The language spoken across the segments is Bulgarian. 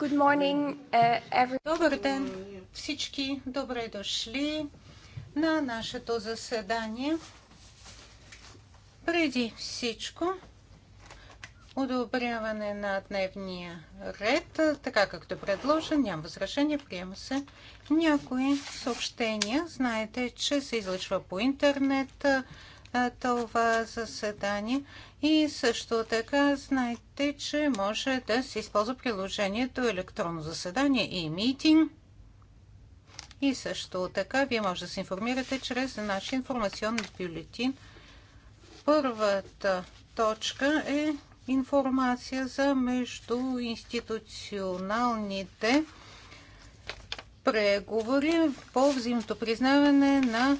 Morning, uh, every... Добър ден всички, добре дошли на нашето заседание. Преди всичко, одобряване на дневния ред, така както е предложен, няма възражение, приема се някои съобщения. Знаете, че се излъчва по интернет това заседание. И също така знайте, че може да се използва приложението електронно заседание и митинг. И също така вие може да се информирате чрез нашия информационен бюлетин. Първата точка е информация за междуинституционалните преговори по взаимното признаване на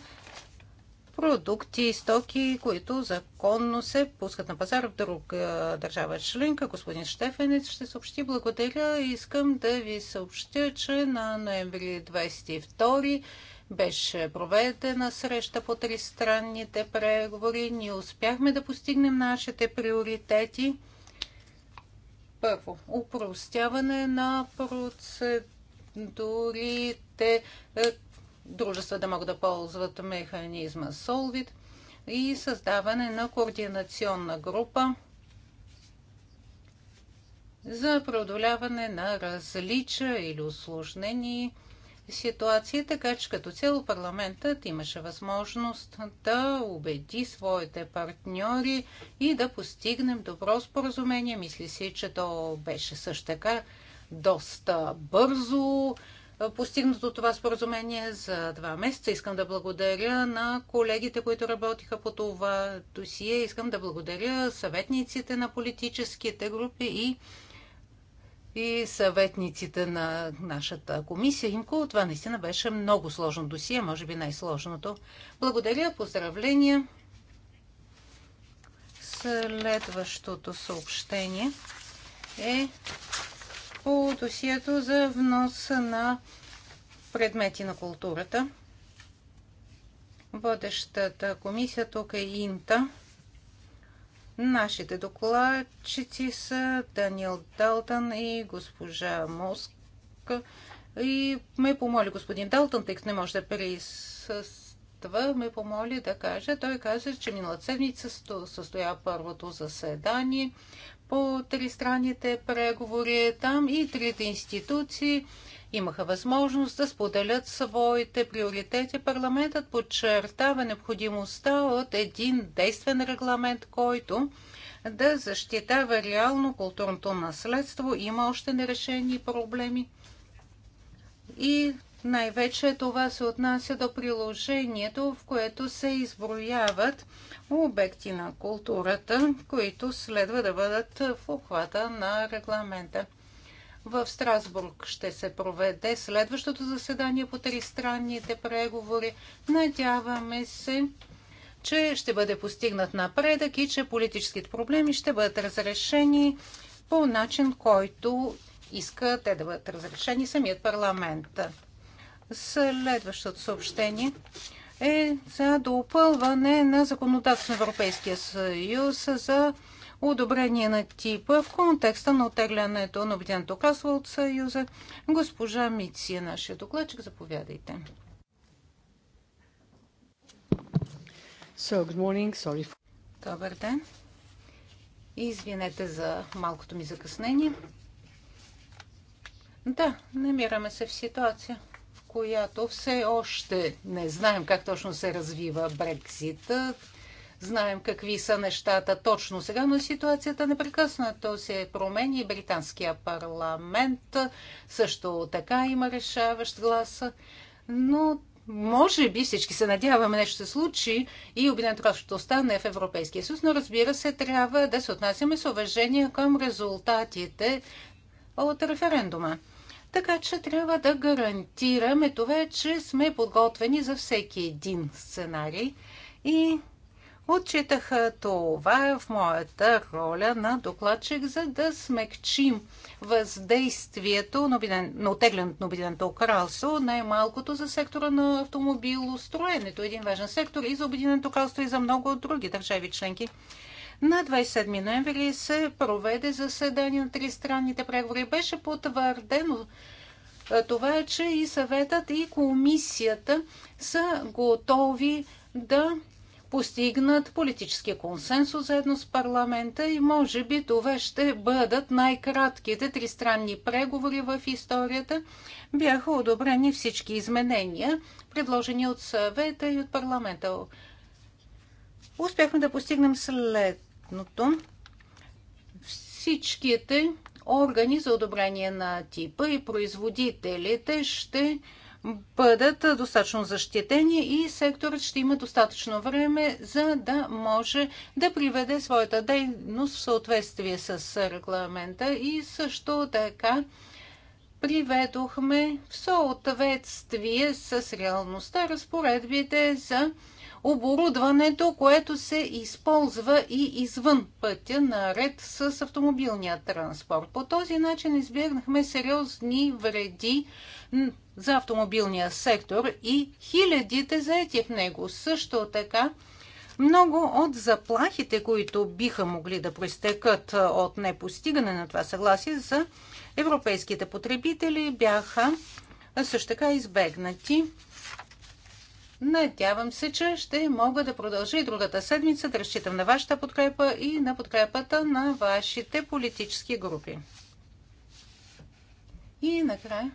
продукти, и стоки, които законно се пускат на пазар в друга държава членка. Господин Штефенец ще съобщи. Благодаря. Искам да ви съобщя, че на ноември 22 беше проведена среща по тристранните преговори. Ние успяхме да постигнем нашите приоритети. Първо, упростяване на процедурите, дружества да могат да ползват механизма Solvit и създаване на координационна група за преодоляване на различия или осложнени ситуации, така че като цяло парламентът имаше възможност да убеди своите партньори и да постигнем добро споразумение. Мисли си, че то беше също така доста бързо постигнато това споразумение за два месеца. Искам да благодаря на колегите, които работиха по това досие. Искам да благодаря съветниците на политическите групи и, и съветниците на нашата комисия. Имко, това наистина беше много сложно досие, може би най-сложното. Благодаря, поздравления. Следващото съобщение е по досието за внос на предмети на културата. Водещата комисия тук е Инта. Нашите докладчици са Даниел Далтън и госпожа Моск. И ме помоли господин Далтън, тъй като не може да присъства, ме помоли да каже. Той каза, че миналата седмица състоя първото заседание по тристранните преговори. Там и трите институции имаха възможност да споделят своите приоритети. Парламентът подчертава необходимостта от един действен регламент, който да защитава реално културното наследство. Има още нерешени проблеми. И най-вече това се отнася до приложението, в което се изброяват обекти на културата, които следва да бъдат в обхвата на регламента. В Страсбург ще се проведе следващото заседание по тристранните преговори. Надяваме се, че ще бъде постигнат напредък и че политическите проблеми ще бъдат разрешени по начин, който иска те да бъдат разрешени самият парламент. Следващото съобщение е за допълване на законодателство на Европейския съюз за одобрение на типа в контекста на отеглянето на Обединеното кралство от Съюза. Госпожа Мици е нашия докладчик. Заповядайте. So, good morning. Sorry for... Добър ден. Извинете за малкото ми закъснение. Да, намираме се в ситуация, която все още не знаем как точно се развива Брекзита, Знаем какви са нещата точно сега, но ситуацията непрекъснато се промени. Британския парламент също така има решаващ глас. Но може би всички се надяваме нещо се случи и Обединеното ще остане в Европейския съюз, но разбира се, трябва да се отнасяме с уважение към резултатите от референдума. Така че трябва да гарантираме това, че сме подготвени за всеки един сценарий и отчитаха това в моята роля на докладчик, за да смекчим въздействието на отеглянето на Обединеното кралство, най-малкото за сектора на автомобилостроенето, един важен сектор и за Обединеното кралство и за много други държави членки. На 27 ноември се проведе заседание на тристранните преговори. Беше потвърдено това, че и съветът, и комисията са готови да постигнат политически консенсус заедно с парламента и може би това ще бъдат най-кратките тристранни преговори в историята. Бяха одобрени всички изменения, предложени от съвета и от парламента успяхме да постигнем следното. Всичките органи за одобрение на типа и производителите ще бъдат достатъчно защитени и секторът ще има достатъчно време, за да може да приведе своята дейност в съответствие с регламента и също така приведохме в съответствие с реалността разпоредбите за оборудването, което се използва и извън пътя, наред с автомобилния транспорт. По този начин избегнахме сериозни вреди за автомобилния сектор и хилядите заети в него. Също така, много от заплахите, които биха могли да проистекат от непостигане на това съгласие за европейските потребители, бяха също така избегнати. Надявам се, че ще мога да продължа и другата седмица да разчитам на вашата подкрепа и на подкрепата на вашите политически групи. И накрая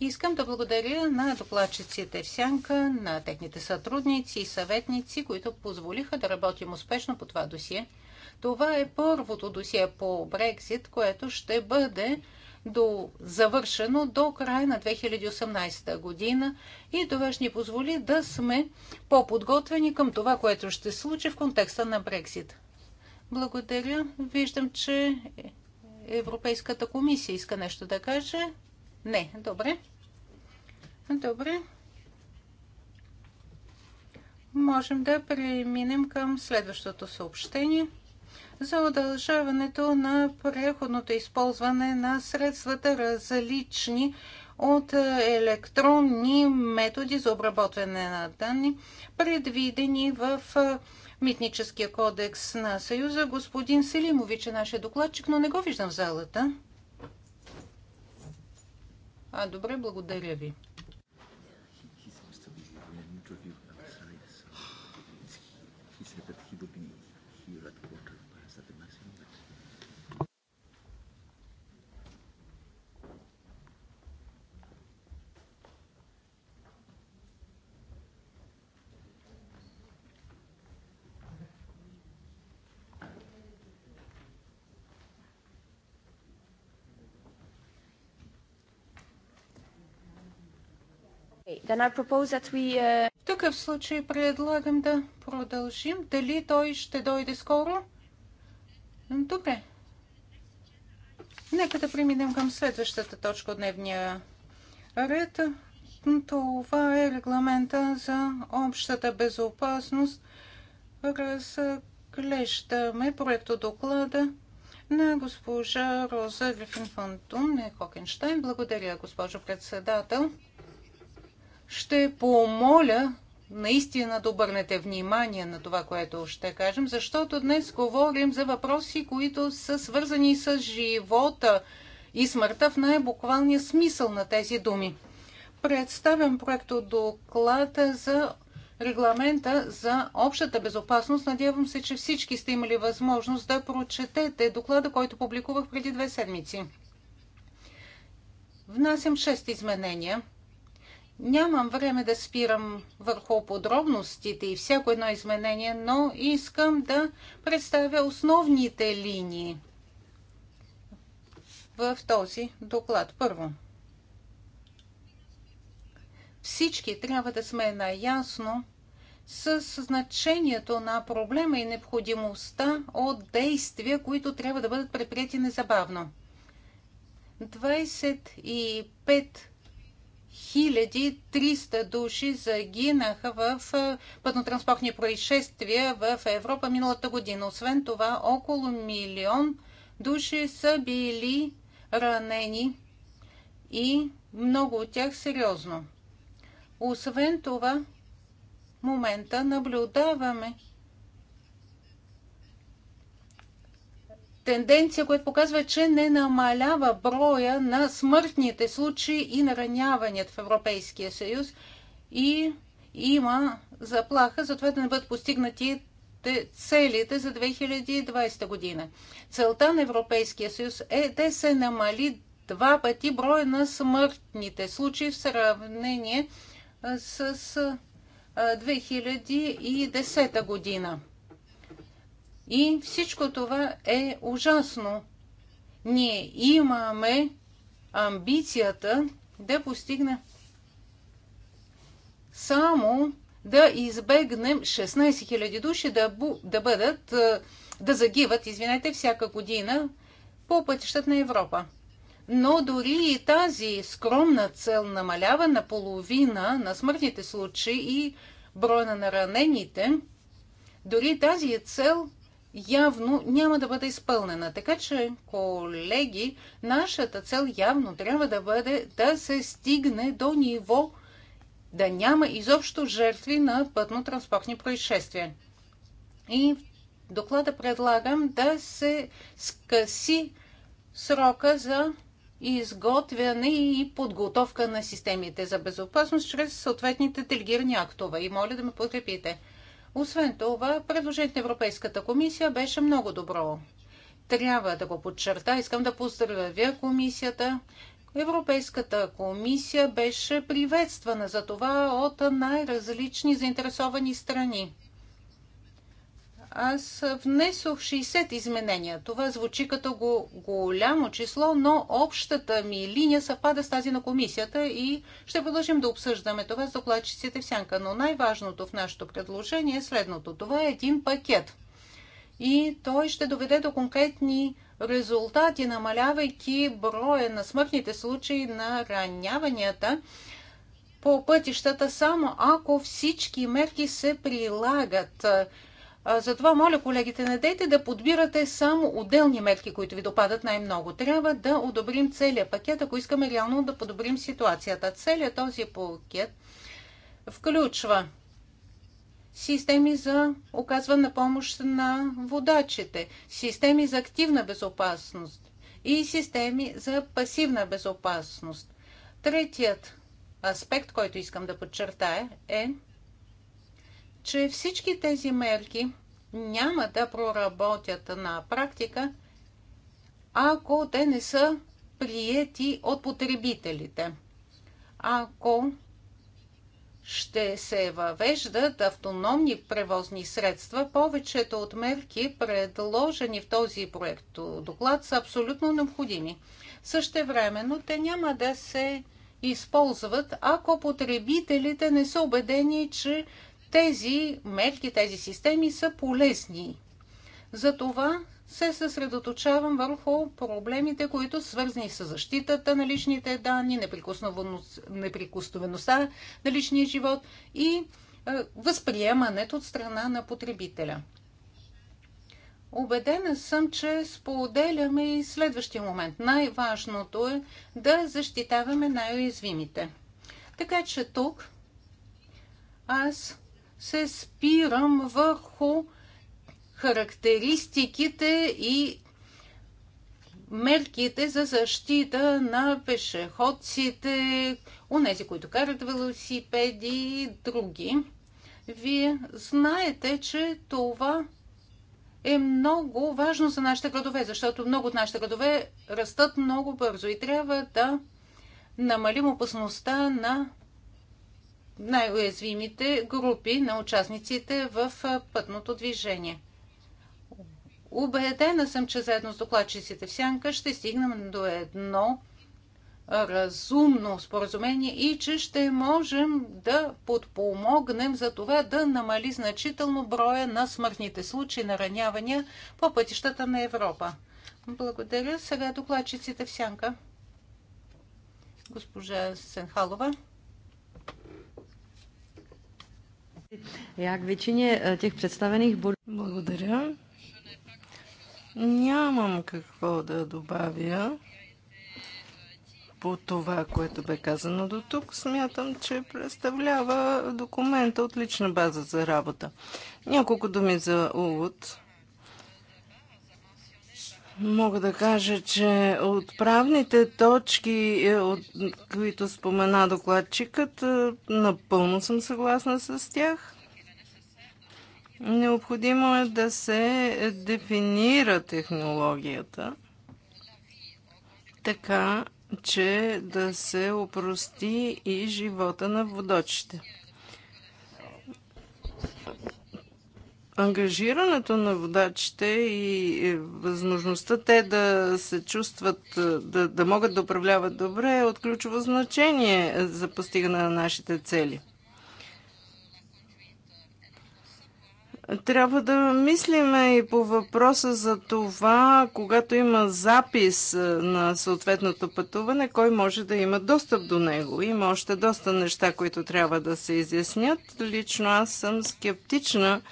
искам да благодаря на докладчиците в Сянка, на техните сътрудници и съветници, които позволиха да работим успешно по това досие. Това е първото досие по Брекзит, което ще бъде до, завършено до края на 2018 година и това ще ни позволи да сме по-подготвени към това, което ще случи в контекста на Брексит. Благодаря. Виждам, че Европейската комисия иска нещо да каже. Не, добре. Добре. Можем да преминем към следващото съобщение за удължаването на преходното използване на средствата различни от електронни методи за обработване на данни, предвидени в Митническия кодекс на Съюза. Господин Селимович е нашия докладчик, но не го виждам в залата. А, добре, благодаря ви. We... Uh, В такъв случай предлагам да продължим. Дали той ще дойде скоро? Добре. Нека да преминем към следващата точка от дневния ред. Това е регламента за общата безопасност. Разглеждаме проекто доклада на госпожа Роза Грифин Фантун Хокенштайн. Благодаря, госпожо председател ще помоля наистина да обърнете внимание на това, което ще кажем, защото днес говорим за въпроси, които са свързани с живота и смъртта в най-буквалния смисъл на тези думи. Представям проекто доклада за регламента за общата безопасност. Надявам се, че всички сте имали възможност да прочетете доклада, който публикувах преди две седмици. Внасям 6 изменения – Нямам време да спирам върху подробностите и всяко едно изменение, но искам да представя основните линии в този доклад. Първо, всички трябва да сме наясно с значението на проблема и необходимостта от действия, които трябва да бъдат предприяти незабавно. 25 1300 души загинаха в пътнотранспортни происшествия в Европа миналата година. Освен това, около милион души са били ранени и много от тях сериозно. Освен това, момента наблюдаваме тенденция, която показва, че не намалява броя на смъртните случаи и нараняванията в Европейския съюз и има заплаха за това да не бъдат постигнати целите за 2020 година. Целта на Европейския съюз е да се намали два пъти броя на смъртните случаи в сравнение с 2010 година. И всичко това е ужасно. Ние имаме амбицията да постигне само да избегнем 16 000 души да, бу, да бъдат, е, да загиват, извинете, всяка година по пътищата на Европа. Но дори и тази скромна цел намалява на половина на смъртните случаи и броя на наранените, дори тази цел явно няма да бъде изпълнена. Така че, колеги, нашата цел явно трябва да бъде да се стигне до ниво да няма изобщо жертви на пътно-транспортни происшествия. И в доклада предлагам да се скъси срока за изготвяне и подготовка на системите за безопасност чрез съответните делегирани актове. И моля да ме подкрепите. Освен това, предложението на Европейската комисия беше много добро. Трябва да го подчерта. Искам да поздравя комисията. Европейската комисия беше приветствана за това от най-различни заинтересовани страни. Аз внесох 60 изменения. Това звучи като го, голямо число, но общата ми линия съвпада с тази на комисията и ще продължим да обсъждаме това с докладчиците в сянка. Но най-важното в нашето предложение е следното. Това е един пакет. И той ще доведе до конкретни резултати, намалявайки броя на смъртните случаи на раняванията по пътищата, само ако всички мерки се прилагат затова моля колегите, не дейте да подбирате само отделни метки, които ви допадат най-много. Трябва да одобрим целият пакет, ако искаме реално да подобрим ситуацията. Целият този пакет включва системи за оказване на помощ на водачите, системи за активна безопасност и системи за пасивна безопасност. Третият аспект, който искам да подчертая е, че всички тези мерки няма да проработят на практика, ако те не са приети от потребителите. Ако ще се въвеждат автономни превозни средства, повечето от мерки, предложени в този проект доклад, са абсолютно необходими. Същевременно те няма да се използват, ако потребителите не са убедени, че тези мерки, тези системи са полезни. Затова се съсредоточавам върху проблемите, които са свързани с защитата на личните данни, неприкосновеността на личния живот и е, възприемането от страна на потребителя. Обедена съм, че споделяме и следващия момент. Най-важното е да защитаваме най-уязвимите. Така че тук аз се спирам върху характеристиките и мерките за защита на пешеходците, нези, които карат велосипеди и други. Вие знаете, че това е много важно за нашите градове, защото много от нашите градове растат много бързо и трябва да намалим опасността на най-уязвимите групи на участниците в пътното движение. Убедена съм, че заедно с докладчиците в Сянка ще стигнем до едно разумно споразумение и че ще можем да подпомогнем за това да намали значително броя на смъртните случаи на ранявания по пътищата на Европа. Благодаря. Сега докладчиците в Сянка. Госпожа Сенхалова. Я к вечине тех представених Благодаря. Нямам какво да добавя по това, което бе казано до тук. Смятам, че представлява документа от лична база за работа. Няколко думи за увод. Мога да кажа, че отправните точки, е, от които спомена докладчикът, е, напълно съм съгласна с тях. Необходимо е да се дефинира технологията така, че да се опрости и живота на водочите. Ангажирането на водачите и възможността те да се чувстват, е, да, да могат да управляват добре е от ключово значение за постигане на нашите цели. Трябва да мислим и по въпроса за това, когато има запис е, на съответното пътуване, кой може да има достъп до него. Има още доста неща, които трябва да се изяснят. Лично аз съм скептична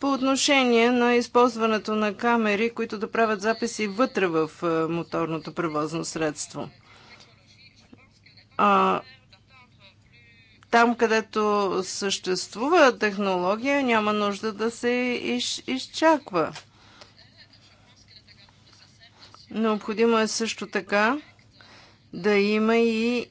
по отношение на използването на камери, които да правят записи вътре в е, моторното превозно средство. А, там, където съществува технология, няма нужда да се из, изчаква. Необходимо е също така да има и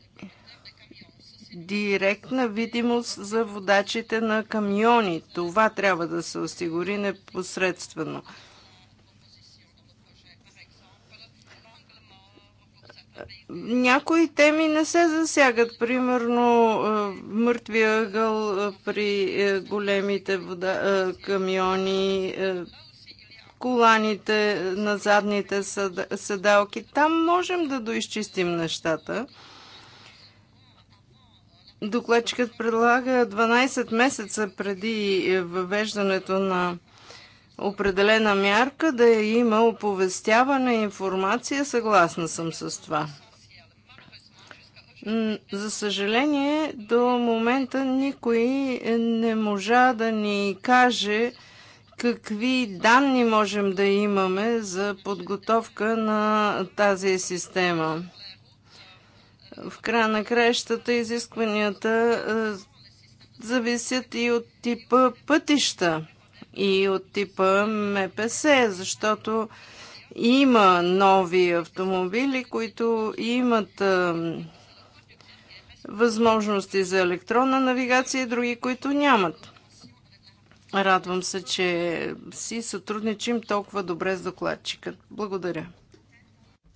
директна видимост за водачите на камиони. Това трябва да се осигури непосредствено. Някои теми не се засягат, примерно е, мъртвия ъгъл е, при е, големите вода, камиони, коланите на задните седалки. Там можем да доизчистим нещата. Докладчикът предлага 12 месеца преди въвеждането на определена мярка да е има оповестяване и информация. Съгласна съм с това. За съжаление, до момента никой не можа да ни каже какви данни можем да имаме за подготовка на тази система. В края на краищата изискванията е, зависят и от типа пътища и от типа МПС, защото има нови автомобили, които имат е, възможности за електронна навигация и други, които нямат. Радвам се, че си сътрудничим толкова добре с докладчика. Благодаря.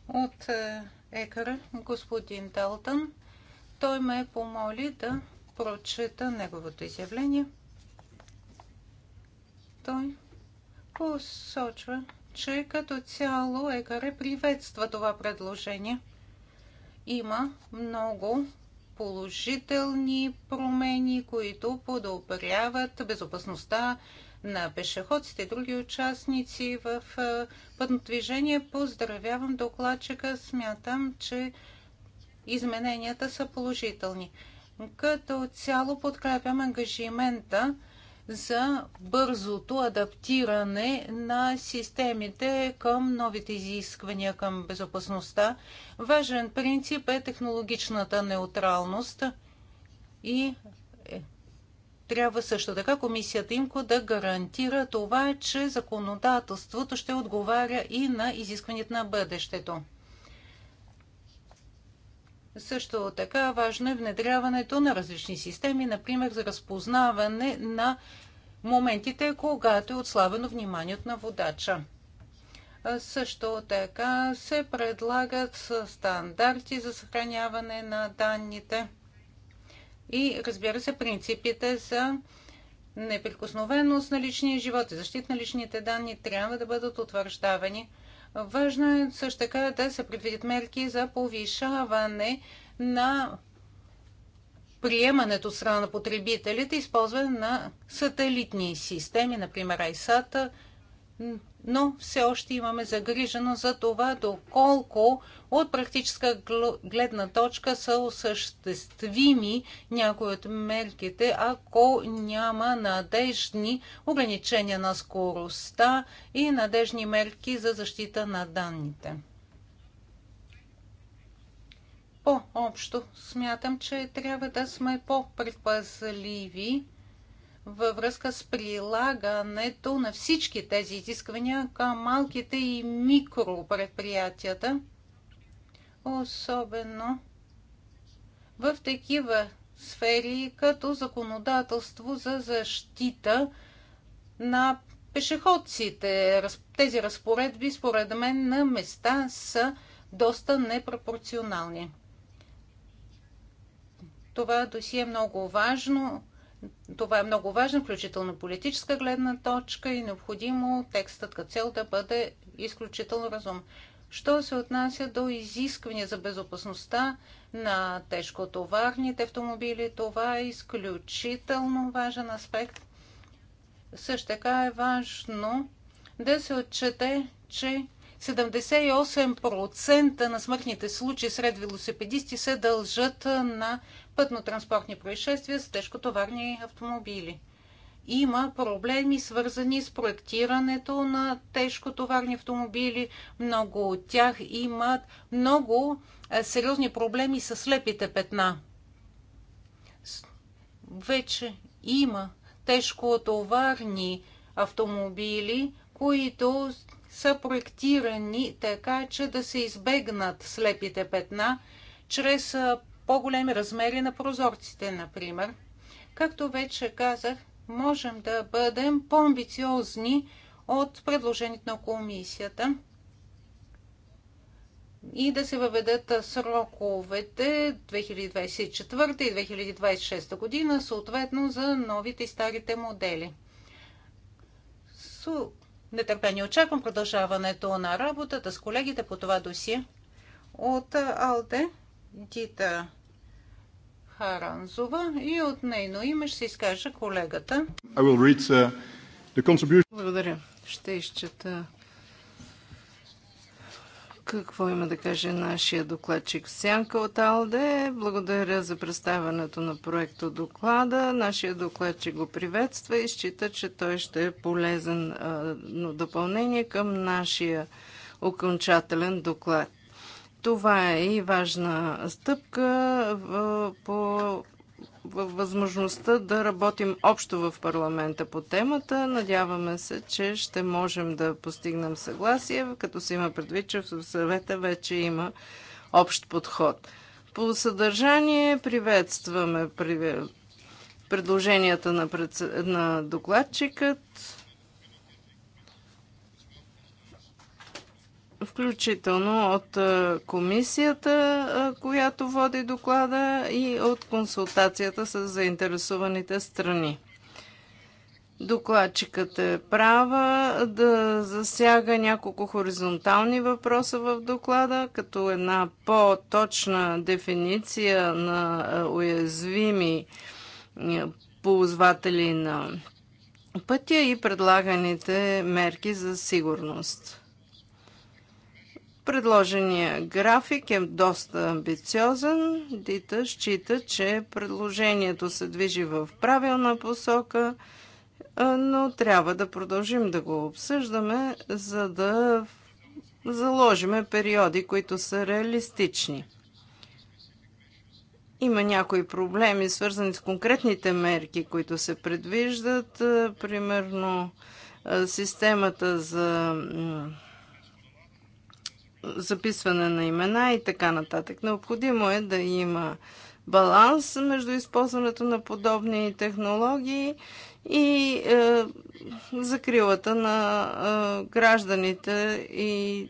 От е, Екър, господин Далтън. Той ме помоли да прочита неговото изявление. Той посочва, че като цяло Екаре приветства това предложение. Има много положителни промени, които подобряват безопасността, на пешеходците и други участници в пътното движение. Поздравявам докладчика. Смятам, че измененията са положителни. Като цяло подкрепям ангажимента за бързото адаптиране на системите към новите изисквания към безопасността. Важен принцип е технологичната неутралност и е, трябва също така комисията имко да гарантира това, че законодателството ще отговаря и на изискванията на бъдещето. Също така важно е внедряването на различни системи, например за разпознаване на моментите, когато е отслабено вниманието на водача. Също така се предлагат стандарти за съхраняване на данните – и разбира се принципите за неприкосновеност на личния живот и защита на личните данни трябва да бъдат утвърждавани. Важно е също така да се предвидят мерки за повишаване на приемането от страна на потребителите, използване на сателитни системи, например ISAT, но все още имаме загрижено за това доколко от практическа гледна точка са осъществими някои от мерките, ако няма надежни ограничения на скоростта и надежни мерки за защита на данните. По-общо смятам, че трябва да сме по-предпазливи във връзка с прилагането на всички тези изисквания към малките и микропредприятията, особено в такива сфери като законодателство за защита на пешеходците. Тези разпоредби, според мен, на места са доста непропорционални. Това досие е много важно това е много важно, включително политическа гледна точка и необходимо текстът като цел да бъде изключително разум. Що се отнася до изисквания за безопасността на тежкотоварните автомобили, това е изключително важен аспект. Също така е важно да се отчете, че 78% на смъртните случаи сред велосипедисти се дължат на пътно-транспортни происшествия с тежкотоварни автомобили. Има проблеми, свързани с проектирането на тежкотоварни автомобили. Много от тях имат много е, сериозни проблеми с слепите петна. Вече има тежкотоварни автомобили, които са проектирани така, че да се избегнат слепите петна чрез по-големи размери на прозорците, например. Както вече казах, можем да бъдем по-амбициозни от предложението на комисията и да се въведат сроковете 2024 и 2026 година, съответно за новите и старите модели. С нетърпение очаквам продължаването на работата с колегите по това досие. От АЛДЕ Дита Харанзова и от нейно име ще изкаже колегата. Read, uh, Благодаря. Ще изчета какво има да каже нашия докладчик Сянка от АЛДЕ. Благодаря за представянето на проекта доклада. Нашия докладчик го приветства и счита, че той ще е полезен а, допълнение към нашия окончателен доклад. Това е и важна стъпка по възможността да работим общо в парламента по темата. Надяваме се, че ще можем да постигнем съгласие, като се има предвид, че в съвета вече има общ подход. По съдържание приветстваме предложенията на, на докладчикът. включително от комисията, която води доклада и от консултацията с заинтересуваните страни. Докладчикът е права да засяга няколко хоризонтални въпроса в доклада, като една по-точна дефиниция на уязвими ползватели на пътя и предлаганите мерки за сигурност. Предложения график е доста амбициозен. Дита счита, че предложението се движи в правилна посока, но трябва да продължим да го обсъждаме, за да заложиме периоди, които са реалистични. Има някои проблеми, свързани с конкретните мерки, които се предвиждат. Примерно системата за записване на имена и така нататък. Необходимо е да има баланс между използването на подобни технологии и е, закрилата на е, гражданите и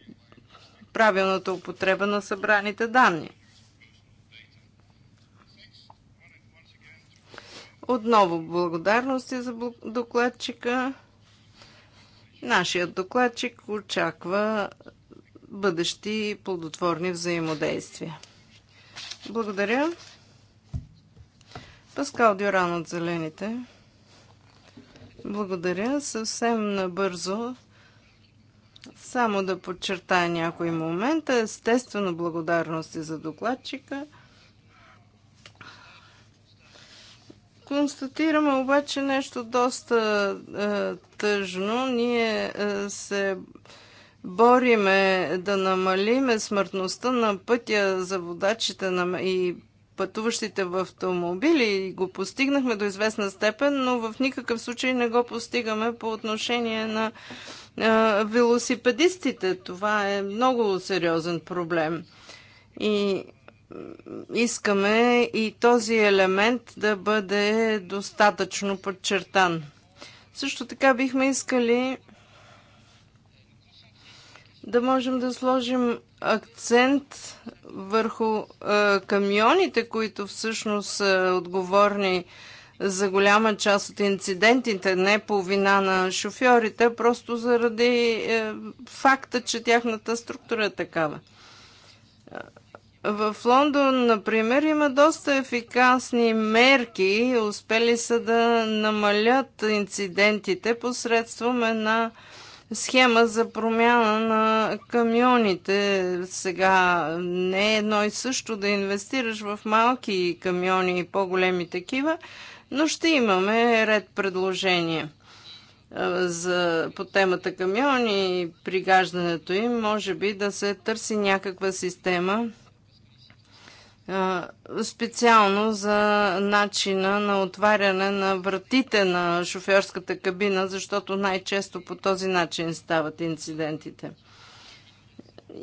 правилната употреба на събраните данни. Отново благодарности за докладчика. Нашият докладчик очаква бъдещи плодотворни взаимодействия. Благодаря. Паскал Дюран от Зелените. Благодаря. Съвсем набързо. Само да подчертая някои момента. Естествено, благодарности за докладчика. Констатираме обаче нещо доста е, тъжно. Ние е, се бориме да намалиме смъртността на пътя за водачите и пътуващите в автомобили. Го постигнахме до известна степен, но в никакъв случай не го постигаме по отношение на велосипедистите. Това е много сериозен проблем. И искаме и този елемент да бъде достатъчно подчертан. Също така бихме искали да можем да сложим акцент върху а, камионите, които всъщност са отговорни за голяма част от инцидентите, не по вина на шофьорите, просто заради е, факта, че тяхната структура е такава. В Лондон, например, има доста ефикасни мерки, успели са да намалят инцидентите посредством една е, схема за промяна на камионите. Сега не е едно и също да инвестираш в малки камиони и по-големи такива, но ще имаме ред предложения за, по темата камиони и пригаждането им. Може би да се търси някаква система специално за начина на отваряне на вратите на шофьорската кабина, защото най-често по този начин стават инцидентите.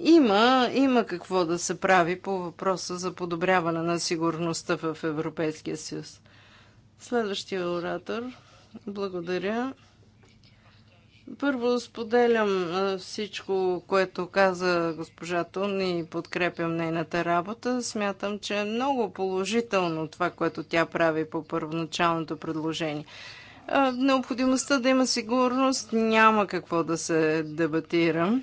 Има, има какво да се прави по въпроса за подобряване на сигурността в Европейския съюз. Следващия оратор. Благодаря. Първо споделям всичко, което каза госпожа Тун и подкрепям нейната работа. Смятам, че е много положително това, което тя прави по първоначалното предложение. Необходимостта да има сигурност няма какво да се дебатира.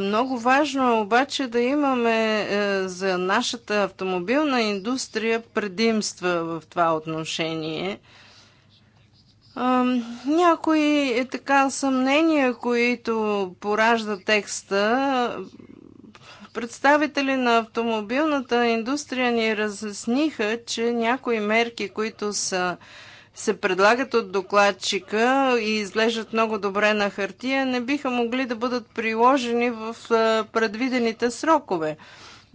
Много важно е обаче да имаме е, за нашата автомобилна индустрия предимства в това отношение – някои е така съмнения, които поражда текста, представители на автомобилната индустрия ни разясниха, че някои мерки, които са се предлагат от докладчика и изглеждат много добре на хартия, не биха могли да бъдат приложени в предвидените срокове.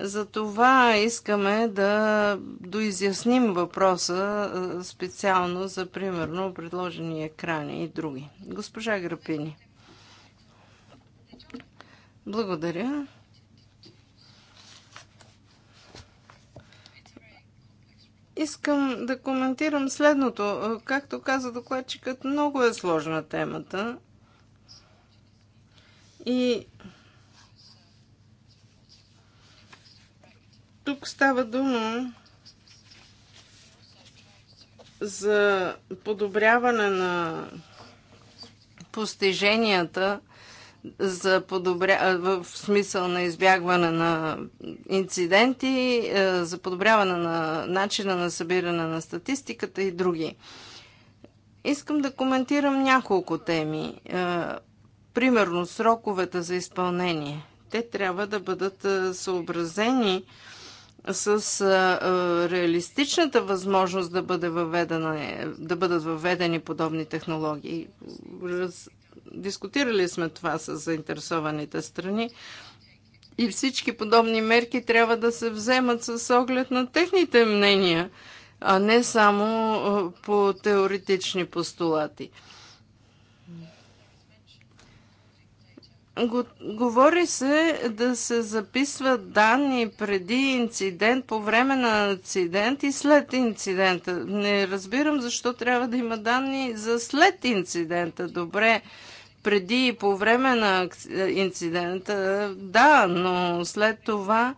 Затова искаме да доизясним въпроса специално за, примерно, предложени екрани и други. Госпожа Грапини. Благодаря. Искам да коментирам следното. Както каза докладчикът, много е сложна темата. И Тук става дума за подобряване на постиженията за подобря... в смисъл на избягване на инциденти, е, за подобряване на начина на събиране на статистиката и други. Искам да коментирам няколко теми. Е, примерно сроковете за изпълнение. Те трябва да бъдат е, съобразени с а, реалистичната възможност да, бъде въведена, да бъдат въведени подобни технологии. Раз, дискутирали сме това с заинтересованите страни и всички подобни мерки трябва да се вземат с оглед на техните мнения, а не само по теоретични постулати. Говори се да се записват данни преди инцидент, по време на инцидент и след инцидента. Не разбирам защо трябва да има данни за след инцидента. Добре, преди и по време на инцидента, да, но след това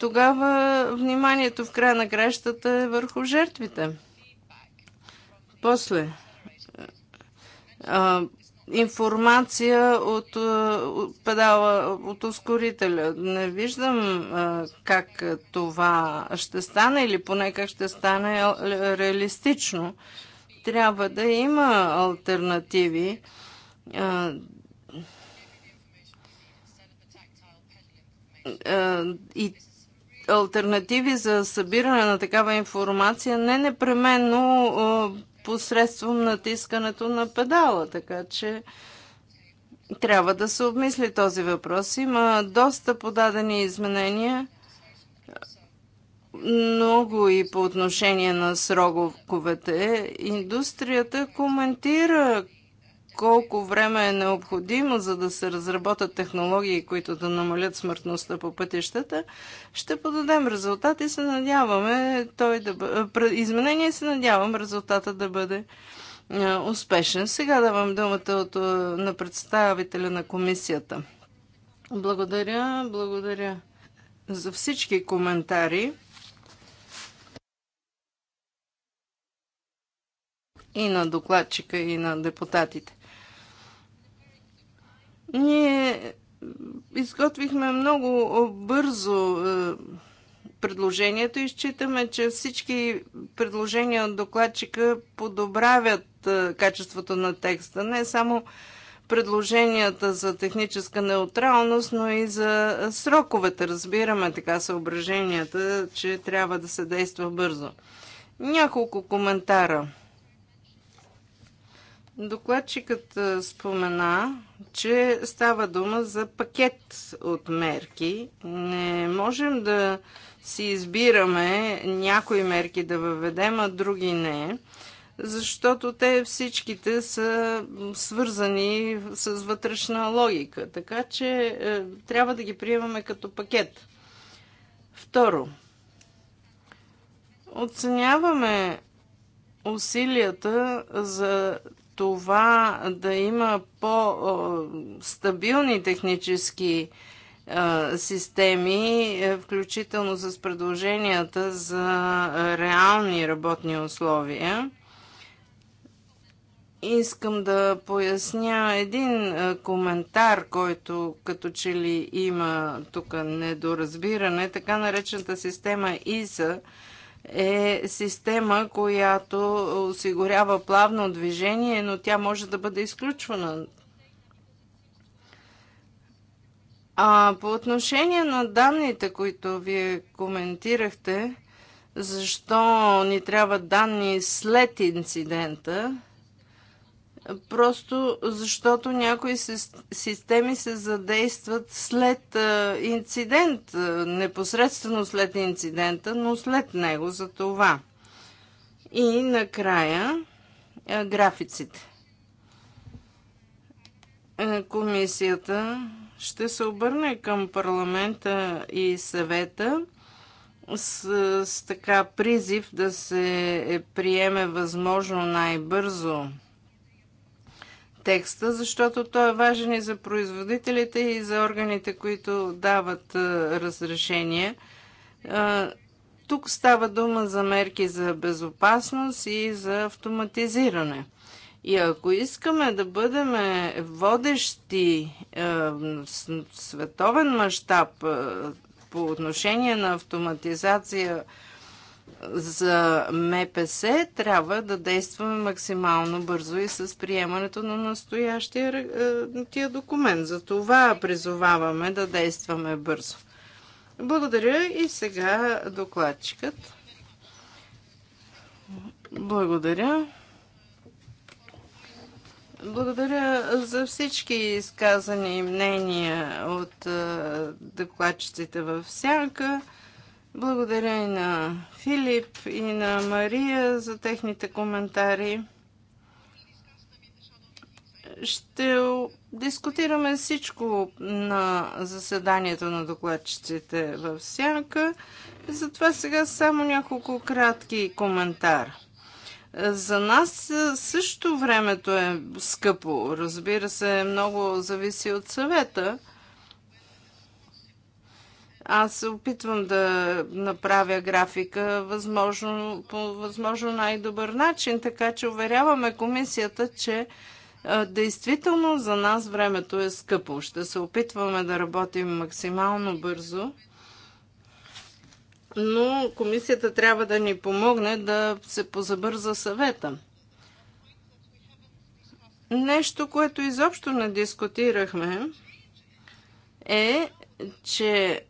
тогава вниманието в края на кращата е върху жертвите. После информация от, е, от педала, от ускорителя. Не виждам е, как това ще стане или поне как ще стане реалистично. Трябва да има альтернативи. Е, и альтернативи за събиране на такава информация не непременно посредством натискането на педала, така че трябва да се обмисли този въпрос. Има доста подадени изменения, много и по отношение на сроговете. Индустрията коментира колко време е необходимо, за да се разработят технологии, които да намалят смъртността по пътищата, ще подадем резултат и се надяваме той да бъде... Изменение се надявам резултата да бъде успешен. Сега давам думата от, на представителя на комисията. Благодаря, благодаря за всички коментари. и на докладчика, и на депутатите. Ние изготвихме много бързо е, предложението и считаме, че всички предложения от докладчика подобравят е, качеството на текста. Не само предложенията за техническа неутралност, но и за сроковете. Разбираме така съображенията, че трябва да се действа бързо. Няколко коментара – Докладчикът спомена, че става дума за пакет от мерки. Не можем да си избираме някои мерки да въведем, а други не, защото те всичките са свързани с вътрешна логика. Така че е, трябва да ги приемаме като пакет. Второ, оценяваме усилията за това да има по-стабилни технически системи, е, включително с предложенията за реални работни условия. Искам да поясня един коментар, който като че ли има тук недоразбиране. Така наречената система ИСА – е система, която осигурява плавно движение, но тя може да бъде изключвана. А по отношение на данните, които вие коментирахте, защо ни трябва данни след инцидента, просто защото някои системи се задействат след инцидент, непосредствено след инцидента, но след него за това. И накрая графиците. Комисията ще се обърне към парламента и съвета с, с така призив да се е, приеме възможно най-бързо текста, защото той е важен и за производителите, и за органите, които дават разрешение. Тук става дума за мерки за безопасност и за автоматизиране. И ако искаме да бъдем водещи в световен мащаб по отношение на автоматизация, за МПС трябва да действаме максимално бързо и с приемането на настоящия е, тия документ. За това призоваваме да действаме бързо. Благодаря и сега докладчикът. Благодаря. Благодаря за всички изказани мнения от е, докладчиците в сянка. Благодаря и на Филип и на Мария за техните коментари. Ще дискутираме всичко на заседанието на докладчиците в сянка. Затова сега само няколко кратки коментар. За нас също времето е скъпо. Разбира се, много зависи от съвета – аз се опитвам да направя графика възможно, по възможно най-добър начин, така че уверяваме комисията, че а, действително за нас времето е скъпо. Ще се опитваме да работим максимално бързо, но комисията трябва да ни помогне да се позабърза съвета. Нещо, което изобщо не дискутирахме, е, че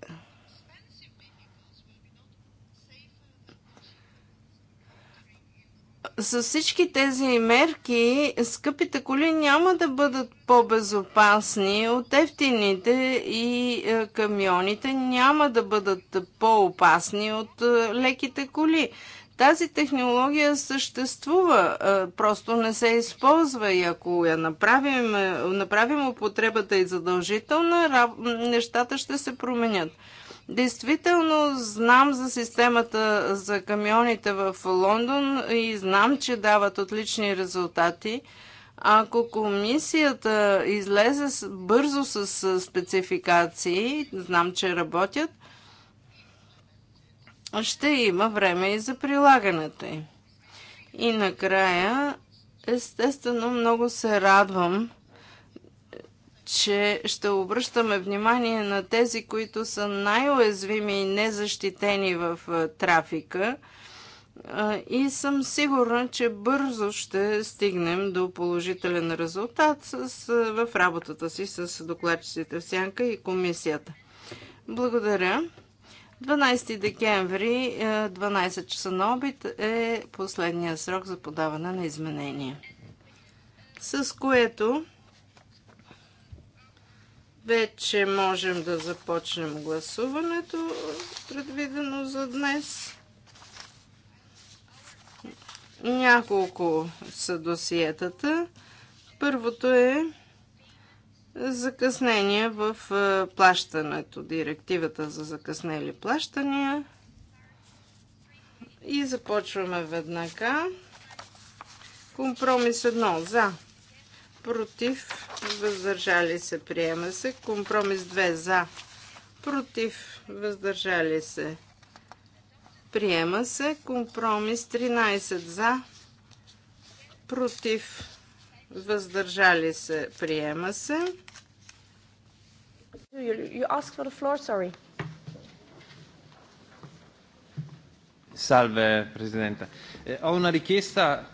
с всички тези мерки скъпите коли няма да бъдат по-безопасни от ефтините и е, камионите няма да бъдат по-опасни от е, леките коли. Тази технология съществува, е, просто не се използва и ако я направим, направим употребата и задължителна, нещата ще се променят. Действително знам за системата за камионите в Лондон и знам, че дават отлични резултати. Ако комисията излезе бързо с спецификации, знам, че работят, ще има време и за прилагането й. И накрая, естествено, много се радвам, че ще обръщаме внимание на тези, които са най-уязвими и незащитени в трафика. И съм сигурна, че бързо ще стигнем до положителен резултат с, в работата си с докладчиците в Сянка и комисията. Благодаря. 12 декември, 12 часа на обид е последния срок за подаване на изменения. С което вече можем да започнем гласуването, предвидено за днес. Няколко са досиетата. Първото е закъснение в е, плащането, директивата за закъснели плащания. И започваме веднага. Компромис 1 за против, въздържали се, приема се. Компромис 2 за, против, въздържали се, приема се. Компромис 13 за, против, въздържали се, приема се. You, you ask for the floor, sorry. Salve, Presidente. Eh, ho una richiesta...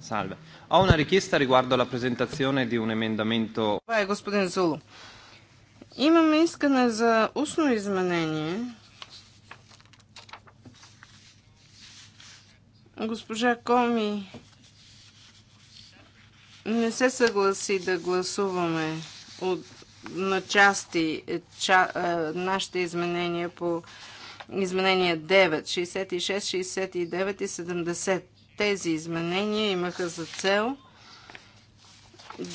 Salve. Ho una richiesta riguardo alla presentazione di un emendamento. Това е господин Зулу. Имаме искане за устно изменение. Госпожа Коми не се съгласи да гласуваме от, на части е, ча, а, е, нашите изменения по изменения 9, 66, 69 и 70. Тези изменения имаха за цел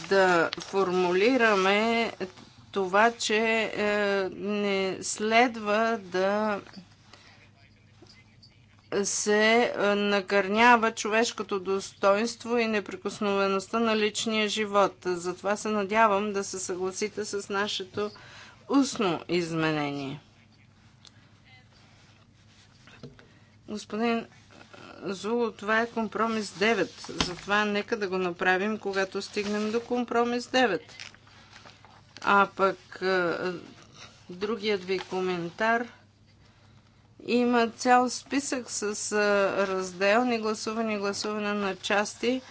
да формулираме това, че е, не следва да се е, накърнява човешкото достоинство и неприкосновеността на личния живот. Затова се надявам да се съгласите с нашето устно изменение. Господин Зуло, това е компромис 9. Затова нека да го направим, когато стигнем до компромис 9. А пък е, другият ви коментар има цял списък с е, разделни гласуване и гласуване на части.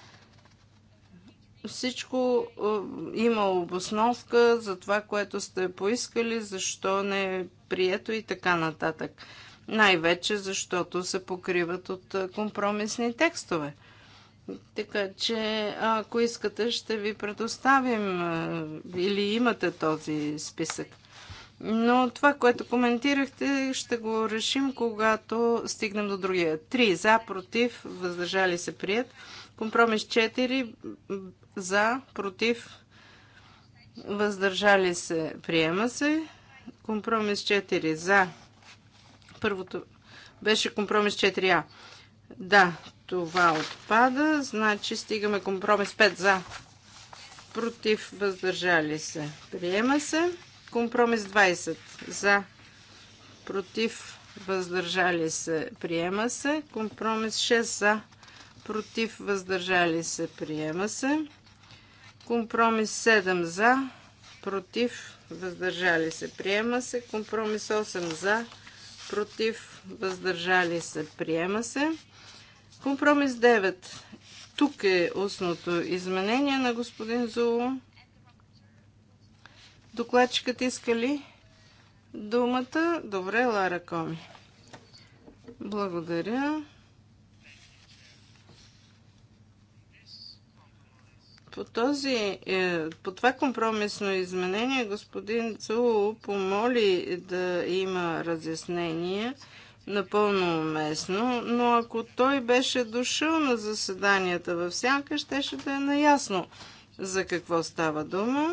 Всичко е, има обосновка за това, което сте поискали, защо не е прието и така нататък. Най-вече защото се покриват от компромисни текстове. Така че, ако искате, ще ви предоставим или имате този списък. Но това, което коментирахте, ще го решим, когато стигнем до другия. Три за, против, въздържали се прият. Компромис 4 за, против, въздържали се, приема се. Компромис 4 за, Първото беше компромис 4А. Да, това отпада. Значи стигаме компромис 5 за. Против, въздържали се. Приема се. Компромис 20 за. Против, въздържали се. Приема се. Компромис 6 за. Против, въздържали се. Приема се. Компромис 7 за. Против, въздържали се. Приема се. Компромис 8 за против, въздържали се, приема се. Компромис 9. Тук е устното изменение на господин Зулу. Докладчикът иска ли думата? Добре, Лара Коми. Благодаря. По, този, е, по това компромисно изменение господин Цуо помоли да има разяснение напълно уместно, но ако той беше дошъл на заседанията в сянка, щеше да е наясно за какво става дума.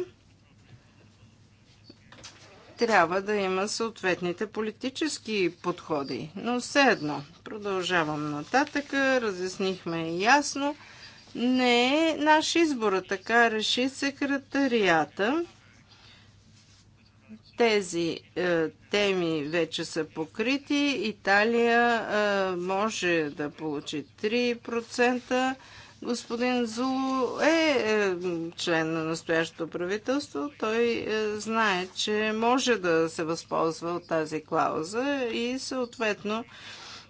Трябва да има съответните политически подходи. Но все едно, продължавам нататък, разяснихме ясно не е наш избор, така реши секретарията. Тези е, теми вече са покрити. Италия е, може да получи 3%. Господин Зулу е, е член на настоящото правителство. Той е, знае, че може да се възползва от тази клауза и съответно е,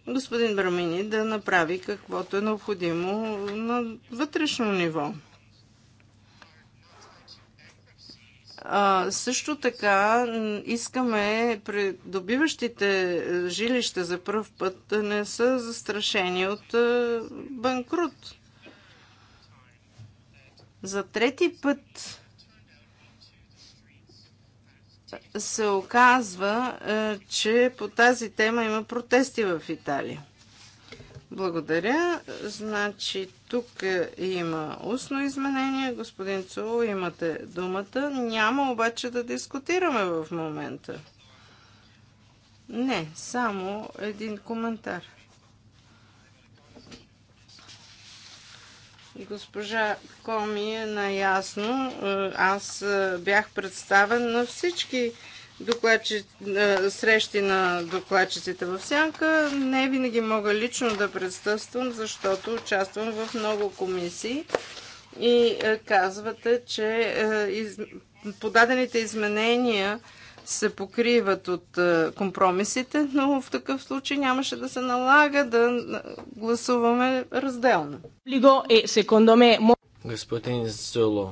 господин Брамини да направи каквото е необходимо на вътрешно ниво. А, също така искаме придобиващите е, жилища за първ път да не са застрашени от е, банкрут. За трети път се оказва, е, че по тази тема има протести в Италия. Благодаря. Значи тук е, има устно изменение. Господин Цуло, имате думата. Няма обаче да дискутираме в момента. Не, само един коментар. Госпожа Коми е наясно. Е, аз е, бях представен на всички докладчи, е, срещи на докладчиците в Сянка. Не винаги мога лично да предстъствам, защото участвам в много комисии и казвате, че подадените изменения се покриват от е, компромисите, но в такъв случай нямаше да се налага да гласуваме разделно. Е, Господин Зуло,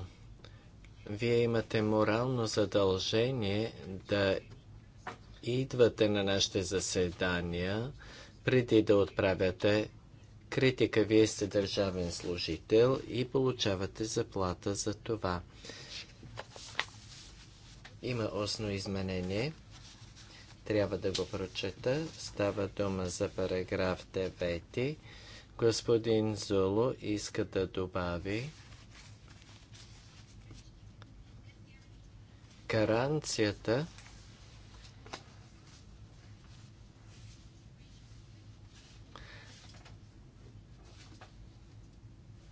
вие имате морално задължение да идвате на нашите заседания преди да отправяте критика. Вие сте държавен служител и получавате заплата за това. Има осно изменение. Трябва да го прочета. Става дума за параграф 9. Господин Золо иска да добави гаранцията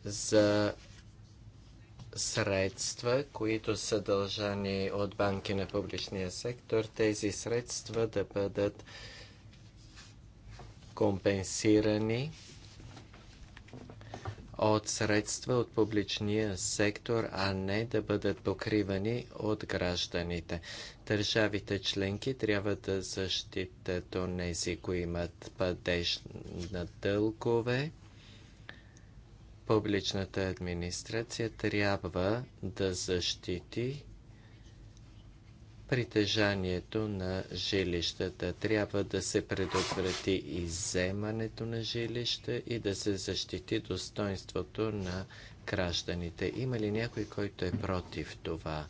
за средства, които са дължани от банки на публичния сектор, тези средства да бъдат компенсирани от средства от публичния сектор, а не да бъдат покривани от гражданите. Държавите членки трябва да защитят тези, които имат падеж на дългове публичната администрация трябва да защити притежанието на жилищата. Трябва да се предотврати изземането на жилища и да се защити достоинството на гражданите. Има ли някой, който е против това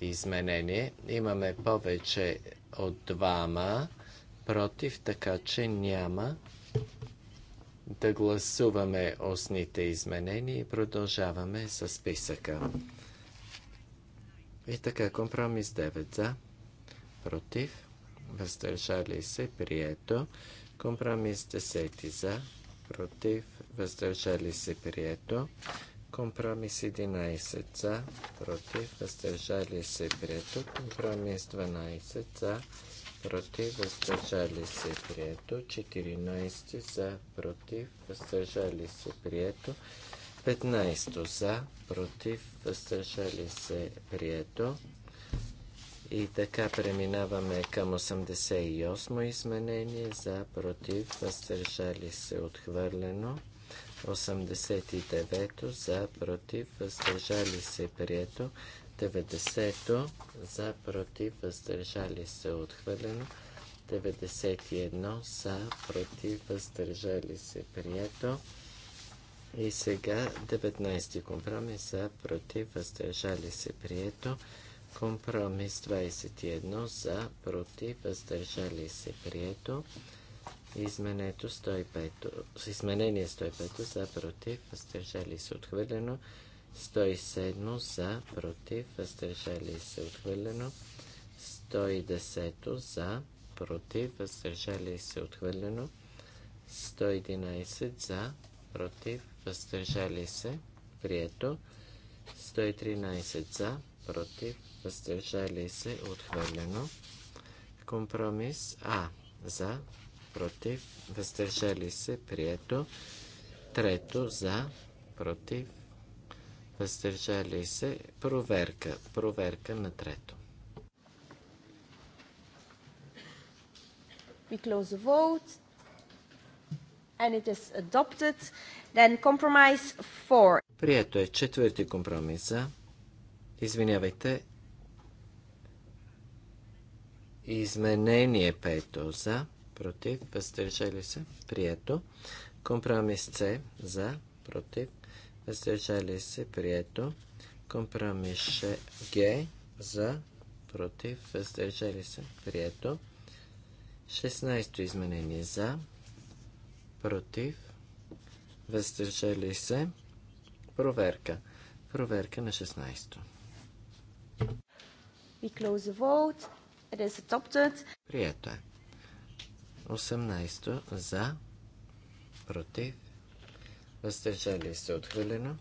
изменение? Имаме повече от двама против, така че няма да гласуваме осните изменения и продължаваме с списъка. И така, компромис 9 за, против, въздържали се, прието. Компромис 10 за, против, въздържали се, прието. Компромис 11 за, против, въздържали се, прието. Компромис 12 за, против, против, въздържали се, прието. 14 за, против, въздържали се, прието. 15 за, против, въздържали се, прието. И така преминаваме към 88 изменение за, против, въздържали се, отхвърлено. 89 за, против, въздържали се, прието. 90 за против въздържали се отхвърлено. 91 за против въздържали се прието. И сега 19 компромис за против въздържали се прието. Компромис 21 за против въздържали се прието. Изменето 105, изменение 105 за против въздържали се отхвърлено. 107 за, против, въздържали се отхвърлено. 110 за, против, въздържали се отхвърлено. 111 за, против, въздържали се, прието. 113 за, против, въздържали се, отхвърлено. Компромис А за, против, въздържали се, прието. Трето за, против, въздържали се, проверка, проверка на трето. We close the vote and it is adopted. Then compromise 4. Прието е четвърти компромиса. Извинявайте. Изменение пето за, против, въздържали се, прието. Компромис С за, против, въздържали се, прието. Компромис Г за, против, въздържали се, прието. 16-то изменение за, против, въздържали се, проверка. Проверка на 16-то. We close the vote. It is adopted. Прието е. 18 за, против, въздържали се отхвърлено,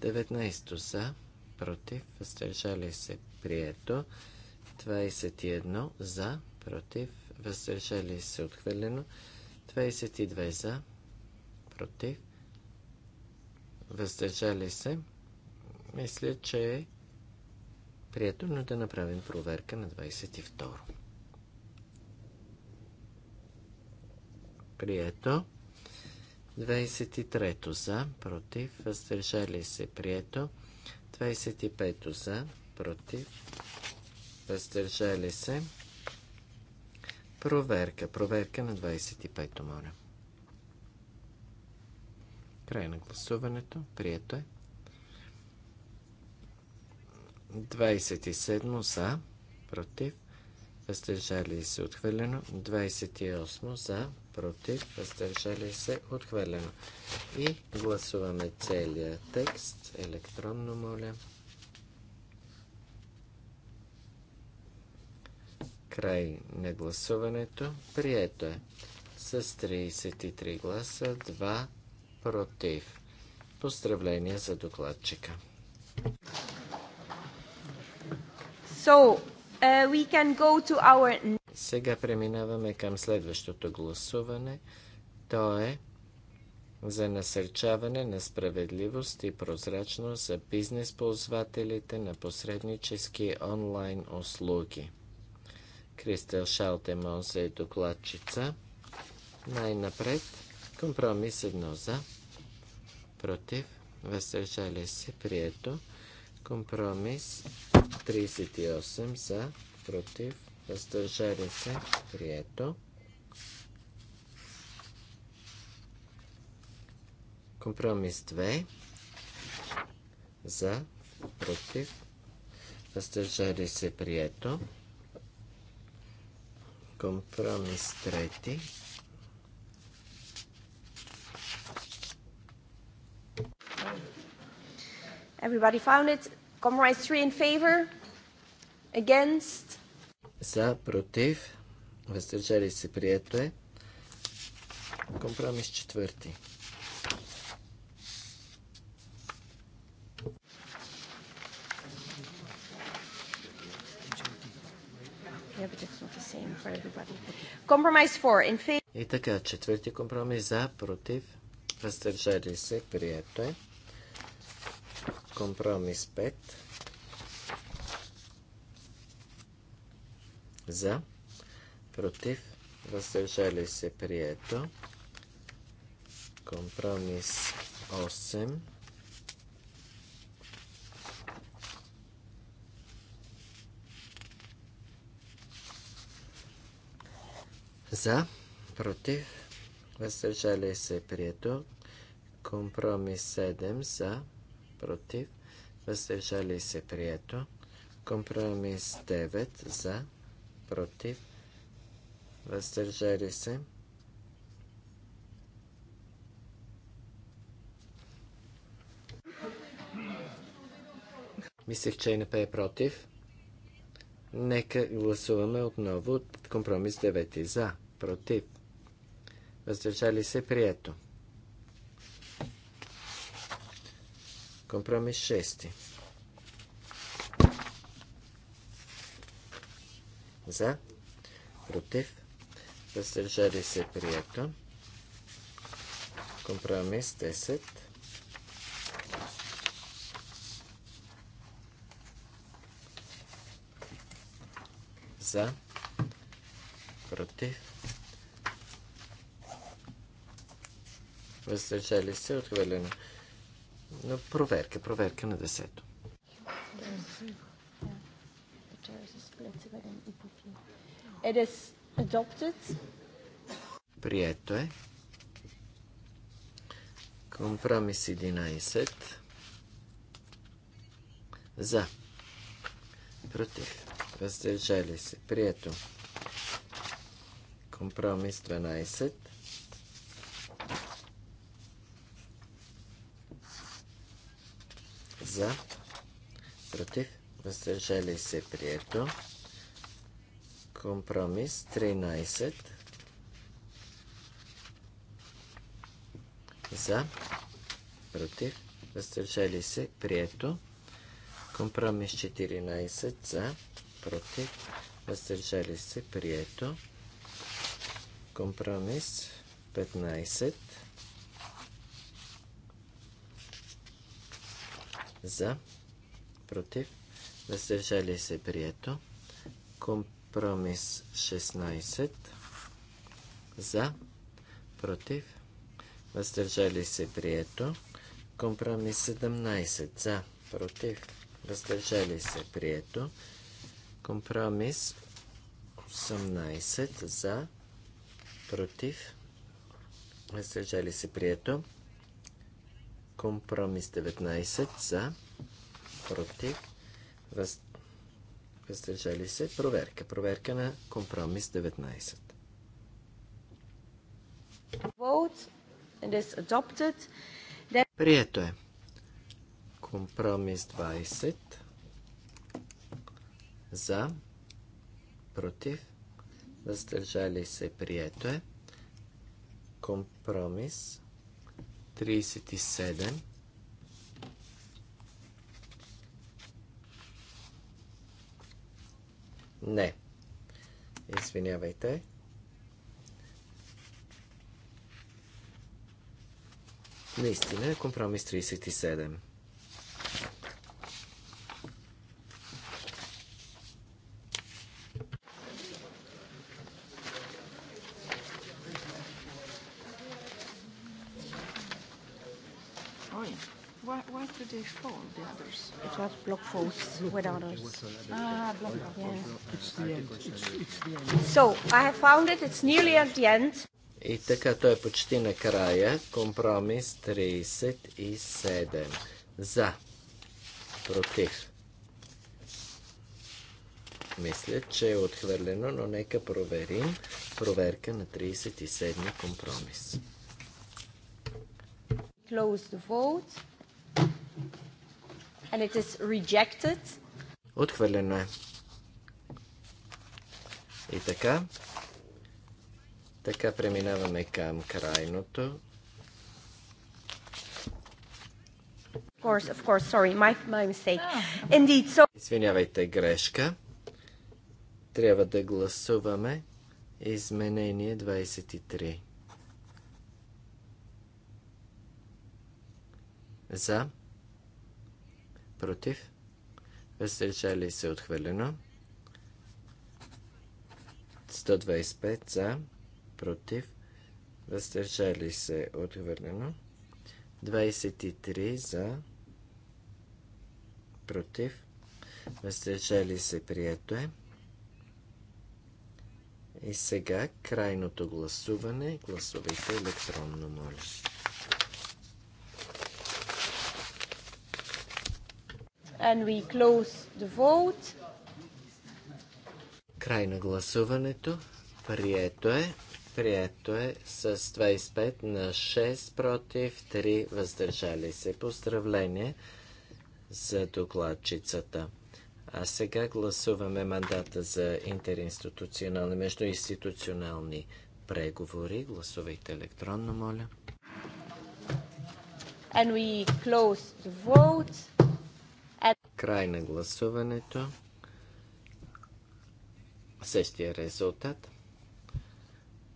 19 за, против, въздържали се прието, 21 за, против, въздържали се отхвърлено, 22 за, против, въздържали се. Мисля, че е прието, но да направим проверка на 22. Прието. 23 за, против, въздържали се, прието. 25 за, против, въздържали се. Проверка, проверка на 25-то, моля. Край на гласуването, прието е. 27 за, против, въздържали се отхвърлено, 28 за, против, въздържали се отхвърлено. И гласуваме целия текст, електронно моля. Край на гласуването, прието е с 33 гласа, 2 против. Поздравления за докладчика. So, Uh, our... Сега преминаваме към следващото гласуване. То е за насърчаване на справедливост и прозрачност за бизнес ползвателите на посреднически онлайн услуги. Кристел Шалтемонс е докладчица. Най-напред компромис едно за, против, въздържали се, прието. Компромис 38 за, против, въздържали се, прието. Компромис 2 за, против, въздържали се, прието. Компромис 3 Everybody found it. Comrades 3 in favor. Against. За, против. Въздържали се, прието е. Компромис четвърти. 4 И така, четвърти компромис за, против, въздържали се, прието е. Компромис 5. За. Против. Въздържали се. Прието. Компромис 8. За, против, въздържали се прието. Компромис 7 за, против, въздържали се прието. Компромис 9 за, против, въздържали се. Мислех, че не е против. Нека гласуваме отново от компромис 9 за, против. Въздържали се прието. Компромис 6. За. Против. Въздържали се прието. Компромис 10. За. Против. Въздържали се. Отхвърлено. Проверка, проверка на десето. Прието е. Компромис 11. За. Против. Въздържали се. Прието. Компромис 12. за, против, въздържали се, прието. Компромис 13 за, против, въздържали се, прието. Компромис 14 за, против, въздържали се, прието. Компромис 15 за, против, въздържали се прието. Компромис 16 за, против, въздържали се прието. Компромис 17 за, против, въздържали се прието. Компромис 18 за, против, въздържали се прието. Компромис 19 за, против, въз... въздържали се. Проверка. Проверка на компромис 19. Прието е. Компромис 20 за, против, въздържали се, прието е. Компромис 37. Не. Извинявайте. Наистина, е компромис 37. Swedish they the others? It was block votes with others. Ah, block votes. Yeah. It's the end. It's, it's the end. So, I have found it. It's nearly at the end. И така, той е почти на края. Компромис 37. За. Против. Мисля, че е отхвърлено, но нека проверим. Проверка на 37 компромис. Close the vote. And it is rejected. Отхвърлено е. И така. Така преминаваме към крайното. Of course, of course, sorry, my, my mistake. Indeed, so... Извинявайте, грешка. Трябва да гласуваме изменение 23. За против, въздържали се отхвърлено. 125 за, против, въздържали се отхвърлено. 23 за, против, въздържали се прието е. И сега крайното гласуване. Гласувайте електронно, моля. And we close the vote. Край на гласуването. Прието е. Прието е с 25 на 6 против 3 въздържали се. Поздравление за докладчицата. А сега гласуваме мандата за интеринституционални, междуинституционални преговори. Гласувайте електронно, моля. And we close the vote. Край на гласуването. Същия резултат.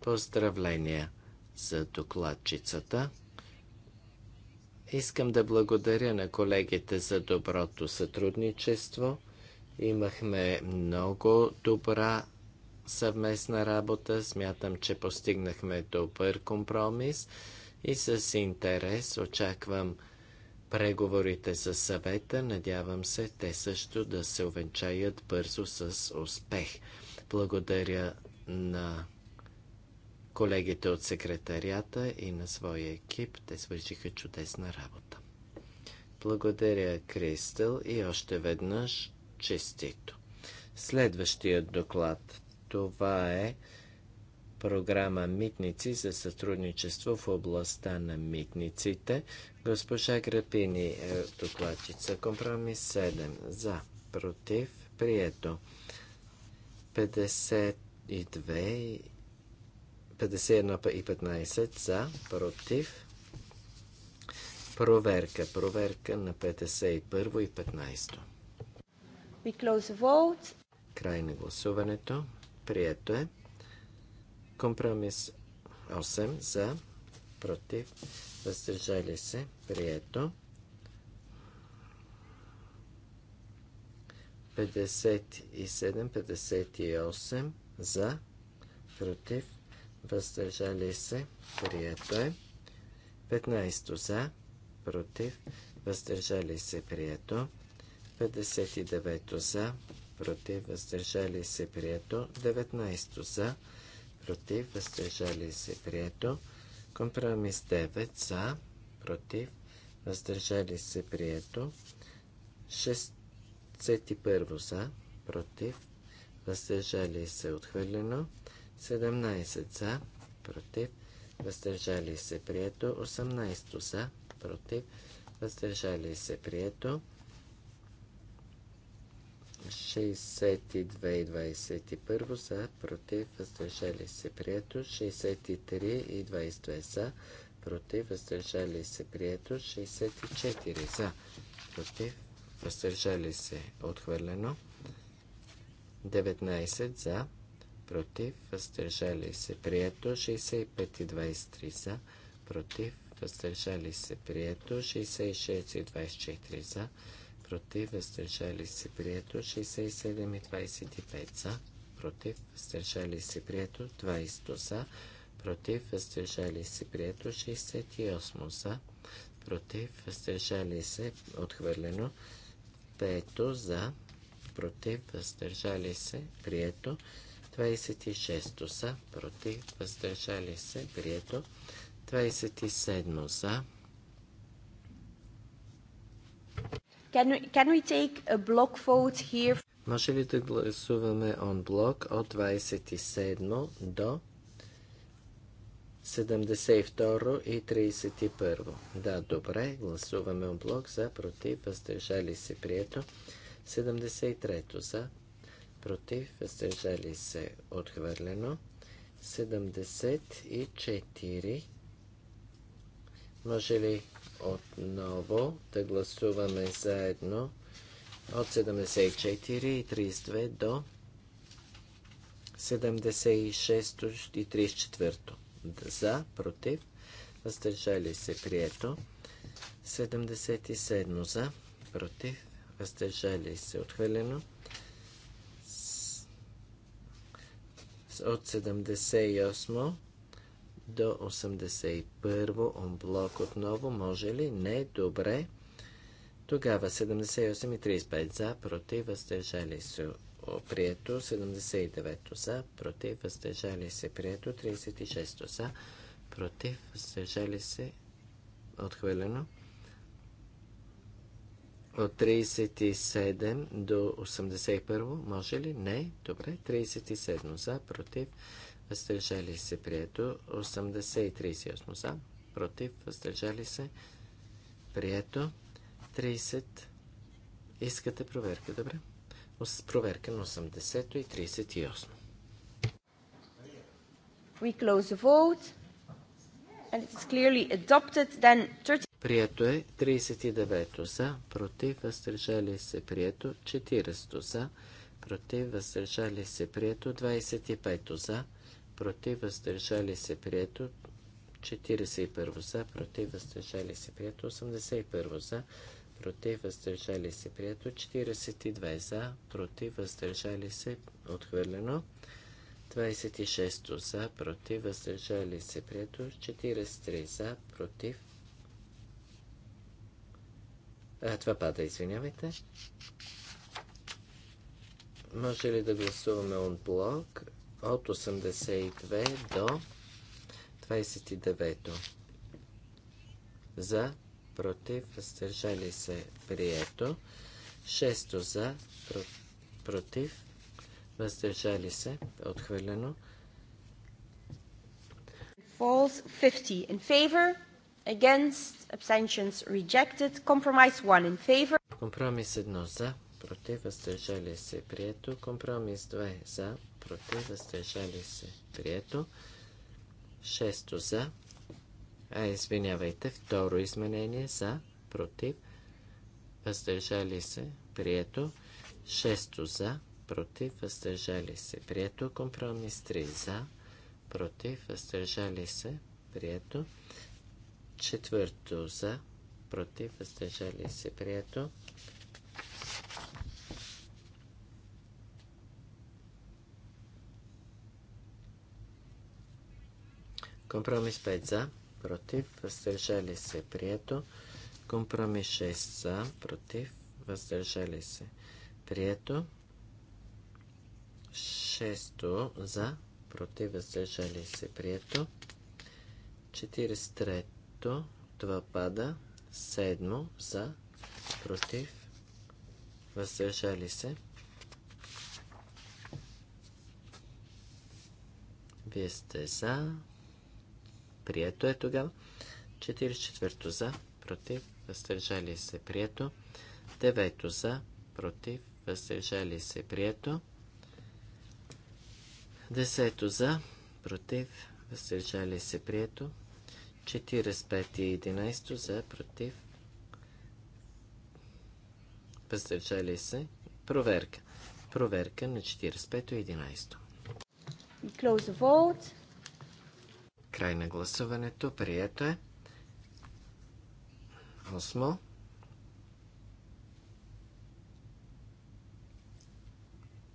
Поздравления за докладчицата. Искам да благодаря на колегите за доброто сътрудничество. Имахме много добра съвместна работа. Смятам, че постигнахме добър компромис и с интерес очаквам преговорите с съвета. Надявам се те също да се увенчаят бързо с успех. Благодаря на колегите от секретарията и на своя екип. Те свършиха чудесна работа. Благодаря, Кристал, и още веднъж честито. Следващият доклад. Това е програма Митници за сътрудничество в областта на митниците. Госпожа Грапини е докладчица. Компромис 7. За. Против. Прието. 52 51 и 15 за, против. Проверка. Проверка на 51 и 15. We close the vote. Край на гласуването. Прието е. Компромис 8 за, против, въздържали се, прието. 57-58 за, против, въздържали се, прието е. 15 за, против, въздържали се, прието. 59 за, против, въздържали се, прието. 19 за, против, въздържали се, прието. Компромис 9 за, против, въздържали се, прието. 61 за, против, въздържали се, отхвърлено. 17 за, против, въздържали се, прието. 18 за, против, въздържали се, прието. 62 и 21 за, против, въздържали се, прието. 63 и 22 за, против, въздържали се, прието. 64 за, против, въздържали се, отхвърлено. 19 за, против, въздържали се, прието. 65 и 23 за, против, въздържали се, прието. 66 и 24 за, против, против, въздържали се, прието. 67 и 25 за, против, въздържали се, прието. 20 за, против, въздържали се, прието. 68 за, против, въздържали се, отхвърлено. 5 за, против, въздържали се, прието. 26 за, против, въздържали се, прието. 27 за, Can we, can we take a block vote here? Може ли да гласуваме on block от 27 до 72 и 31? Да, добре. Гласуваме on блок за, против, въздържали се, прието. 73 за, против, въздържали се, отхвърлено. 74 може ли отново да гласуваме заедно от 74 и 32 до 76 и 34? За, против, въздържали се, прието. 77 за, против, въздържали се, отхвърлено. От 78 до 81-во онблок отново. Може ли? Не. Добре. Тогава 78 и 35 за, против, въздържали се. Прието 79 за, против, въздържали се. Прието 36 за, против, въздържали се. Отхвърлено. От 37 до 81 може ли? Не. Добре. 37 за, против, въздържали се прието, 80 и за, против, въздържали се прието, 30. Искате проверка, добре? С проверка на 80 и 38. We close the vote. And clearly adopted. Then 30... Прието е 39 за, против, въздържали се прието, 40 за, против, въздържали се прието, 25 за, против, въздържали се, прието. 41 за, против, въздържали се, прието. 81 за, против, въздържали се, прието. 42 за, против, въздържали се, отхвърлено. 26 за, против, въздържали се, прието. 43 за, против. А, това пада, извинявайте. Може ли да гласуваме он блок? от 82 до 29. За, против, въздържали се, прието. 6 за, про, против, въздържали се, отхвърлено. Falls 50 in favor, against, abstentions rejected, compromise 1 in favor. Компромис 1 за, против, въздържали се, прието. Компромис 2 за, против, въздържали се, прието. Шесто за, а извинявайте, второ изменение за, против, въздържали се, прието. Шесто за, против, въздържали се, прието. Компромис 3 за, против, въздържали се, прието. Четвърто за, против, въздържали се, прието. Компромис 5 за, против, въздържали се, прието. Компромис 6 за, против, въздържали се, прието. 6 за, против, въздържали се, прието. 43-то, това пада. 7 за, против, въздържали се. Вие сте за, Прието е тогава. 44-то за, против, въздържали се. Прието. 9 за, против, въздържали се. Прието. 10 за, против, въздържали се. Прието. 45 и 11 за, против, въздържали се. Проверка. Проверка на 45 и 11. Close the vote. Край на гласуването. Прието е. Осмо.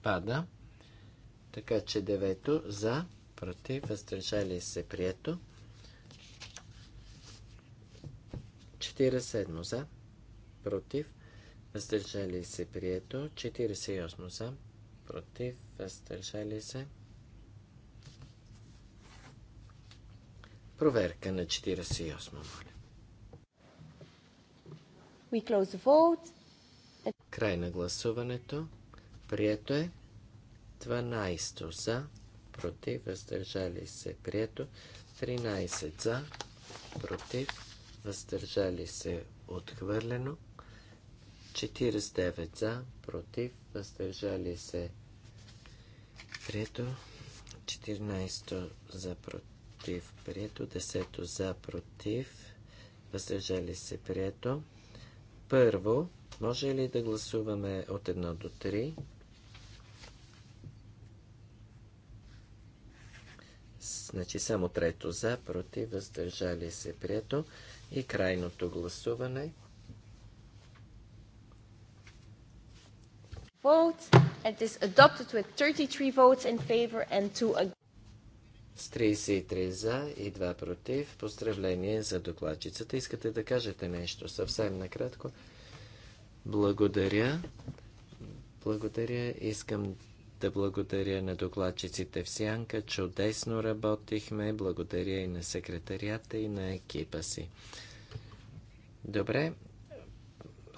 Пада. Така че девето за, против, въздържали се, прието. 47 за, против, въздържали се, прието. 48 за, против, въздържали се, Проверка на 48, моля. We close the vote. Край на гласуването. Прието е. 12 за, против, въздържали се. Прието. 13 за, против, въздържали се. Отхвърлено. 49 за, против, въздържали се. Прието. 14 за, против против, прието. Десето за, против, въздържали се, прието. Първо, може ли да гласуваме от 1 до 3? Значи само трето за, против, въздържали се, прието. И крайното гласуване. Vote and is adopted with 33 votes in favor and 2 against. С 33 за и 2 против. Поздравление за докладчицата. Искате да кажете нещо съвсем накратко? Благодаря. Благодаря. Искам да благодаря на докладчиците в Сянка. Чудесно работихме. Благодаря и на секретарията и на екипа си. Добре.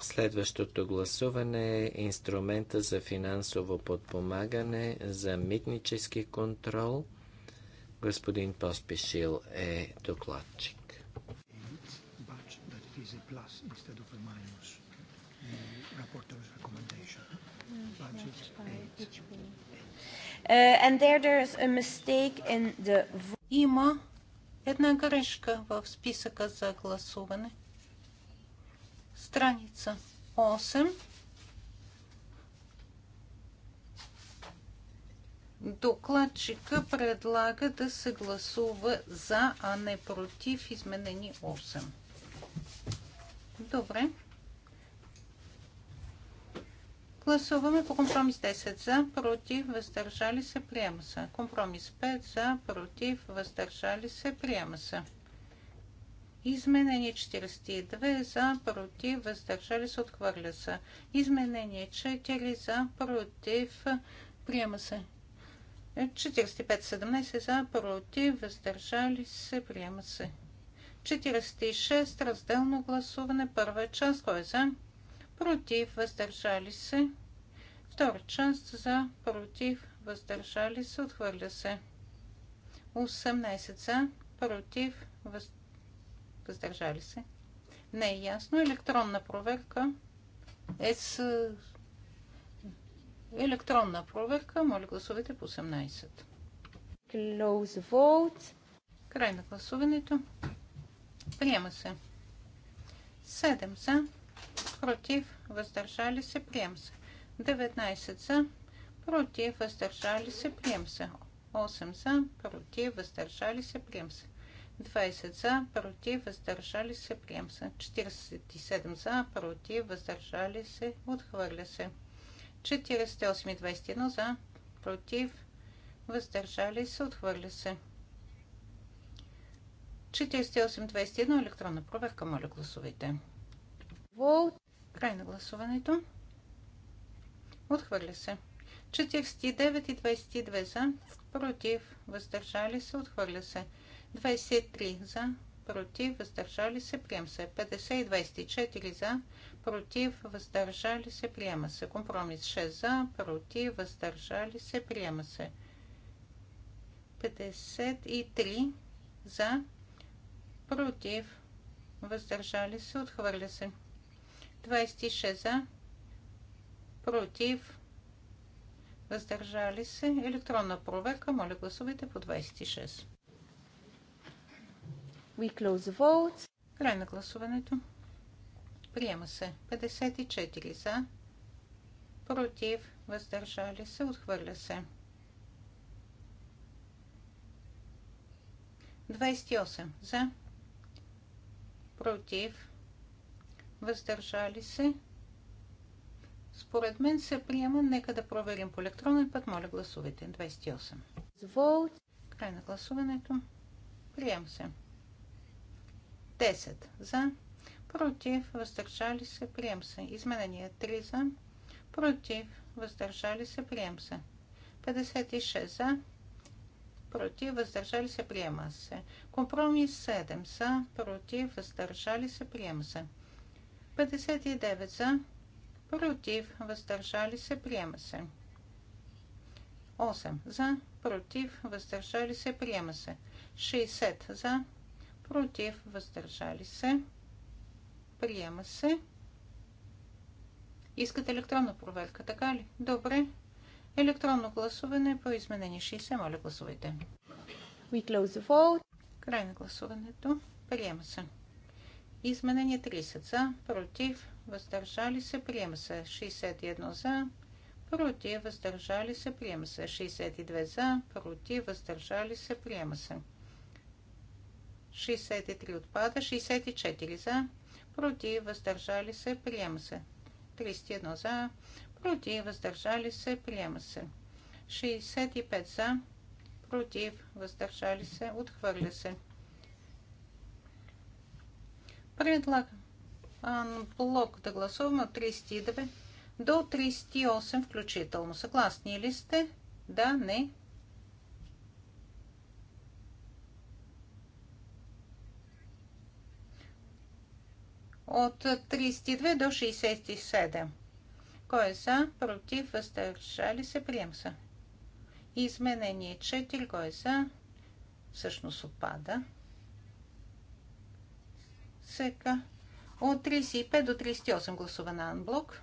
Следващото гласуване е инструмента за финансово подпомагане за митнически контрол – Господин Поспешил е докладчик. Uh, Има една грешка в списъка за гласуване. Страница 8. докладчика предлага да се гласува за, а не против изменени 8. Добре. Гласуваме по компромис 10 за, против, въздържали се, приема се. Компромис 5 за, против, въздържали се, приема се. Изменение 42 за, против, въздържали се, отхвърля се. Изменение 4 за, против, приема се. 45-17 за, против, въздържали се, приема се. 46 разделно гласуване, първа част, кой е за, против, въздържали се. Втора част за, против, въздържали се, отхвърля се. 18 за, против, въз... въздържали се. Не е ясно. Електронна проверка е с Електронна проверка. Моля гласувайте по 18. Close vote. Край на гласуването. Приема се. 7 за. Против. Въздържали се. Прием се. 19 за. Против. Въздържали се. Прием се. 8 за. Против. Въздържали се. Прием се. 20 за, против, въздържали се, прием се. 47 за, против, въздържали се, отхвърля се. 48 21 за, против, въздържали се, отхвърля се. 48-21 електронна проверка, моля гласовете. Вол. Край на гласуването. Отхвърля се. 49 и 22 за, против, въздържали се, отхвърля се. 23 за, против, въздържали се, прием се. 50 24 за, против, въздържали се, приема се. Компромис 6 за, против, въздържали се, приема се. 53 за, против, въздържали се, отхвърля се. 26 за, против, въздържали се. Електронна проверка, моля гласувайте по 26. We close the vote. Край на гласуването. Приема се. 54 за. Против. Въздържали се. Отхвърля се. 28 за. Против. Въздържали се. Според мен се приема. Нека да проверим по електронен път. Моля гласувайте. 28. Звол. Край на гласуването. Приема се. 10 за против, въздържали се, прием се. Изменение 3 за, против, въздържали се, прием се. 56 за, против, въздържали се, приема се. Компромис 7 за, против, въздържали се, прием се. 59 за, против, въздържали се, приема се. 8 за, против, въздържали се, приема се. 60 за, против, въздържали се, приема се. Приема се. Искате електронна проверка, така ли? Добре. Електронно гласуване по изменение 60. Моля, гласувайте. We close the vote. Край на гласуването. Приема се. Изменение 30 за, против, въздържали се, приема се 61 за, против, въздържали се, приема се 62 за, против, въздържали се, приема се. 63 отпада, 64 за, против, въздържали се, приема се. 31 за, против, въздържали се, приема се. 65 за, против, въздържали се, отхвърля се. Предлагам блок да гласуваме от 39 до 38 включително. Съгласни ли сте? Да, не. от 32 до 67. Кой е за, против, въздържали се, прием се. Изменение 4, кой е за, всъщност опада. Сека. от 35 до 38 гласува на анблок.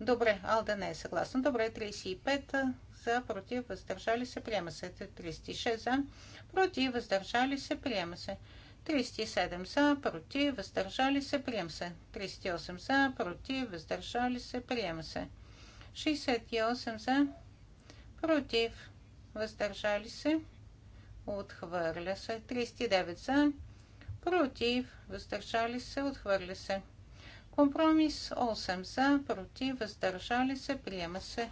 Добре, Алда не е съгласна. Добре, 35 за, против, въздържали се, приема се. 36 за, против, въздържали се, приема се. 37 за, против, въздържали се, прием. се. 38 за, против, въздържали се, приема се. 68 за, против, въздържали се, отхвърля се. 39 за, против, въздържали се, отхвърля се. Компромис 8 за, против, въздържали се, приема се.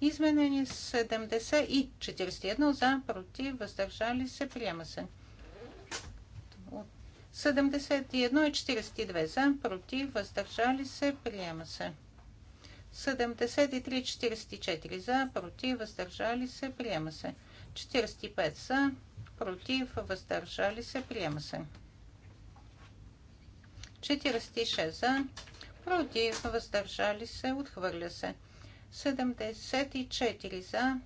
Изменение 70 и 41 за, против, въздържали се, приема се. 71 и 42 за, против, въздържали се, приема се. 73 44 за, против, въздържали се, приема се. 45 за, против, въздържали се, приема се. 46 за, против, въздържали се, отхвърля се. 74 за,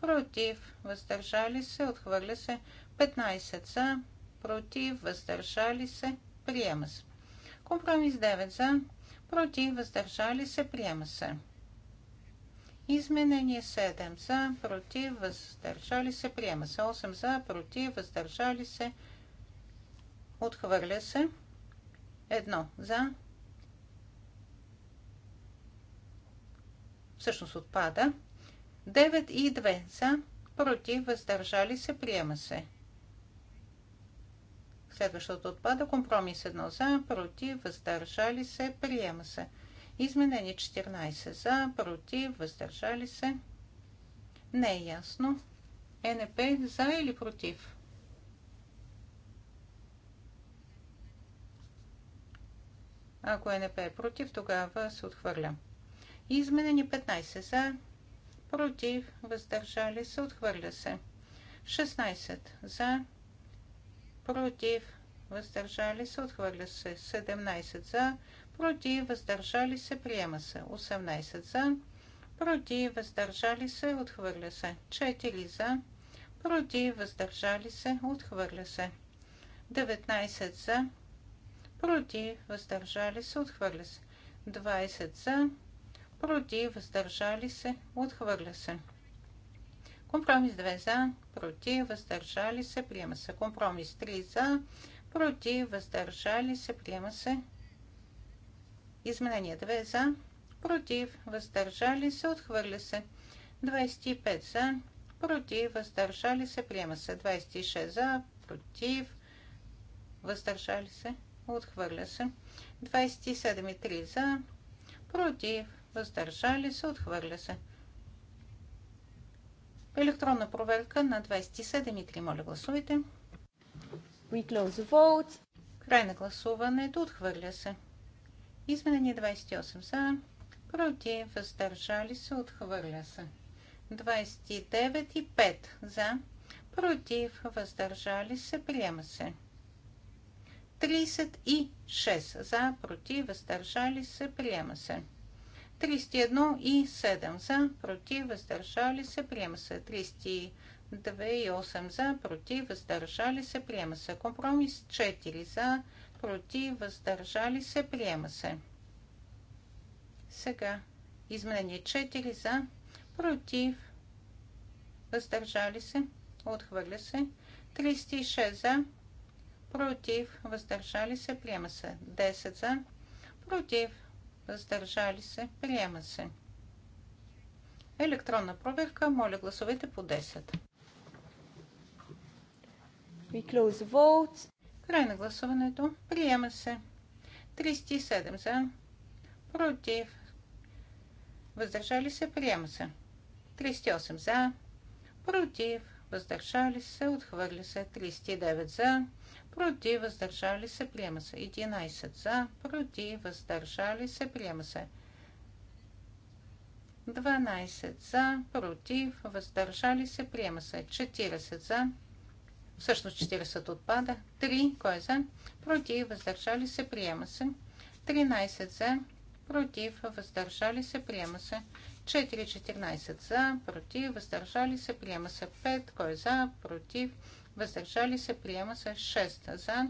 против, въздържали се, отхвърля се. 15 за, против, въздържали се, приема се. Компромис 9 за, против, въздържали се, приема се. Изменение 7 за, против, въздържали се, приема се. 8 за, против, въздържали се, отхвърля се. 1 за. Всъщност отпада. 9 и 2 за, против, въздържали се, приема се. Следващото отпада. Компромис 1 за, против, въздържали се, приема се. Изменение 14 за, против, въздържали се. Не е ясно. НП за или против? Ако НП е против, тогава се отхвърля. Изменени 15 за, против, въздържали се, отхвърля се. 16 за, против, въздържали се, отхвърля се 17 за, против, въздържали се, приема се 18 за, против, въздържали се, отхвърля се 4 за, против, въздържали се, отхвърля се 19 за, против, въздържали се, отхвърля се 20 за, против, въздържали се, отхвърля се Компромис 2 за, против, въздържали се, приема се. Компромис 3 за, против, въздържали се, приема се. Изменение 2 за, против, въздържали се, отхвърля се. 25 за, против, въздържали се, приема се. 26 за, против, въздържали се, отхвърля се. 27 и 3 за, против, въздържали се, отхвърля се. Електронна проверка на 27 Моля, гласувайте. We close the vote. Край на гласуването. Отхвърля се. Изменение 28 за. Против. Въздържали се. Отхвърля се. 29 и 5 за. Против. Въздържали се. Приема се. 36 за. Против. Въздържали се. Приема се. 31 и 7 за, против, въздържали се, приема се. 32 и 8 за, против, въздържали се, приема се. Компромис 4 за, против, въздържали се, приема се. Сега изменение 4 за, против, въздържали се, отхвърля се. 36 за, против, въздържали се, приема се. 10 за, против, въздържали се, приема се. Електронна проверка, моля гласовете по 10. We close the vote. Край на гласуването. Приема се. 37 за. Против. Въздържали се. Приема се. 38 за. Против. Въздържали се. Отхвърли се. 39 за против, въздържали се, приема се. 11 за, против, въздържали се, приема се. 12 за, против, въздържали се, приема се. 40 за, всъщност 40 отпада. 3, кой е за? Против, въздържали се, приема се. 13 за, против, въздържали се, приема се. 4, 14 за, против, въздържали се, приема се. 5, кой е за? Против, въздържали се, приема се. 6 за,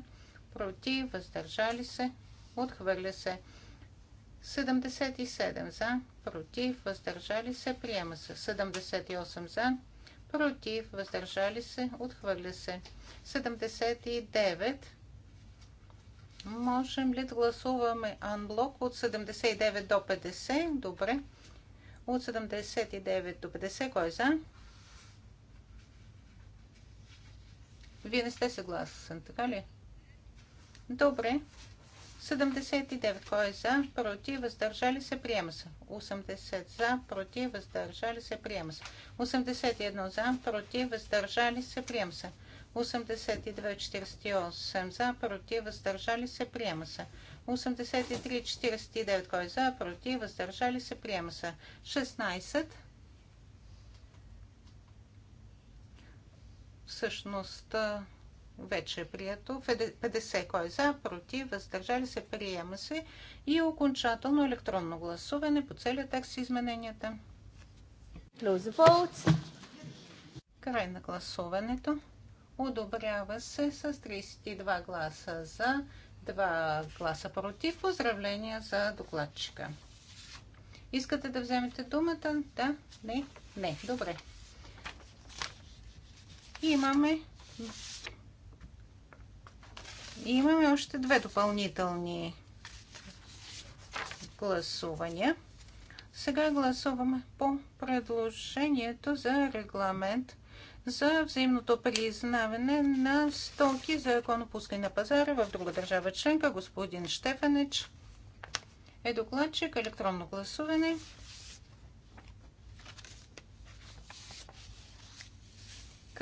против, въздържали се, отхвърля се. 77 за, против, въздържали се, приема се. 78 за, против, въздържали се, отхвърля се. 79. Можем ли да гласуваме анблок от 79 до 50? Добре. От 79 до 50, кой е за? Вие не сте съгласен, така ли? Добре. 79. Кой е за? Против. Въздържали се. Приема се. 80 за. Против. Въздържали се. Приема се. 81 за. Против. Въздържали се. Приема се. 82-48 за. Против. Въздържали се. Приема се. 83-49. Кой е за? Против. Въздържали се. Приема се. 16 всъщност вече е прието. 50 кой е за, против, въздържали се, приема се и окончателно електронно гласуване по целият текст с измененията. Край на гласуването. Одобрява се с 32 гласа за, 2 гласа против. Поздравления за докладчика. Искате да вземете думата? Да? Не? Не. Добре. И имаме и имаме още две допълнителни гласувания. Сега гласуваме по предложението за регламент за взаимното признаване на стоки за законопускане на пазара в друга държава членка. Господин Штефанеч е докладчик електронно гласуване.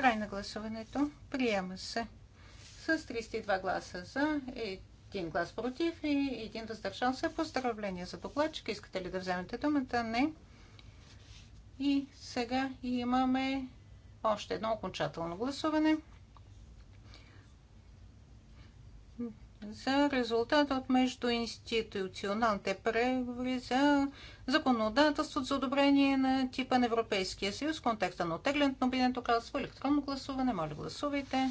Край на гласуването. Приема се с 32 гласа за, 1 глас против и 1 въздържал се. Поздравление за докладчик. Искате ли да вземете думата? Не. И сега имаме още едно окончателно гласуване. за резултата от междуинституционалните преговори за законодателство за одобрение на типа на Европейския съюз в контекста на отеглянето на обвинението казва електронно гласуване. Моля, гласувайте.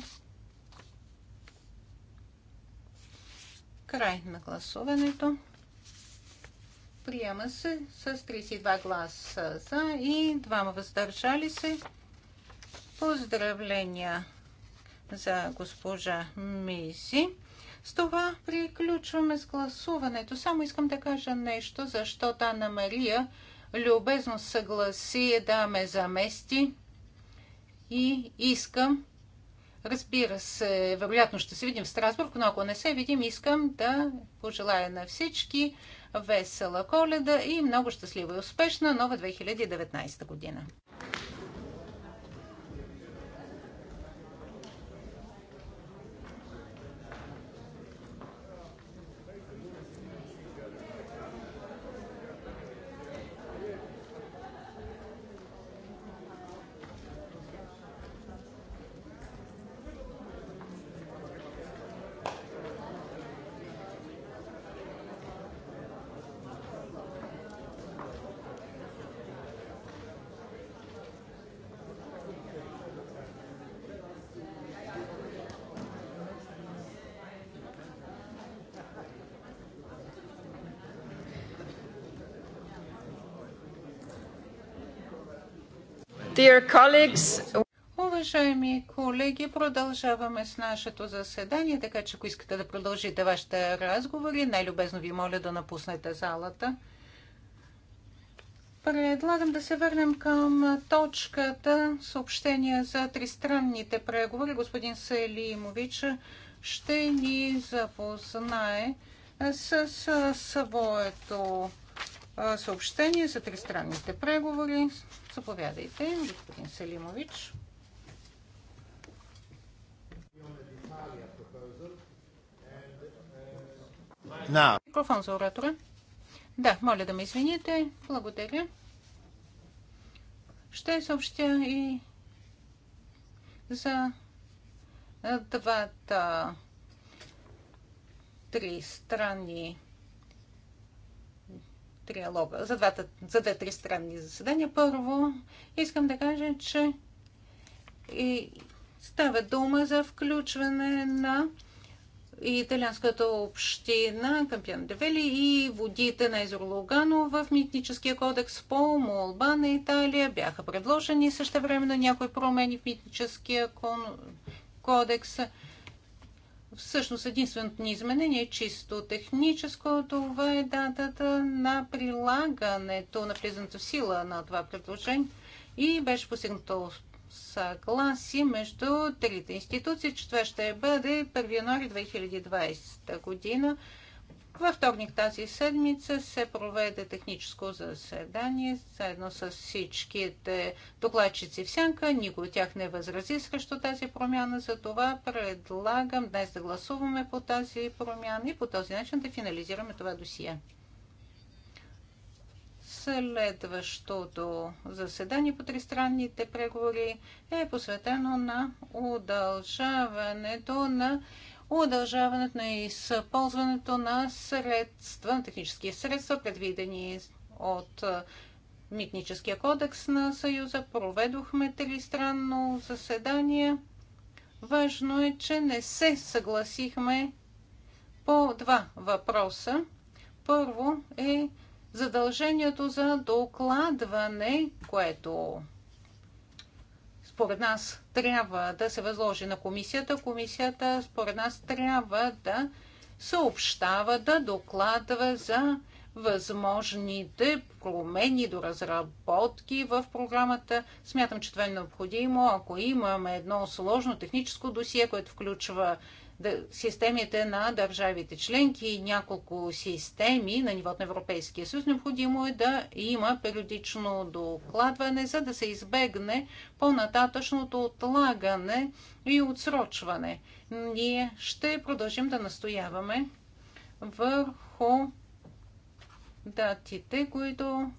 Край на гласуването. Приема се с 32 гласа за и двама въздържали се. Поздравления за госпожа Мизи. С това приключваме с гласуването. Само искам да кажа нещо, защото Анна Мария любезно съгласи да ме замести и искам Разбира се, вероятно ще се видим в Страсбург, но ако не се видим, искам да пожелая на всички весела коледа и много щастлива и успешна нова 2019 година. Уважаеми колеги, продължаваме с нашето заседание, така че ако искате да продължите вашите разговори, най-любезно ви моля да напуснете залата. Предлагам да се върнем към точката съобщения за тристранните преговори. Господин Селимович ще ни запознае с своето съобщение за тристранните преговори. Заповядайте, господин Селимович. Микрофон за оратора. Да, моля да ме извините. Благодаря. Ще съобщя и за двата три страни триалога, за, двата, за две три странни заседания. Първо, искам да кажа, че и става дума за включване на италианската община Кампиан Девели и водите на езеро Лугано в Митническия кодекс по молба на Италия. Бяха предложени също времено някои промени в Митническия кодекс. Всъщност единственото ни изменение е чисто техническо. Това е датата на прилагането, на влизането в сила на това предложение и беше постигнато съгласие между трите институции, че това ще бъде 1 януари 2020 година. Във вторник тази седмица се проведе техническо заседание заедно с всичките докладчици в сянка. Никой от тях не възрази срещу тази промяна, затова предлагам днес да гласуваме по тази промяна и по този начин да финализираме това досие. Следващото заседание по тристранните преговори е посветено на удължаването на удължаването на използването на средства, на технически средства, предвидени от Митническия кодекс на Съюза. Проведохме тристранно заседание. Важно е, че не се съгласихме по два въпроса. Първо е задължението за докладване, което според нас трябва да се възложи на комисията. Комисията според нас трябва да съобщава, да докладва за възможните промени до разработки в програмата. Смятам, че това е необходимо. Ако имаме едно сложно техническо досие, което включва системите на държавите членки и няколко системи на нивото на Европейския съюз, необходимо е да има периодично докладване, за да се избегне по-нататъчното отлагане и отсрочване. Ние ще продължим да настояваме върху датите, които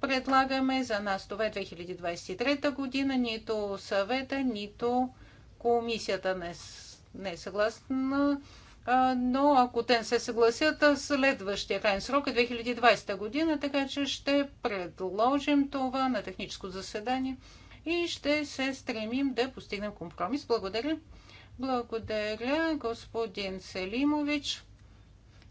предлагаме за нас. Това е 2023 година, нито съвета, нито комисията не, не е съгласна, но ако те не се съгласят, следващия крайен срок е 2020 година, така че ще предложим това на техническо заседание и ще се стремим да постигнем компромис. Благодаря. Благодаря, господин Селимович.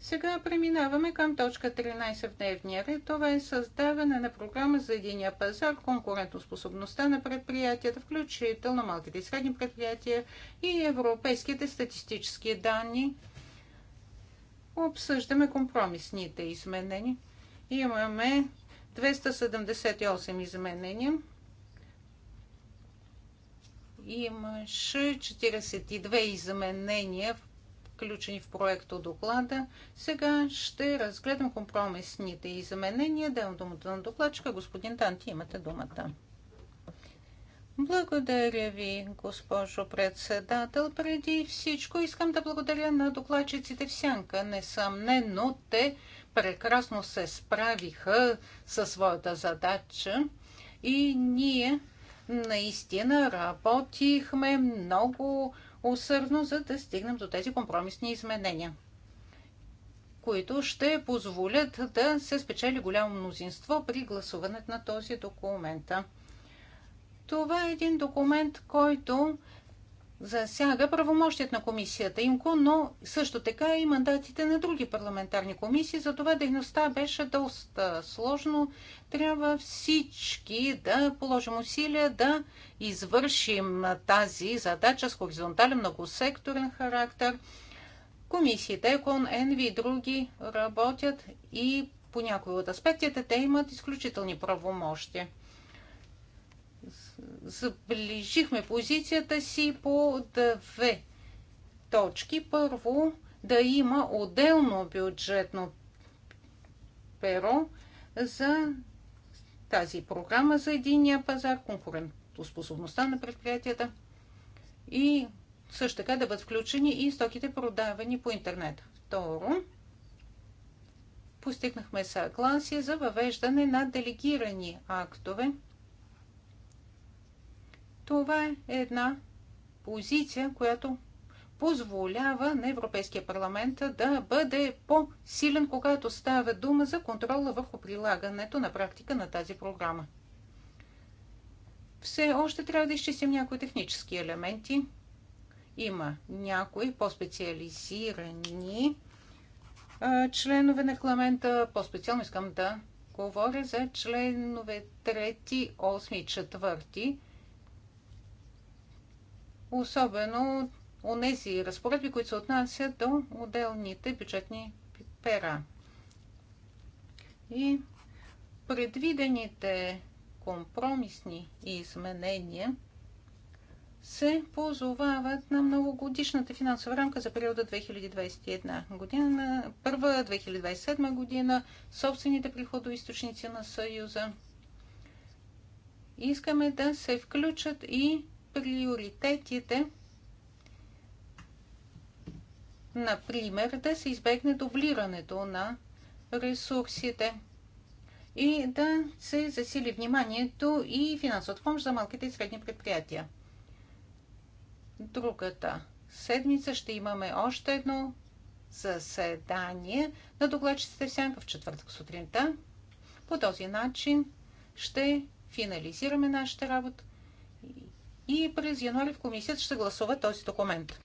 Сега преминаваме към точка 13 в дневния ред. Това е създаване на програма за единия пазар, конкурентоспособността на предприятията, включително малките и средни предприятия и европейските статистически данни. Обсъждаме компромисните изменения. Имаме 278 изменения. Имаше 42 изменения в включени в проекта доклада. Сега ще разгледам компромисните изменения. дам думата на докладчика. Господин Танти, имате думата. Благодаря ви, госпожо председател. Преди всичко искам да благодаря на докладчиците в Сянка. Несъмнено, те прекрасно се справиха със своята задача и ние наистина работихме много усърдно, за да стигнем до тези компромисни изменения, които ще позволят да се спечели голямо мнозинство при гласуването на този документ. Това е един документ, който засяга правомощият на комисията ИМКО, но също така и мандатите на други парламентарни комисии. Затова дейността беше доста сложно. Трябва всички да положим усилия да извършим тази задача с хоризонтален многосекторен характер. Комисиите ЕКОН, ЕНВИ и други работят и по някои от аспектите те имат изключителни правомощи заближихме позицията си по две точки. Първо, да има отделно бюджетно перо за тази програма за единия пазар, конкурентоспособността на предприятията и също така да бъдат включени и стоките продавани по интернет. Второ, постигнахме съгласие за въвеждане на делегирани актове това е една позиция, която позволява на Европейския парламент да бъде по-силен, когато става дума за контрола върху прилагането на практика на тази програма. Все още трябва да изчистим някои технически елементи. Има някои по-специализирани членове на регламента. По-специално искам да говоря за членове 3, 8 и 4 особено тези разпоредби, които се отнасят до отделните бюджетни пера. И предвидените компромисни изменения се позовават на многогодишната финансова рамка за периода 2021 година, първа 2027 година, собствените източници на Съюза. Искаме да се включат и приоритетите, например, да се избегне дублирането на ресурсите и да се засили вниманието и финансовата помощ за малките и средни предприятия. Другата седмица ще имаме още едно заседание на докладчиците в сянка в четвъртък сутринта. По този начин ще финализираме нашата работа и през януари в комисията ще гласува този документ.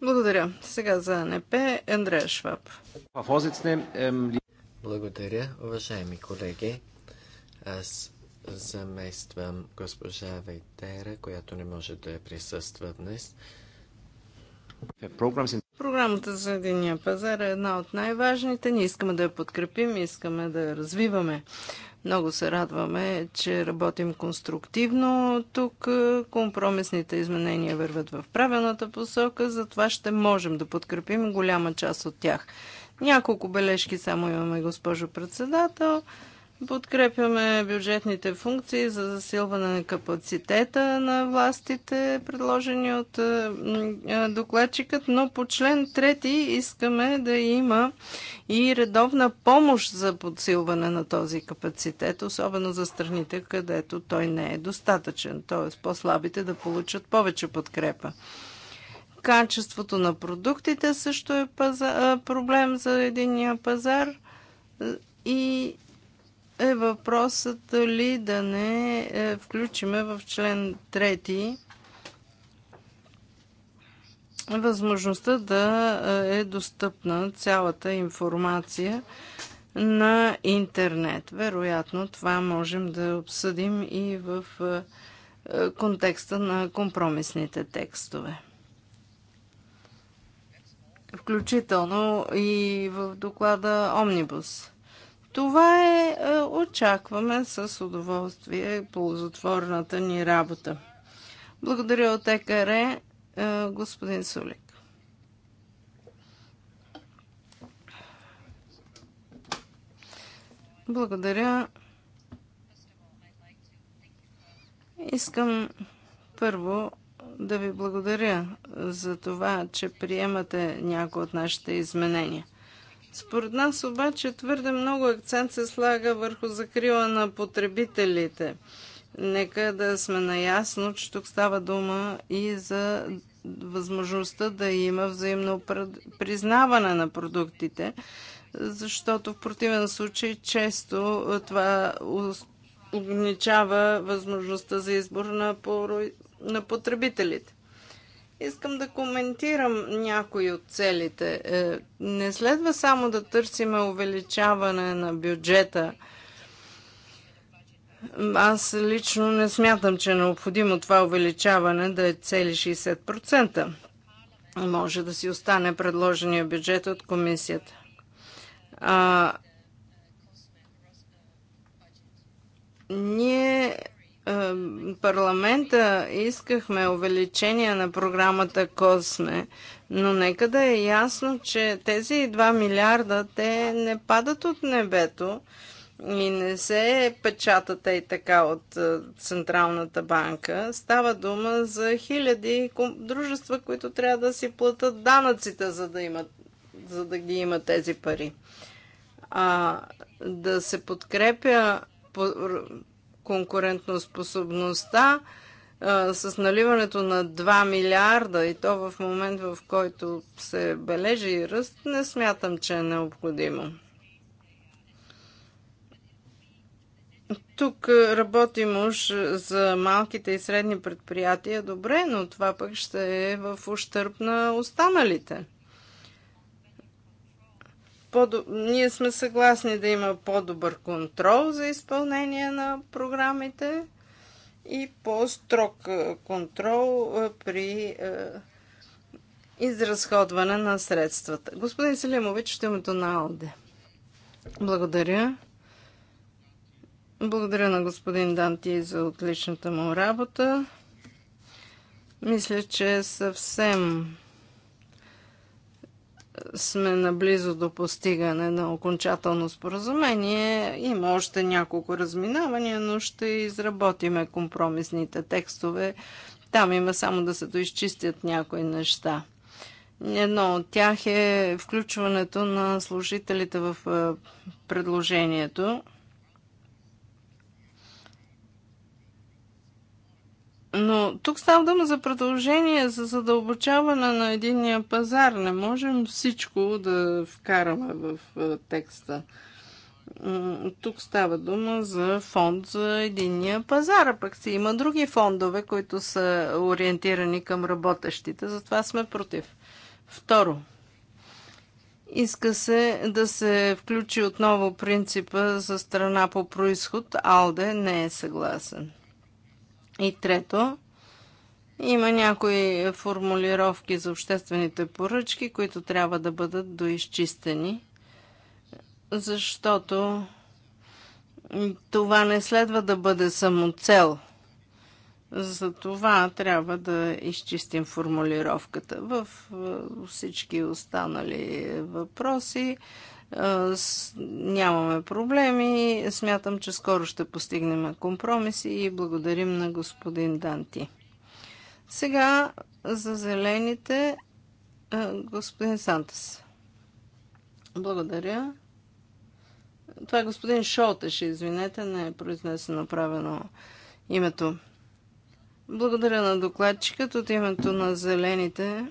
Благодаря. Сега за НП Андрея Шваб. Благодаря, уважаеми колеги. Аз замествам госпожа Вейтера, която не може да присъства днес. Програмата за единия пазар е една от най-важните. Ние искаме да я подкрепим, искаме да я развиваме. Много се радваме, че работим конструктивно тук. Е, компромисните изменения върват в правилната посока, затова ще можем да подкрепим голяма част от тях. Няколко бележки само имаме, госпожо председател. Подкрепяме бюджетните функции за засилване на капацитета на властите, предложени от е, е, докладчикът, но по член 3 искаме да има и редовна помощ за подсилване на този капацитет, особено за страните, където той не е достатъчен, т.е. по-слабите да получат повече подкрепа. Качеството на продуктите също е проблем за единния пазар е, и е въпросът дали да не е, включиме в член 3 възможността да е, е достъпна цялата информация на интернет. Вероятно това можем да обсъдим и в е, контекста на компромисните текстове. Включително и в доклада Омнибус. Това е, е, очакваме с удоволствие ползотворната ни работа. Благодаря от ЕКР, е, господин Сулик. Благодаря. Искам първо да ви благодаря за това, че приемате някои от нашите изменения. Според нас обаче твърде много акцент се слага върху закрила на потребителите. Нека да сме наясно, че тук става дума и за възможността да има взаимно признаване на продуктите, защото в противен случай често това ограничава възможността за избор на, на потребителите. Искам да коментирам някои от целите. Е, не следва само да търсиме увеличаване на бюджета. Аз лично не смятам, че е необходимо това увеличаване да е цели 60%. Може да си остане предложения бюджет от комисията. ние парламента искахме увеличение на програмата Косме, но нека да е ясно, че тези 2 милиарда те не падат от небето и не се печатат и така от Централната банка. Става дума за хиляди дружества, които трябва да си платят данъците, за да, имат, за да ги имат тези пари. А да се подкрепя конкурентноспособността с наливането на 2 милиарда и то в момент, в който се бележи ръст, не смятам, че е необходимо. Тук работим уж за малките и средни предприятия, добре, но това пък ще е в ущърп на останалите. Ние сме съгласни да има по-добър контрол за изпълнение на програмите и по-строг е, контрол е, при е, изразходване на средствата. Господин Селимович, ще имате на Алде. Благодаря. Благодаря на господин Данти за отличната му работа. Мисля, че съвсем сме наблизо до постигане на окончателно споразумение. Има още няколко разминавания, но ще изработиме компромисните текстове. Там има само да се доизчистят някои неща. Едно от тях е включването на служителите в е, предложението. Но тук става дума за продължение, за задълбочаване на единния пазар. Не можем всичко да вкараме в текста. Тук става дума за фонд за единния пазар, а пък си има други фондове, които са ориентирани към работещите, затова сме против. Второ, иска се да се включи отново принципа за страна по происход. Алде не е съгласен. И трето, има някои формулировки за обществените поръчки, които трябва да бъдат доизчистени, защото това не следва да бъде самоцел. За това трябва да изчистим формулировката. В всички останали въпроси нямаме проблеми. Смятам, че скоро ще постигнем компромиси и благодарим на господин Данти. Сега за зелените господин Сантас. Благодаря. Това е господин Шолтеше, извинете, не е произнесено правилно името. Благодаря на докладчикът от името на зелените.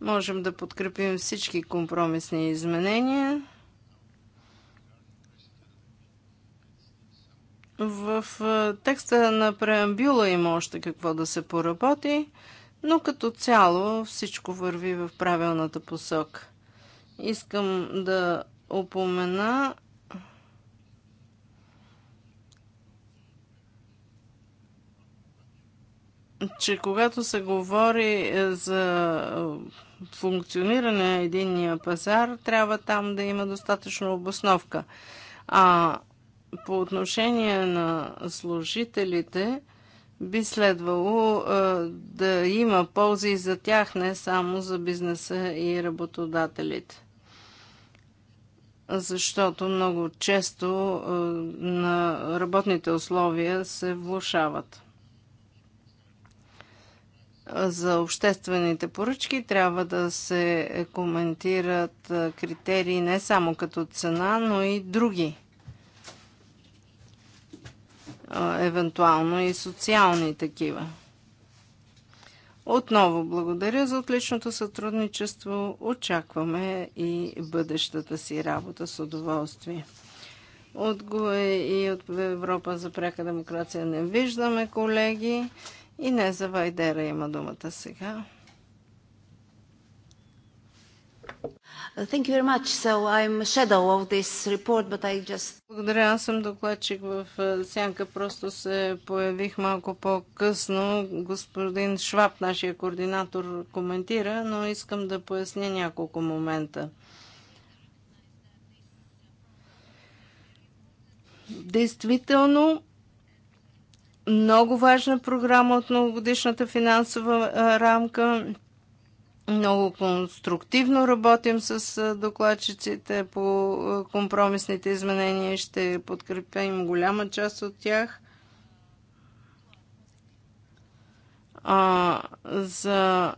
Можем да подкрепим всички компромисни изменения. В текста на преамбюла има още какво да се поработи, но като цяло всичко върви в правилната посока. Искам да опомена че когато се говори е, за функциониране на единния пазар, трябва там да има достатъчно обосновка. А по отношение на служителите, би следвало а, е, да има ползи за тях, не само за бизнеса и работодателите. Защото много често а, е, на работните условия се влушават за обществените поръчки трябва да се коментират критерии не само като цена, но и други. Евентуално и социални такива. Отново благодаря за отличното сътрудничество. Очакваме и бъдещата си работа с удоволствие. От ГУЕ и от Европа за пряка демокрация не виждаме, колеги. И не за Вайдера има думата сега. Thank you very much. So I'm shadow of this report, but I just... Благодаря, аз съм докладчик в Сянка. Просто се появих малко по-късно. Господин Шваб, нашия координатор, коментира, но искам да поясня няколко момента. Действително, много важна програма от многогодишната финансова рамка. Много конструктивно работим с докладчиците по компромисните изменения ще подкрепим голяма част от тях. А, за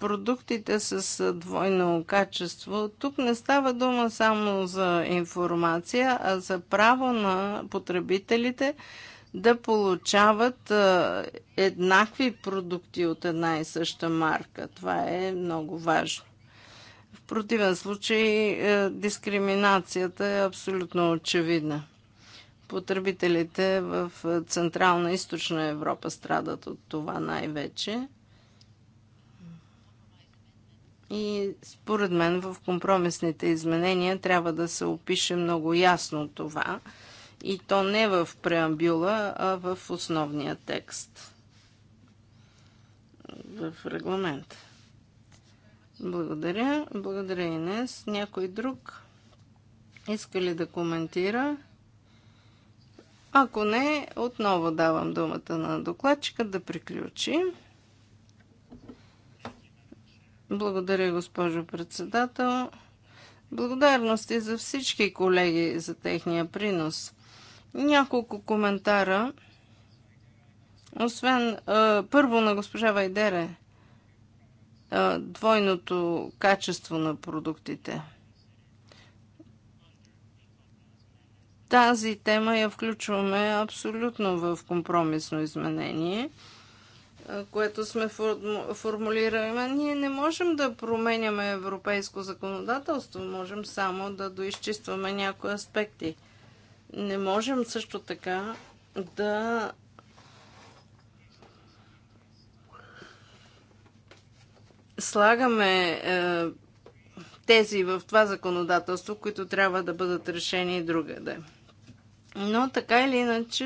продуктите с двойно качество, тук не става дума само за информация, а за право на потребителите – да получават еднакви продукти от една и съща марка. Това е много важно. В противен случай дискриминацията е абсолютно очевидна. Потребителите в Централна и Източна Европа страдат от това най-вече. И според мен в компромисните изменения трябва да се опише много ясно това – и то не в преамбюла, а в основния текст. В регламент. Благодаря. Благодаря, и днес. Някой друг иска ли да коментира? Ако не, отново давам думата на докладчика да приключи. Благодаря, госпожо председател. Благодарности за всички колеги за техния принос. Няколко коментара. Освен първо на госпожа Вайдере, двойното качество на продуктите. Тази тема я включваме абсолютно в компромисно изменение което сме формулирали. Ние не можем да променяме европейско законодателство, можем само да доизчистваме някои аспекти. Не можем също така да слагаме е, тези в това законодателство, които трябва да бъдат решени и другаде. Но така или иначе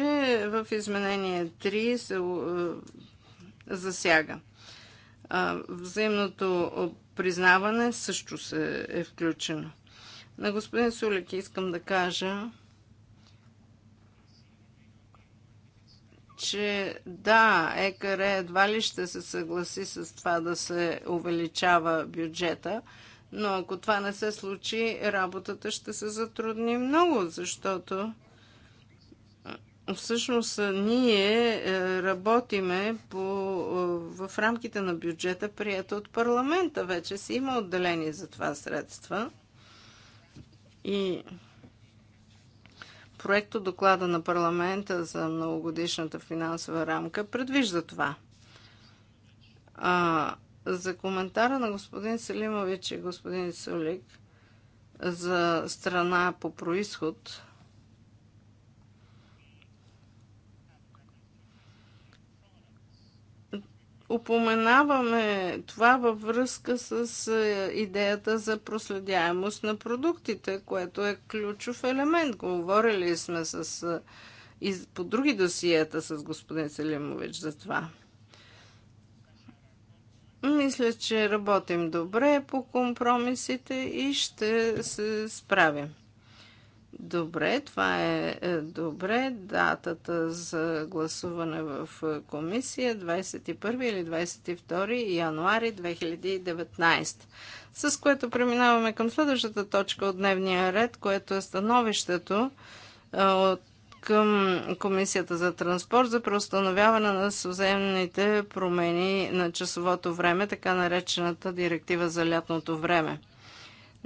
в изменение 3 се е, засяга. Е, взаимното признаване също се е включено. На господин Сулик искам да кажа, че да, ЕКР едва ли ще се съгласи с това да се увеличава бюджета, но ако това не се случи, работата ще се затрудни много, защото всъщност ние е, работиме по, в рамките на бюджета, прията от парламента. Вече си има отделени за това средства. И проекто доклада на парламента за многогодишната финансова рамка предвижда това. А, за коментара на господин Селимович и господин Сулик за страна по происход, упоменаваме това във връзка с е, идеята за проследяемост на продуктите, което е ключов елемент. Говорили сме с, е, и по други досиета с господин Селимович за това. Мисля, че работим добре по компромисите и ще се справим. Добре, това е, е добре. Датата за гласуване в е, комисия 21 или 22 януари 2019. С което преминаваме към следващата точка от дневния ред, което е становището е, от към Комисията за транспорт за преустановяване на съземните промени на часовото време, така наречената директива за лятното време.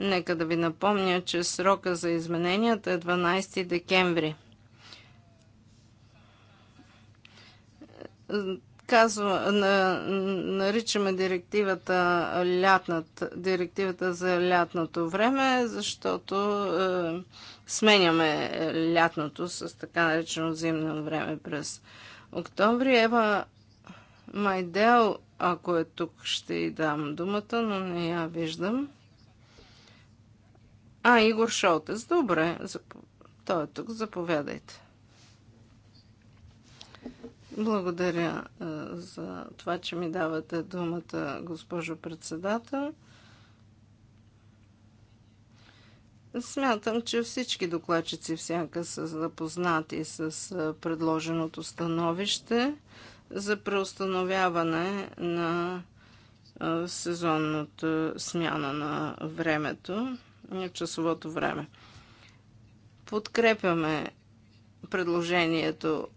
Нека да ви напомня, че срока за измененията е 12 декември. Казва, на, наричаме директивата, лятнат, директивата за лятното време, защото е, сменяме лятното с така наречено зимно време през октомври. Ева Майдел, ако е тук, ще й дам думата, но не я виждам. А, Игор Шолтес. Добре. Той е тук. Заповядайте. Благодаря за това, че ми давате думата, госпожо председател. Смятам, че всички докладчици всяка са запознати с предложеното становище за преустановяване на сезонната смяна на времето часовото време. Подкрепяме предложението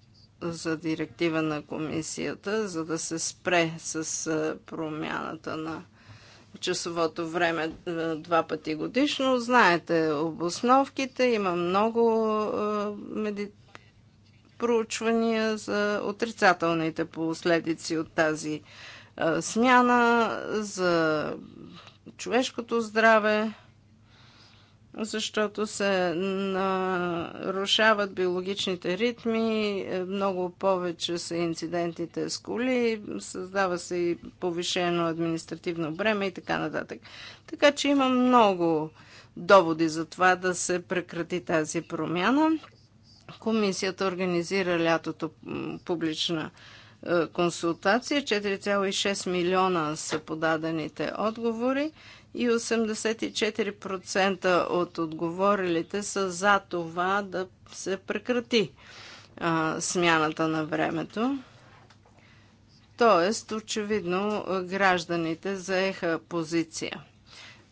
за директива на комисията, за да се спре с промяната на часовото време два пъти годишно. Знаете обосновките, има много меди... проучвания за отрицателните последици от тази смяна, за човешкото здраве защото се нарушават биологичните ритми, много повече са инцидентите с коли, създава се и повишено административно бреме и така нататък. Така че има много доводи за това да се прекрати тази промяна. Комисията организира лятото публична е, консултация. 4,6 милиона са подадените отговори и 84% от отговорилите са за това да се прекрати а, смяната на времето. Тоест, очевидно, гражданите заеха позиция.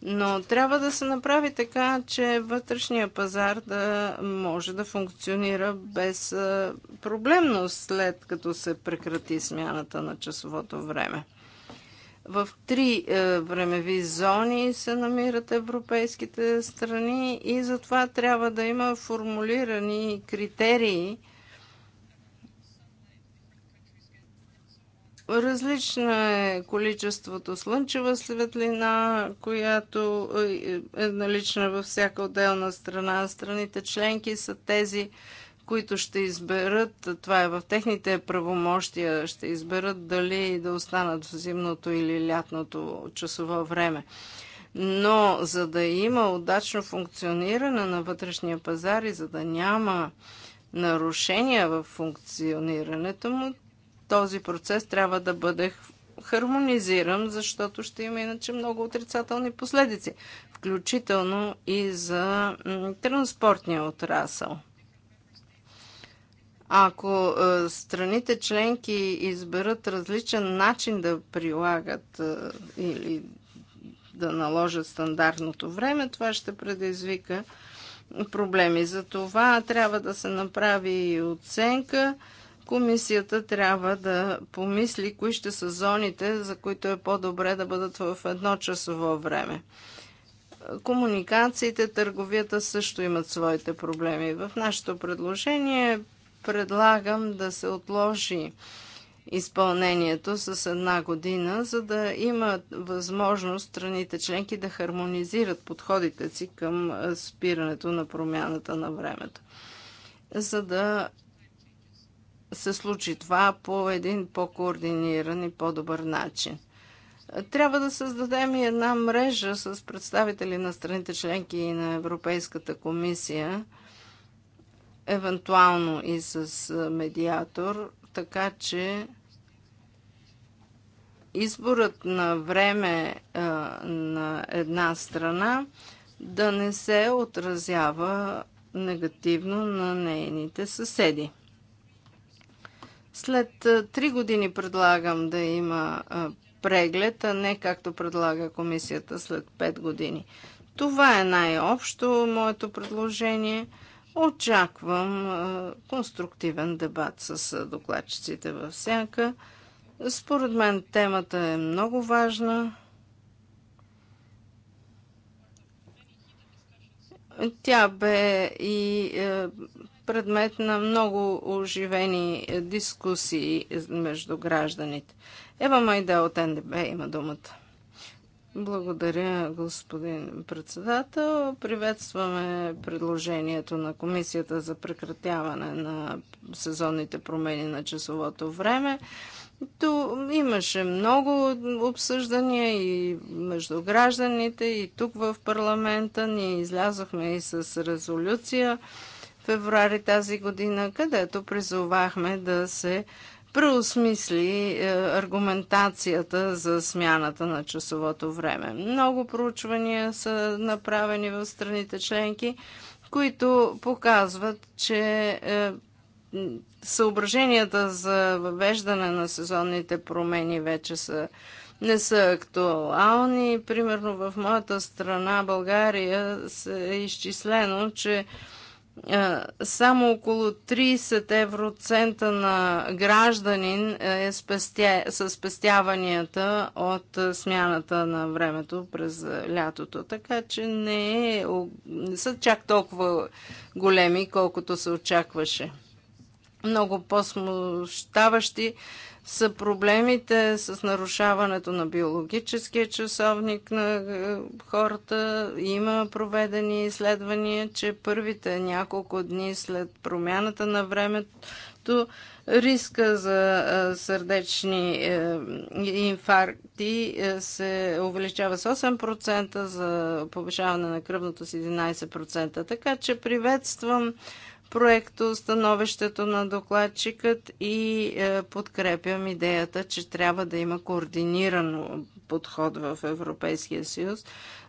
Но трябва да се направи така, че вътрешния пазар да може да функционира без проблемност след като се прекрати смяната на часовото време. В три е, времеви зони се намират европейските страни и затова трябва да има формулирани критерии, Различно е количеството слънчева светлина, която е, е налична във всяка отделна страна. Страните членки са тези, които ще изберат, това е в техните правомощия, ще изберат дали да останат в зимното или лятното часово време. Но за да има удачно функциониране на вътрешния пазар и за да няма нарушения в функционирането му, този процес трябва да бъде хармонизиран, защото ще има иначе много отрицателни последици, включително и за транспортния отрасъл. Ако е, страните членки изберат различен начин да прилагат е, или да наложат стандартното време, това ще предизвика проблеми. За това трябва да се направи и оценка. Комисията трябва да помисли кои ще са зоните, за които е по-добре да бъдат в едно часово време. Комуникациите, търговията също имат своите проблеми. В нашето предложение предлагам да се отложи изпълнението с една година, за да има възможност страните членки да хармонизират подходите си към спирането на промяната на времето. За да се случи това по един по-координиран и по-добър начин. Трябва да създадем и една мрежа с представители на страните членки и на Европейската комисия – евентуално и с медиатор, така че изборът на време на една страна да не се отразява негативно на нейните съседи. След три години предлагам да има преглед, а не както предлага комисията след 5 години. Това е най-общо моето предложение – Очаквам конструктивен дебат с докладчиците в сянка. Според мен темата е много важна. Тя бе и предмет на много оживени дискусии между гражданите. Ева Майда от НДБ има думата. Благодаря, господин председател. Приветстваме предложението на комисията за прекратяване на сезонните промени на часовото време. То имаше много обсъждания и между гражданите, и тук в парламента. Ние излязохме и с резолюция февруари тази година, където призовахме да се преосмисли е, аргументацията за смяната на часовото време. Много проучвания са направени в страните членки, които показват, че е, съображенията за въвеждане на сезонните промени вече са не са актуални. Примерно в моята страна, България, се е изчислено, че е, само около 30 евроцента на гражданин е, е спестя... са спестяванията от е, смяната на времето през лятото. Така че не, е... не са чак толкова големи, колкото се очакваше. Много по-смущаващи са проблемите с нарушаването на биологическия часовник на е, хората. Има проведени изследвания, че първите няколко дни след промяната на времето риска за е, сърдечни е, инфаркти се увеличава с 8%, за повишаване на кръвното с 11%. Така че приветствам проекто становището на докладчикът и е, подкрепям идеята, че трябва да има координиран подход в Европейския съюз,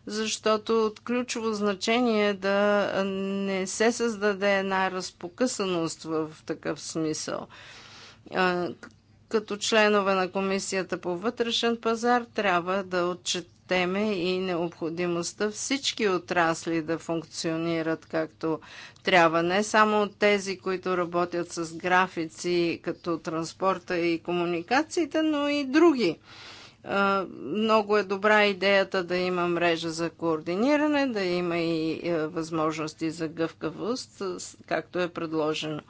защото от ключово значение е да не се създаде една разпокъсаност в такъв смисъл е, като членове на Комисията по вътрешен пазар трябва да отчет, теме и необходимостта всички отрасли да функционират както трябва. Не само тези, които работят с графици, като транспорта и комуникациите, но и други много е добра идеята да има мрежа за координиране, да има и е, възможности за гъвкавост, както е предложено.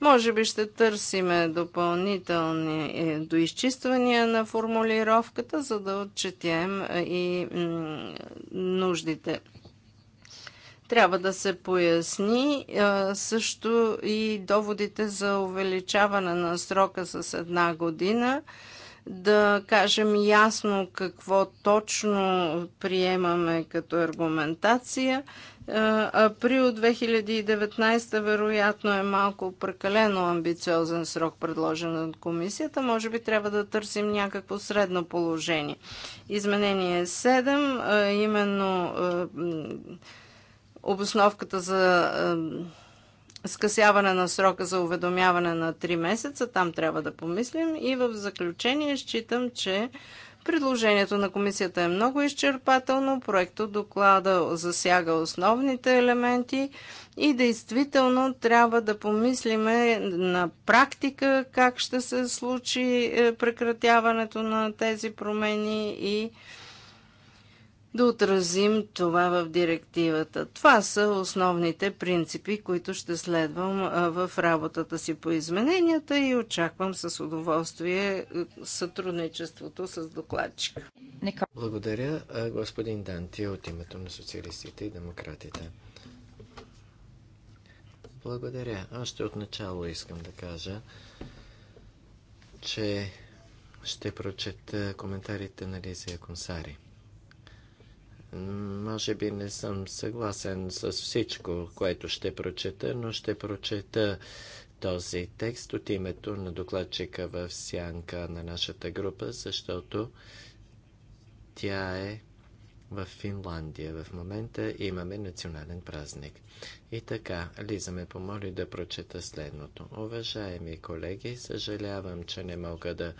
Може би ще търсиме допълнителни е, доизчиствания на формулировката, за да отчетем е, и нуждите трябва да се поясни също и доводите за увеличаване на срока с една година да кажем ясно какво точно приемаме като аргументация. Април 2019 вероятно е малко прекалено амбициозен срок, предложен от комисията. Може би трябва да търсим някакво средно положение. Изменение 7, именно обосновката за скъсяване на срока за уведомяване на 3 месеца, там трябва да помислим. И в заключение считам, че предложението на комисията е много изчерпателно, Проектът доклада засяга основните елементи и действително трябва да помислиме на практика как ще се случи е, прекратяването на тези промени и да отразим това в директивата. Това са основните принципи, които ще следвам в работата си по измененията и очаквам с удоволствие сътрудничеството с докладчика. Благодаря, господин Данти, от името на социалистите и демократите. Благодаря. Още от начало искам да кажа, че ще прочета коментарите на Лизия Консари. Може би не съм съгласен с всичко, което ще прочета, но ще прочета този текст от името на докладчика в сянка на нашата група, защото тя е в Финландия. В момента имаме национален празник. И така, Лиза ме помоли да прочета следното. Уважаеми колеги, съжалявам, че не мога да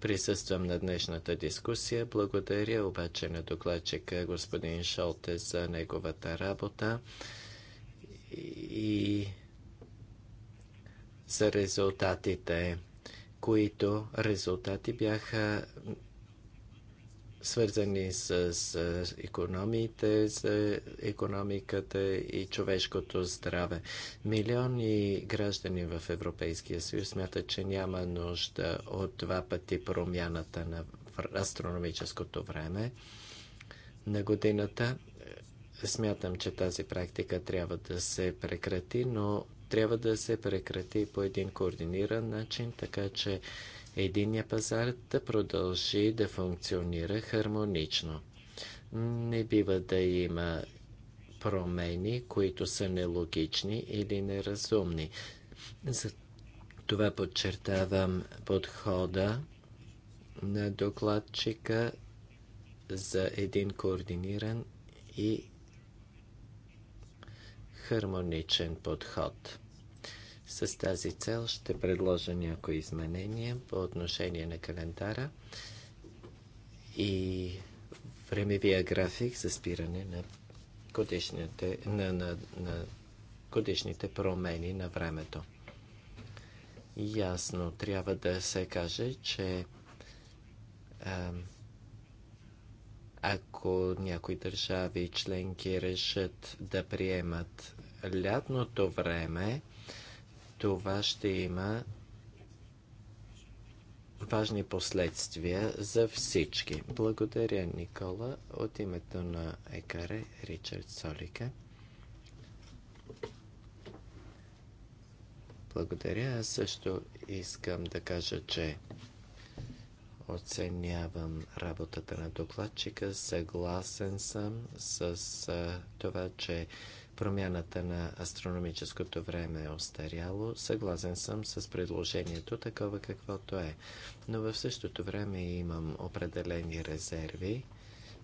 присъствам на днешната дискусия. Благодаря обаче на докладчика господин Шолте за неговата работа и за резултатите които резултати бяха свързани с, с с економиката и човешкото здраве. Милиони граждани в Европейския съюз смятат, че няма нужда от два пъти промяната на астрономическото време на годината. Е, смятам, че тази практика трябва да се прекрати, но трябва да се прекрати по един координиран начин, така че единния пазар да продължи да функционира хармонично. Не бива да има промени, които са нелогични или неразумни. За това подчертавам подхода на докладчика за един координиран и хармоничен подход. С тази цел ще предложа някои изменения по отношение на календара и времевия график за спиране на годишните, на, на, на годишните промени на времето. Ясно трябва да се каже, че а, ако някои държави членки решат да приемат лятното време това ще има важни последствия за всички. Благодаря, Никола. От името на Екаре, Ричард Солика. Благодаря. Аз също искам да кажа, че оценявам работата на докладчика. Съгласен съм с това, че Промяната на астрономическото време е остаряло. Съгласен съм с предложението такова каквото е. Но в същото време имам определени резерви,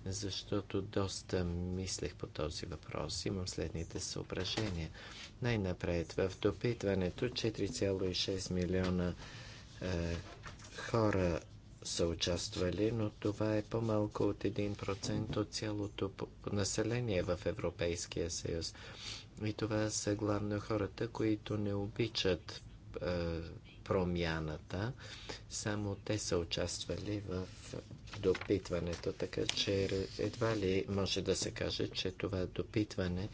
защото доста мислех по този въпрос. Имам следните съображения. Най-напред в допитването 4,6 милиона е, хора са участвали, но това е по-малко от 1% от цялото население в Европейския съюз. И това са главно хората, които не обичат е, промяната. Само те са участвали в допитването, така че едва ли може да се каже, че това допитване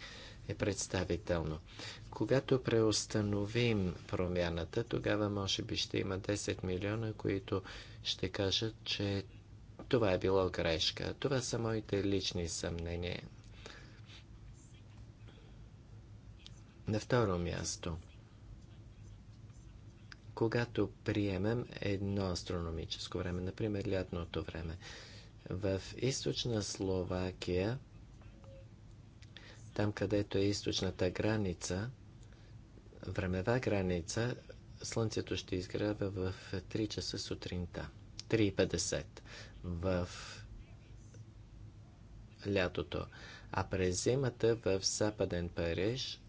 е представително. Когато преустановим промяната, тогава може би ще има 10 милиона, които ще кажат, че това е било грешка. Това са моите лични съмнения. На второ място, когато приемем едно астрономическо време, например лятното време, в източна Словакия, там където е източната граница, времева граница, слънцето ще изгрява в 3 часа сутринта. 3,50 в лятото. А през зимата в Западен Париж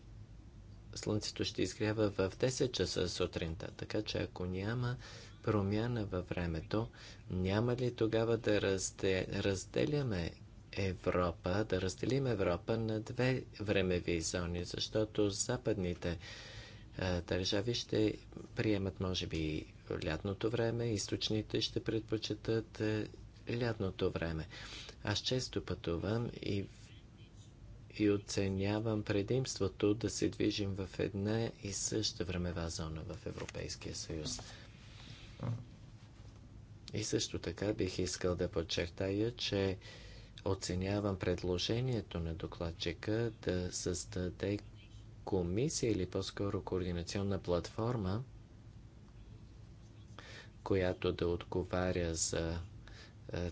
слънцето ще изгрява в 10 часа сутринта. Така че ако няма промяна във времето, няма ли тогава да разде... разделяме Европа, да разделим Европа на две времеви зони, защото западните а, държави ще приемат, може би, лятното време, източните ще предпочитат е, лятното време. Аз често пътувам и, и оценявам предимството да се движим в една и съща времева зона в Европейския съюз. И също така бих искал да подчертая, че оценявам предложението на докладчика да създаде комисия или по-скоро координационна платформа която да отговаря за е,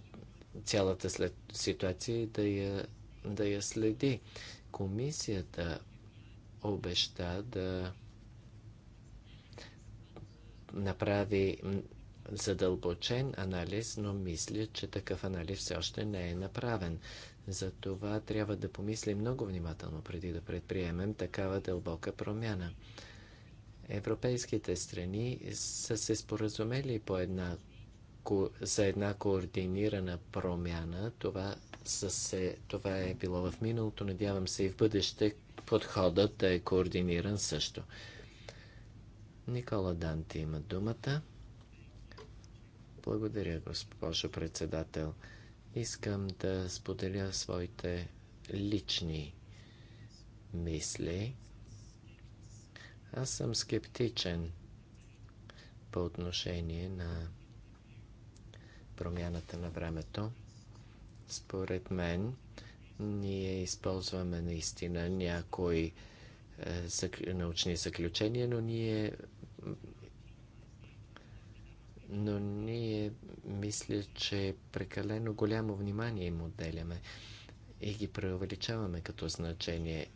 цялата след ситуация и да я, да я следи. Комисията обеща да направи задълбочен анализ, но мисля, че такъв анализ все още не е направен. За това трябва да помислим много внимателно преди да предприемем такава дълбока промяна. Европейските страни са се споразумели по една, за една координирана промяна. Това, се, това е било в миналото. Надявам се и в бъдеще подходът да е координиран също. Никола Данти има думата. Благодаря, госпожо председател. Искам да споделя своите лични мисли аз съм скептичен по отношение на промяната на времето. Според мен, ние използваме наистина някои е, научни заключения, но ние но ние мисля, че прекалено голямо внимание им отделяме и ги преувеличаваме като значение.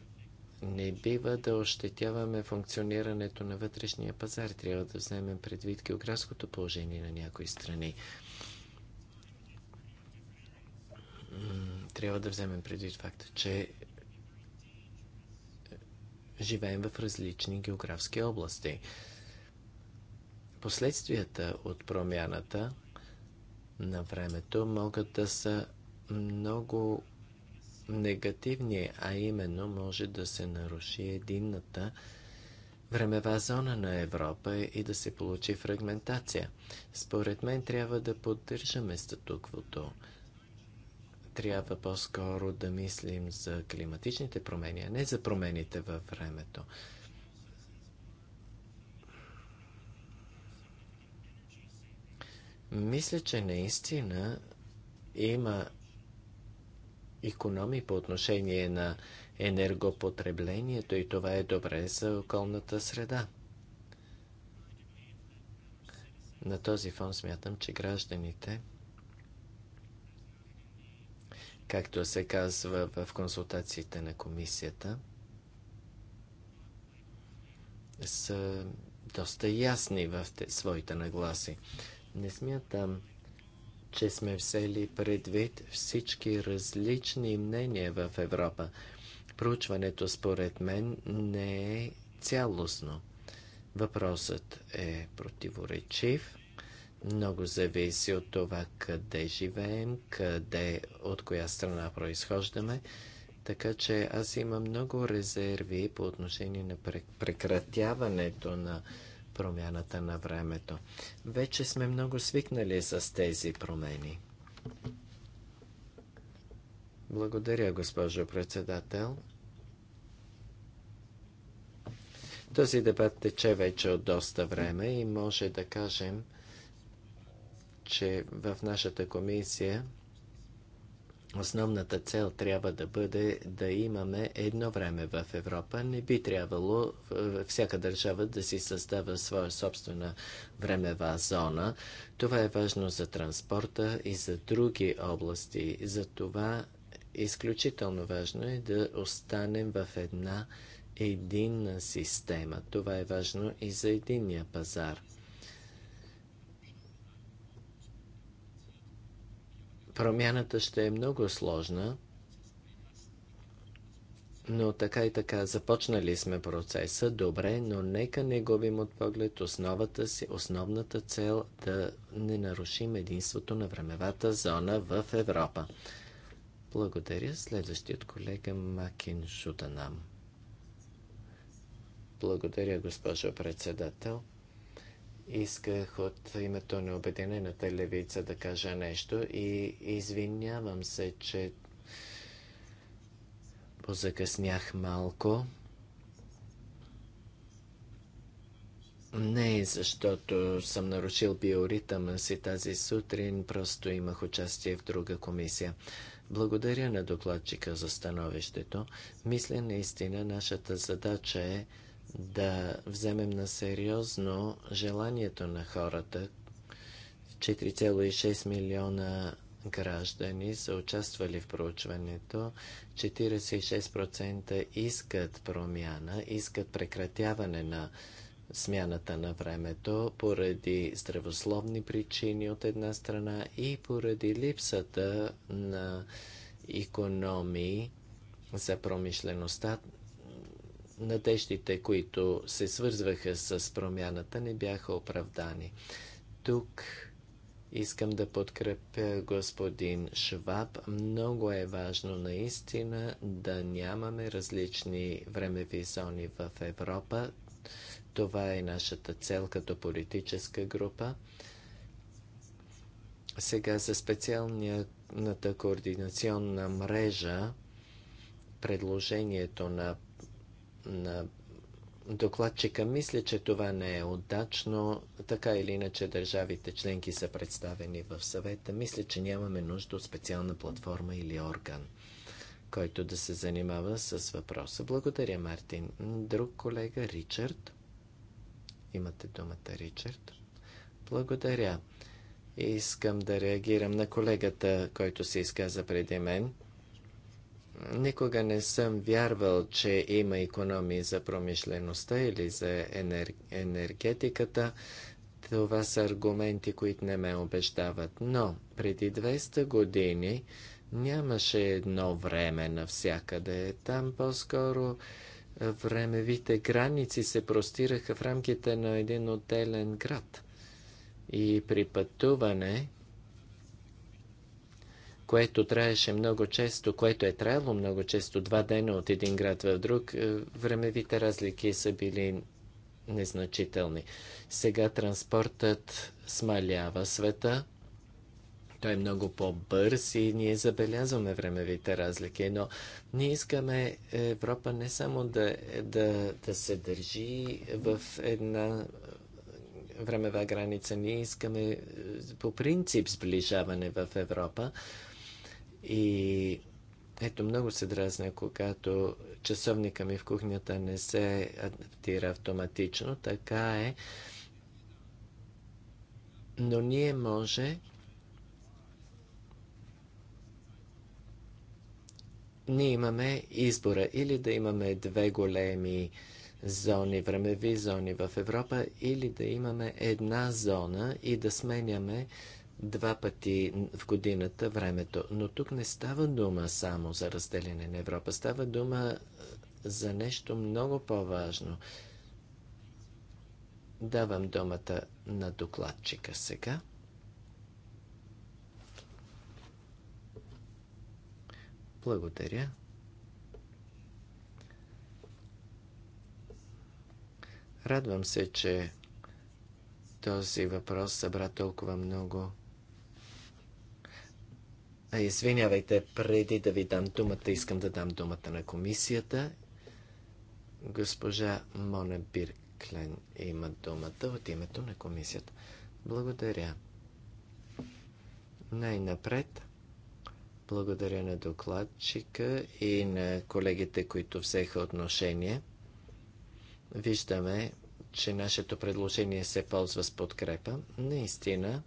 Не бива да ощетяваме функционирането на вътрешния пазар. Трябва да вземем предвид географското положение на някои страни. Трябва да вземем предвид факта, че живеем в различни географски области. Последствията от промяната на времето могат да са много негативни, а именно може да се наруши единната времева зона на Европа и да се получи фрагментация. Според мен трябва да поддържаме статуквото. Трябва по-скоро да мислим за климатичните промени, а не за промените във времето. Мисля, че наистина има економи по отношение на енергопотреблението и това е добре за околната среда. На този фон смятам, че гражданите, както се казва в консултациите на комисията, са доста ясни в своите нагласи. Не смятам, че сме взели предвид всички различни мнения в Европа. Проучването, според мен, не е цялостно. Въпросът е противоречив. Много зависи от това къде живеем, къде, от коя страна произхождаме. Така че аз имам много резерви по отношение на прекратяването на промяната на времето. Вече сме много свикнали с тези промени. Благодаря, госпожо председател. Този дебат тече вече от доста време и може да кажем, че в нашата комисия Основната цел трябва да бъде да имаме едно време в Европа. Не би трябвало е, всяка държава да си създава своя собствена времева зона. Това е важно за транспорта и за други области. За това изключително важно е да останем в една единна система. Това е важно и за единния пазар. Промяната ще е много сложна, но така и така започнали сме процеса, добре, но нека не губим от поглед основата си, основната цел да не нарушим единството на времевата зона в Европа. Благодаря следващият колега Макин Шутанам. Благодаря, госпожо председател исках от името на Обединената левица да кажа нещо и извинявам се, че позакъснях малко. Не, защото съм нарушил биоритъма си тази сутрин, просто имах участие в друга комисия. Благодаря на докладчика за становището. Мисля наистина нашата задача е да вземем на сериозно желанието на хората. 4,6 милиона граждани са участвали в проучването. 46% искат промяна, искат прекратяване на смяната на времето поради здравословни причини от една страна и поради липсата на економии за промишлеността надеждите, които се свързваха с промяната, не бяха оправдани. Тук искам да подкрепя господин Шваб. Много е важно наистина да нямаме различни времеви зони в Европа. Това е нашата цел като политическа група. Сега за специалната координационна мрежа предложението на на докладчика. Мисля, че това не е удачно. Така или иначе държавите членки са представени в съвета. Мисля, че нямаме нужда от специална платформа или орган, който да се занимава с въпроса. Благодаря, Мартин. Друг колега, Ричард. Имате думата, Ричард. Благодаря. Искам да реагирам на колегата, който се изказа преди мен. Никога не съм вярвал, че има економии за промишлеността или за енер... енергетиката. Това са аргументи, които не ме обещават. Но преди 200 години нямаше едно време навсякъде. Там по-скоро времевите граници се простираха в рамките на един отделен град. И при пътуване което траеше много често, което е траяло много често два дена от един град в друг, е, времевите разлики са били незначителни. Сега транспортът смалява света, той е много по-бърз и ние забелязваме времевите разлики, но ние искаме Европа не само да, да, да се държи в една времева граница, ние искаме е, по принцип сближаване в Европа, и ето много се дразня, когато часовника ми в кухнята не се адаптира автоматично. Така е. Но ние може ние имаме избора или да имаме две големи зони, времеви зони в Европа, или да имаме една зона и да сменяме два пъти в годината времето. Но тук не става дума само за разделяне на Европа. Става дума е, за нещо много по-важно. Давам думата на докладчика сега. Благодаря. Радвам се, че този въпрос събра толкова много Извинявайте, преди да ви дам думата, искам да дам думата на комисията. Госпожа Моне Бирклен има думата от името на комисията. Благодаря. Най-напред, благодаря на докладчика и на колегите, които взеха отношение. Виждаме, че нашето предложение се ползва с подкрепа. Наистина,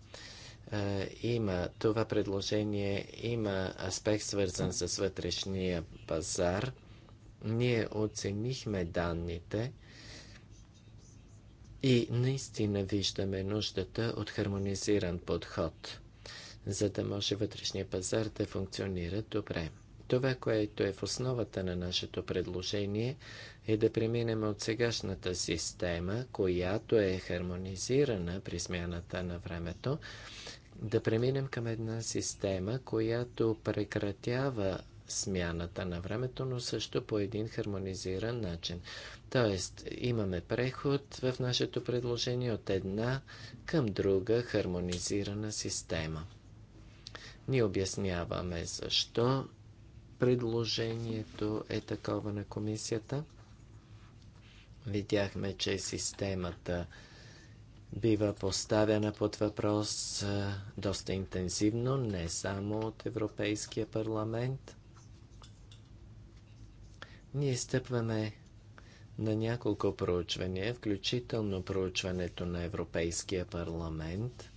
е, има това предложение, има аспект свързан с вътрешния пазар. Ние оценихме данните и наистина виждаме нуждата от хармонизиран подход, за да може вътрешния пазар да функционира добре. Това, което е в основата на нашето предложение, е да преминем от сегашната система, която е хармонизирана при смяната на времето, да преминем към една система, която прекратява смяната на времето, но също по един хармонизиран начин. Тоест, имаме преход в нашето предложение от една към друга хармонизирана система. Ние обясняваме защо предложението е такова на комисията. Видяхме, че системата бива поставена под въпрос доста интензивно, не само от Европейския парламент. Ние стъпваме на няколко проучвания, включително проучването на Европейския парламент.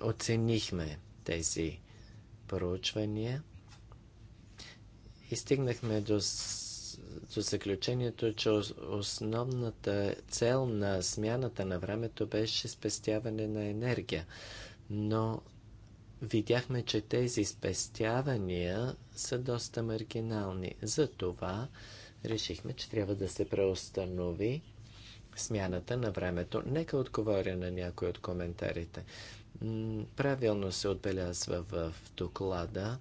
Оценихме тези проучвания и стигнахме до до заключението, е, че основната цел на смяната на времето беше спестяване на енергия. Но видяхме, че тези спестявания са доста маргинални. Затова решихме, че трябва да се преустанови смяната на времето. Нека отговоря на някои от коментарите. Правилно се отбелязва в доклада,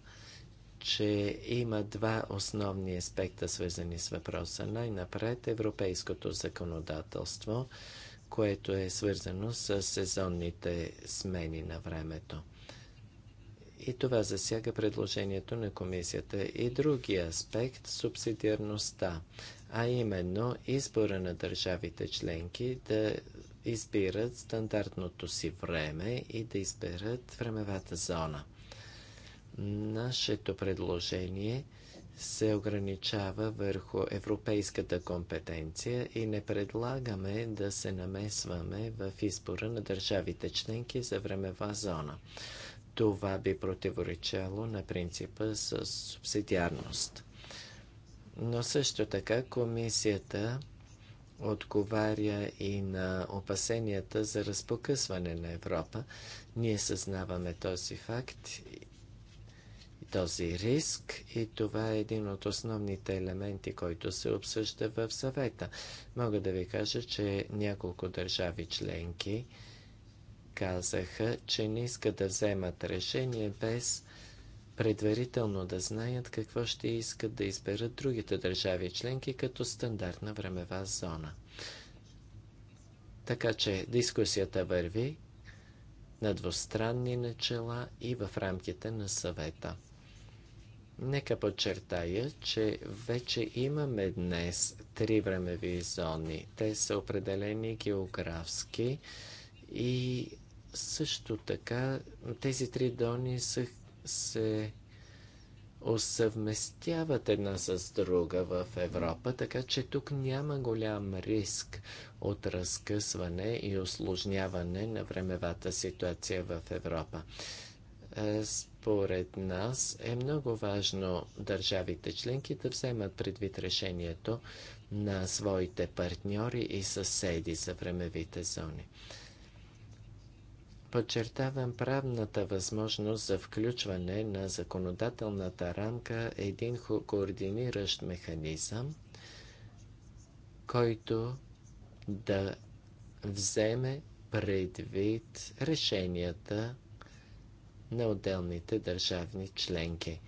че има два основни аспекта, свързани с въпроса. Най-напред европейското законодателство, което е свързано с сезонните смени на времето. И това засяга предложението на комисията. И другия аспект – субсидиарността, а именно избора на държавите членки да избират стандартното си време и да изберат времевата зона – Нашето предложение се ограничава върху европейската компетенция и не предлагаме да се намесваме в избора на държавите членки за времева зона. Това би противоречало на принципа с субсидиарност. Но също така комисията отговаря и на опасенията за разпокъсване на Европа. Ние съзнаваме този факт този риск и това е един от основните елементи, който се обсъжда в съвета. Мога да ви кажа, че няколко държави членки казаха, че не искат да вземат решение без предварително да знаят какво ще искат да изберат другите държави членки като стандартна времева зона. Така че дискусията върви на двустранни начала и в рамките на съвета. Нека подчертая, че вече имаме днес три времеви зони. Те са определени географски и също така тези три дони са, се осъвместяват една с друга в Европа, така че тук няма голям риск от разкъсване и осложняване на времевата ситуация в Европа. Е, според нас е много важно държавите членки да вземат предвид решението на своите партньори и съседи за времевите зони. Подчертавам правната възможност за включване на законодателната рамка един координиращ механизъм, който да вземе предвид решенията на отделните държавни членки.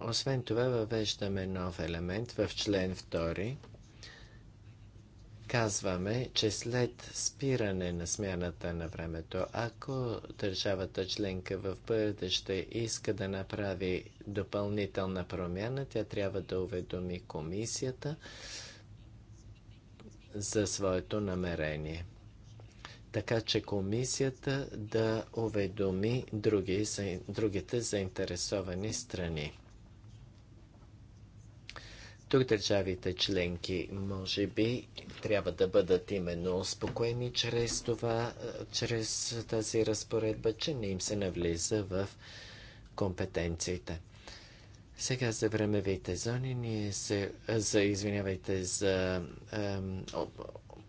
Освен това въвеждаме нов елемент в член 2. Казваме, че след спиране на смяната на времето, ако държавата членка в бъдеще иска да направи допълнителна промяна, тя трябва да уведоми комисията за своето намерение. Така че комисията да уведоми други, другите заинтересовани страни. Тук държавите членки може би трябва да бъдат именно успокоени чрез това, чрез тази разпоредба, че не им се навлиза в компетенциите. Сега за времевите зони ние се, за, извинявайте, за ем,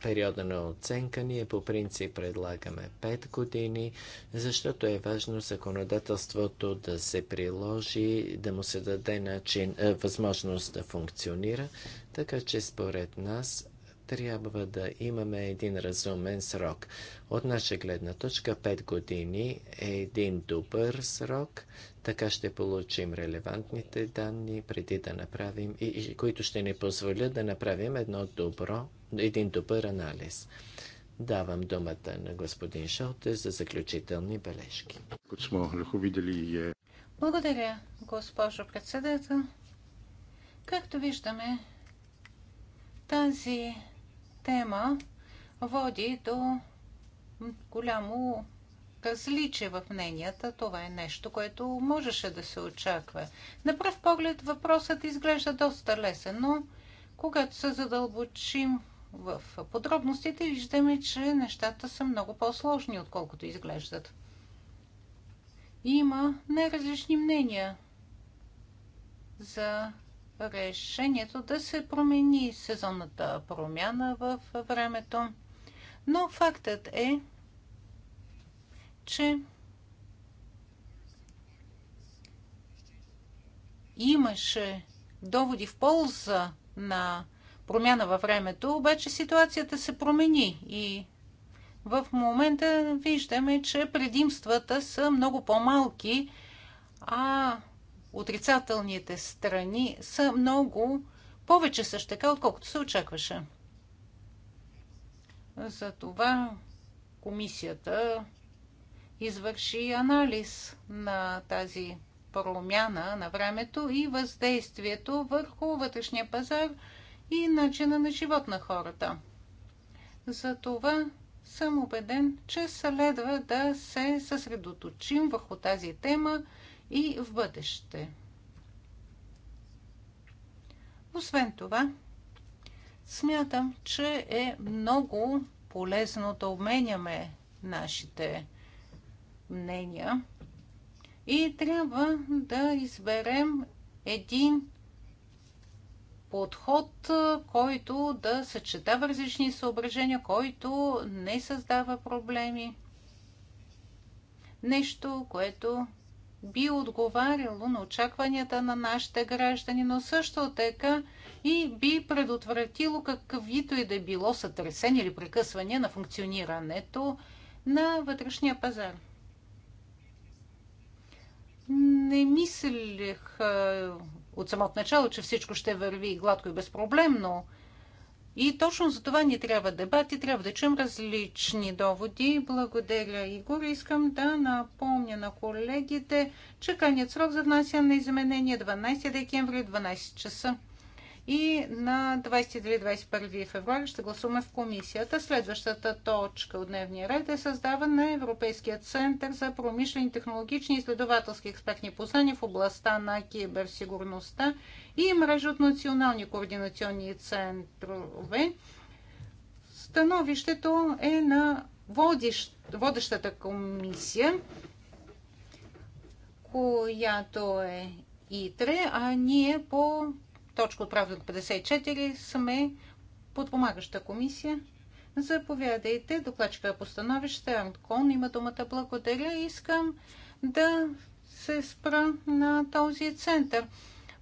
периода на оценка ние по принцип предлагаме 5 години, защото е важно законодателството да се приложи, да му се даде начин, е, възможност да функционира, така че според нас трябва да имаме един разумен срок. От наша гледна точка 5 години е един добър срок, така ще получим релевантните данни преди да направим, и, и, които ще ни позволят да направим едно добро, един добър анализ. Давам думата на господин Шоте за заключителни бележки. Благодаря, госпожо председател. Както виждаме, тази система води до голямо различие в мненията. Това е нещо, което можеше да се очаква. На пръв поглед въпросът изглежда доста лесен, но когато се задълбочим в подробностите, виждаме, че нещата са много по-сложни, отколкото изглеждат. Има най-различни мнения за решението да се промени сезонната промяна в времето. Но фактът е, че имаше доводи в полза на промяна във времето, обаче ситуацията се промени и в момента виждаме, че предимствата са много по-малки, а отрицателните страни са много повече също така, отколкото се очакваше. Затова комисията извърши анализ на тази промяна на времето и въздействието върху вътрешния пазар и начина на живот на хората. Затова съм убеден, че следва да се съсредоточим върху тази тема – и в бъдеще. Освен това, смятам, че е много полезно да обменяме нашите мнения и трябва да изберем един подход, който да съчетава различни съображения, който не създава проблеми. Нещо, което би отговаряло на очакванията на нашите граждани, но също така и би предотвратило каквито и да било сътресени или прекъсване на функционирането на вътрешния пазар. Не мислех от самото начало, че всичко ще върви гладко и безпроблемно, но и точно за това ни трябва дебати, трябва да чуем различни доводи. Благодаря, Игор. Искам да напомня на колегите, че крайният срок за внасяне на изменение 12 декември 12 часа и на 22-21 февруари ще гласуваме в комисията. Следващата точка от дневния ред е създаване на Европейския център за промишлени, технологични и изследователски експертни познания в областта на киберсигурността и мрежа от национални координационни центрове. Становището е на водищ, водещата комисия, която е ИТРЕ, а ние по точка от правилник 54 сме подпомагаща комисия. Заповядайте, докладчика е по становище Анкон има думата благодаря. Искам да се спра на този център.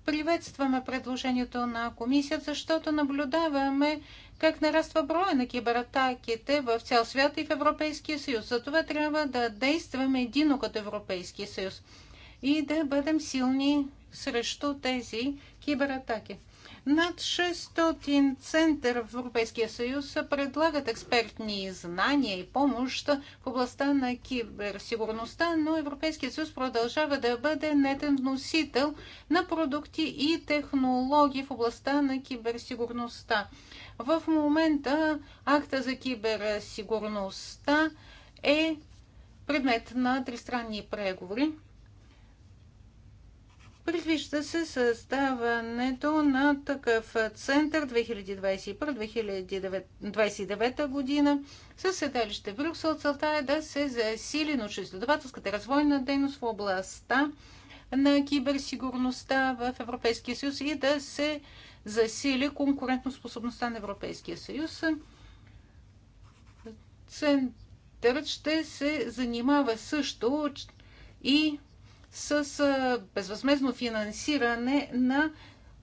Приветстваме предложението на комисията, защото наблюдаваме как нараства броя на кибератаките в цял свят и в Европейския съюз. Затова трябва да действаме едино като Европейски съюз и да бъдем силни срещу тези кибератаки. Над 600 центъра в Европейския съюз предлагат експертни знания и помощ в областта на киберсигурността, но Европейския съюз продължава да бъде нетен вносител на продукти и технологии в областта на киберсигурността. В момента акта за киберсигурността е предмет на тристранни преговори. Предвижда се съставането на такъв център 2021-2029 година със седалище в Брюксел. Целта е да се засили научно-изследователската развойна дейност в областта на киберсигурността в Европейския съюз и да се засили конкурентоспособността на Европейския съюз. Центърът ще се занимава също и с безвъзмезно финансиране на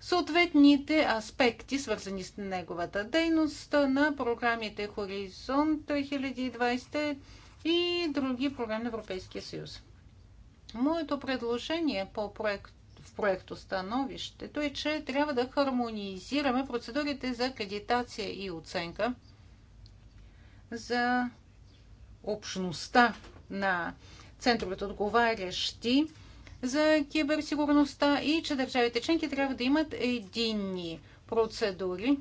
съответните аспекти, свързани с неговата дейност на програмите Хоризонт 2020 и други програми на Европейския съюз. Моето предложение по проект, в проекто становището е, че трябва да хармонизираме процедурите за акредитация и оценка за общността на центровете, отговарящи за киберсигурността и че държавите членки трябва да имат единни процедури.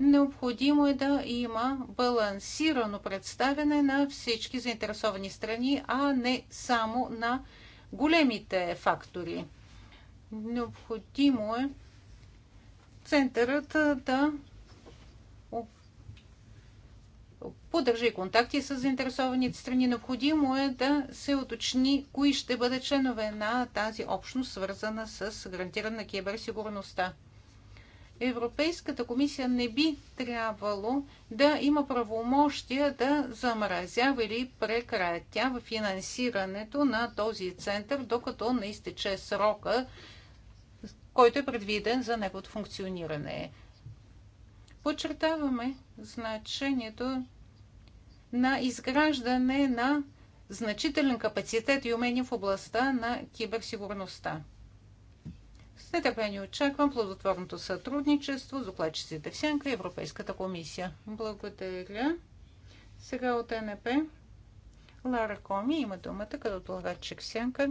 Необходимо е да има балансирано представяне на всички заинтересовани страни, а не само на големите фактори. Необходимо е центърът да поддържа контакти с заинтересованите страни. Необходимо е да се уточни кои ще бъдат членове на тази общност, свързана с гарантиране на киберсигурността. Европейската комисия не би трябвало да има правомощия да замразява или прекратява финансирането на този център, докато не изтече срока, който е предвиден за неговото функциониране подчертаваме значението на изграждане на значителен капацитет и умения в областта на киберсигурността. С нетърпение очаквам плодотворното сътрудничество с докладчиците в Сянка и Европейската комисия. Благодаря. Сега от НП. Лара Коми има думата като докладчик в Сянка.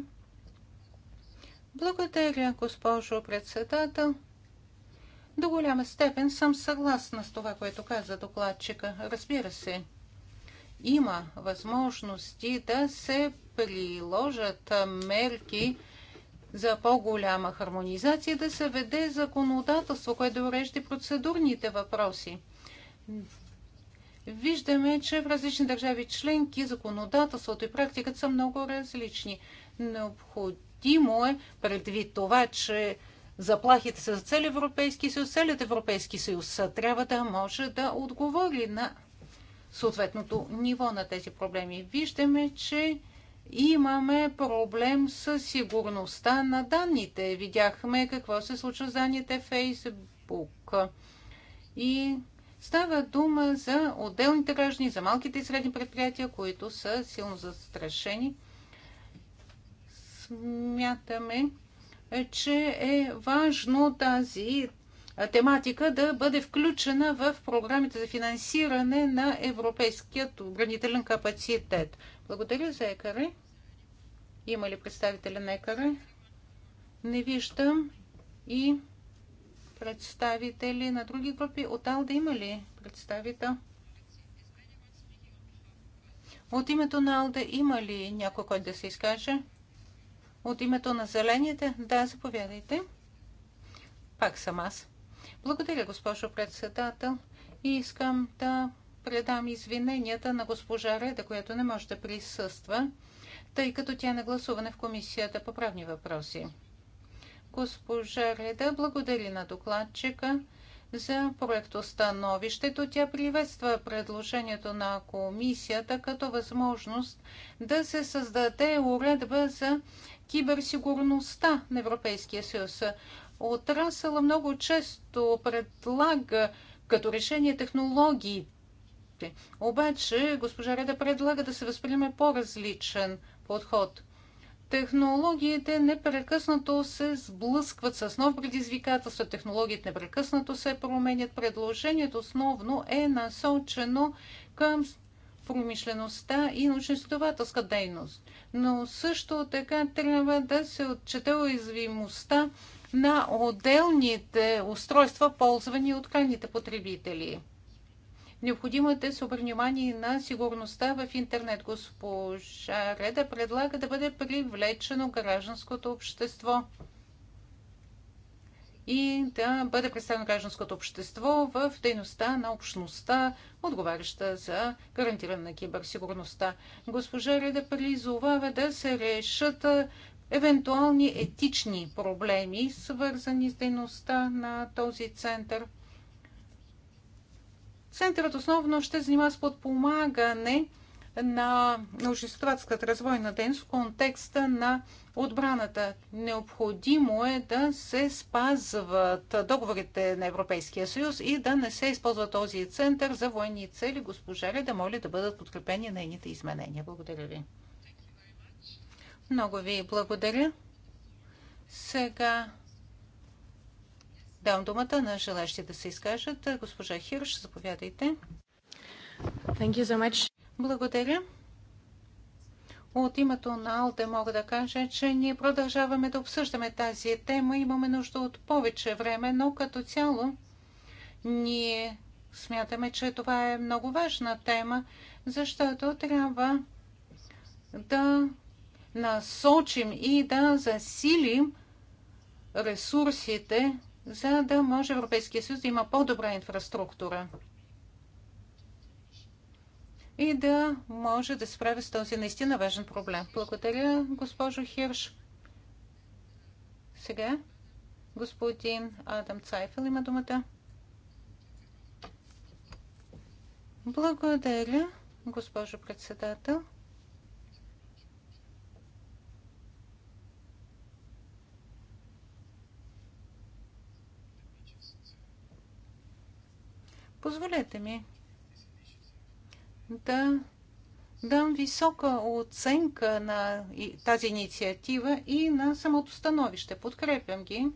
Благодаря, госпожо председател. До голяма степен съм съгласна с това, което каза докладчика. Разбира се, има възможности да се приложат мерки за по-голяма хармонизация, да се веде законодателство, което да урежда процедурните въпроси. Виждаме, че в различни държави членки законодателството и практиката са много различни. Необходимо е, предвид това, че заплахите са за цел Европейски съюз, целият Европейски съюз трябва да може да отговори на съответното ниво на тези проблеми. Виждаме, че имаме проблем с сигурността на данните. Видяхме какво се случва с данните в Facebook. И става дума за отделните граждани, за малките и средни предприятия, които са силно застрашени. Смятаме, че е важно тази тематика да бъде включена в програмите за финансиране на европейският отбранителен капацитет. Благодаря за екаре. Има ли представителя на екаре? Не виждам. И представители на други групи. От АЛДА има ли представител? От името на АЛДА има ли някой, който да се изкаже? От името на зелените? Да, заповядайте. Пак съм аз. Благодаря, госпожо председател. И искам да предам извиненията на госпожа Реда, която не може да присъства, тъй като тя е на гласуване в Комисията по правни въпроси. Госпожа Реда благодари на докладчика за проектостановището. Тя приветства предложението на комисията като възможност да се създаде уредба за киберсигурността на Европейския съюз. Отрасъла много често предлага като решение технологии. Обаче госпожа Реда предлага да се възприеме по-различен подход. Технологиите непрекъснато се сблъскват с нов предизвикателства, технологиите непрекъснато се променят. Предложението основно е насочено към промишлеността и научно-изследователска дейност. Но също така трябва да се отчете уязвимостта на отделните устройства, ползвани от крайните потребители. Необходимо е да се обърне внимание на сигурността в интернет. Госпожа Реда предлага да бъде привлечено гражданското общество – и да бъде представено гражданското общество в дейността на общността, отговаряща за гарантиране на киберсигурността. Госпожа Реда призовава да се решат евентуални етични проблеми, свързани с дейността на този център. Центърът основно ще занимава с подпомагане на научно-изследователската развойна дейност в контекста на отбраната. Необходимо е да се спазват договорите на Европейския съюз и да не се използва този център за военни цели. Госпожа да моля да бъдат подкрепени нейните изменения. Благодаря ви. Много ви благодаря. Сега давам думата на желащите да се изкажат. Госпожа Хирш, заповядайте. Thank you so much. Благодаря. От името на Алте мога да кажа, че ние продължаваме да обсъждаме тази тема. Имаме нужда от повече време, но като цяло ние смятаме, че това е много важна тема, защото трябва да насочим и да засилим ресурсите, за да може Европейския съюз да има по-добра инфраструктура и да може да се справи с този наистина важен проблем. Благодаря, госпожо Хирш. Сега господин Адам Цайфел има думата. Благодаря, госпожо председател. Позволете ми да дам висока оценка на тази инициатива и на самото становище. Подкрепям ги.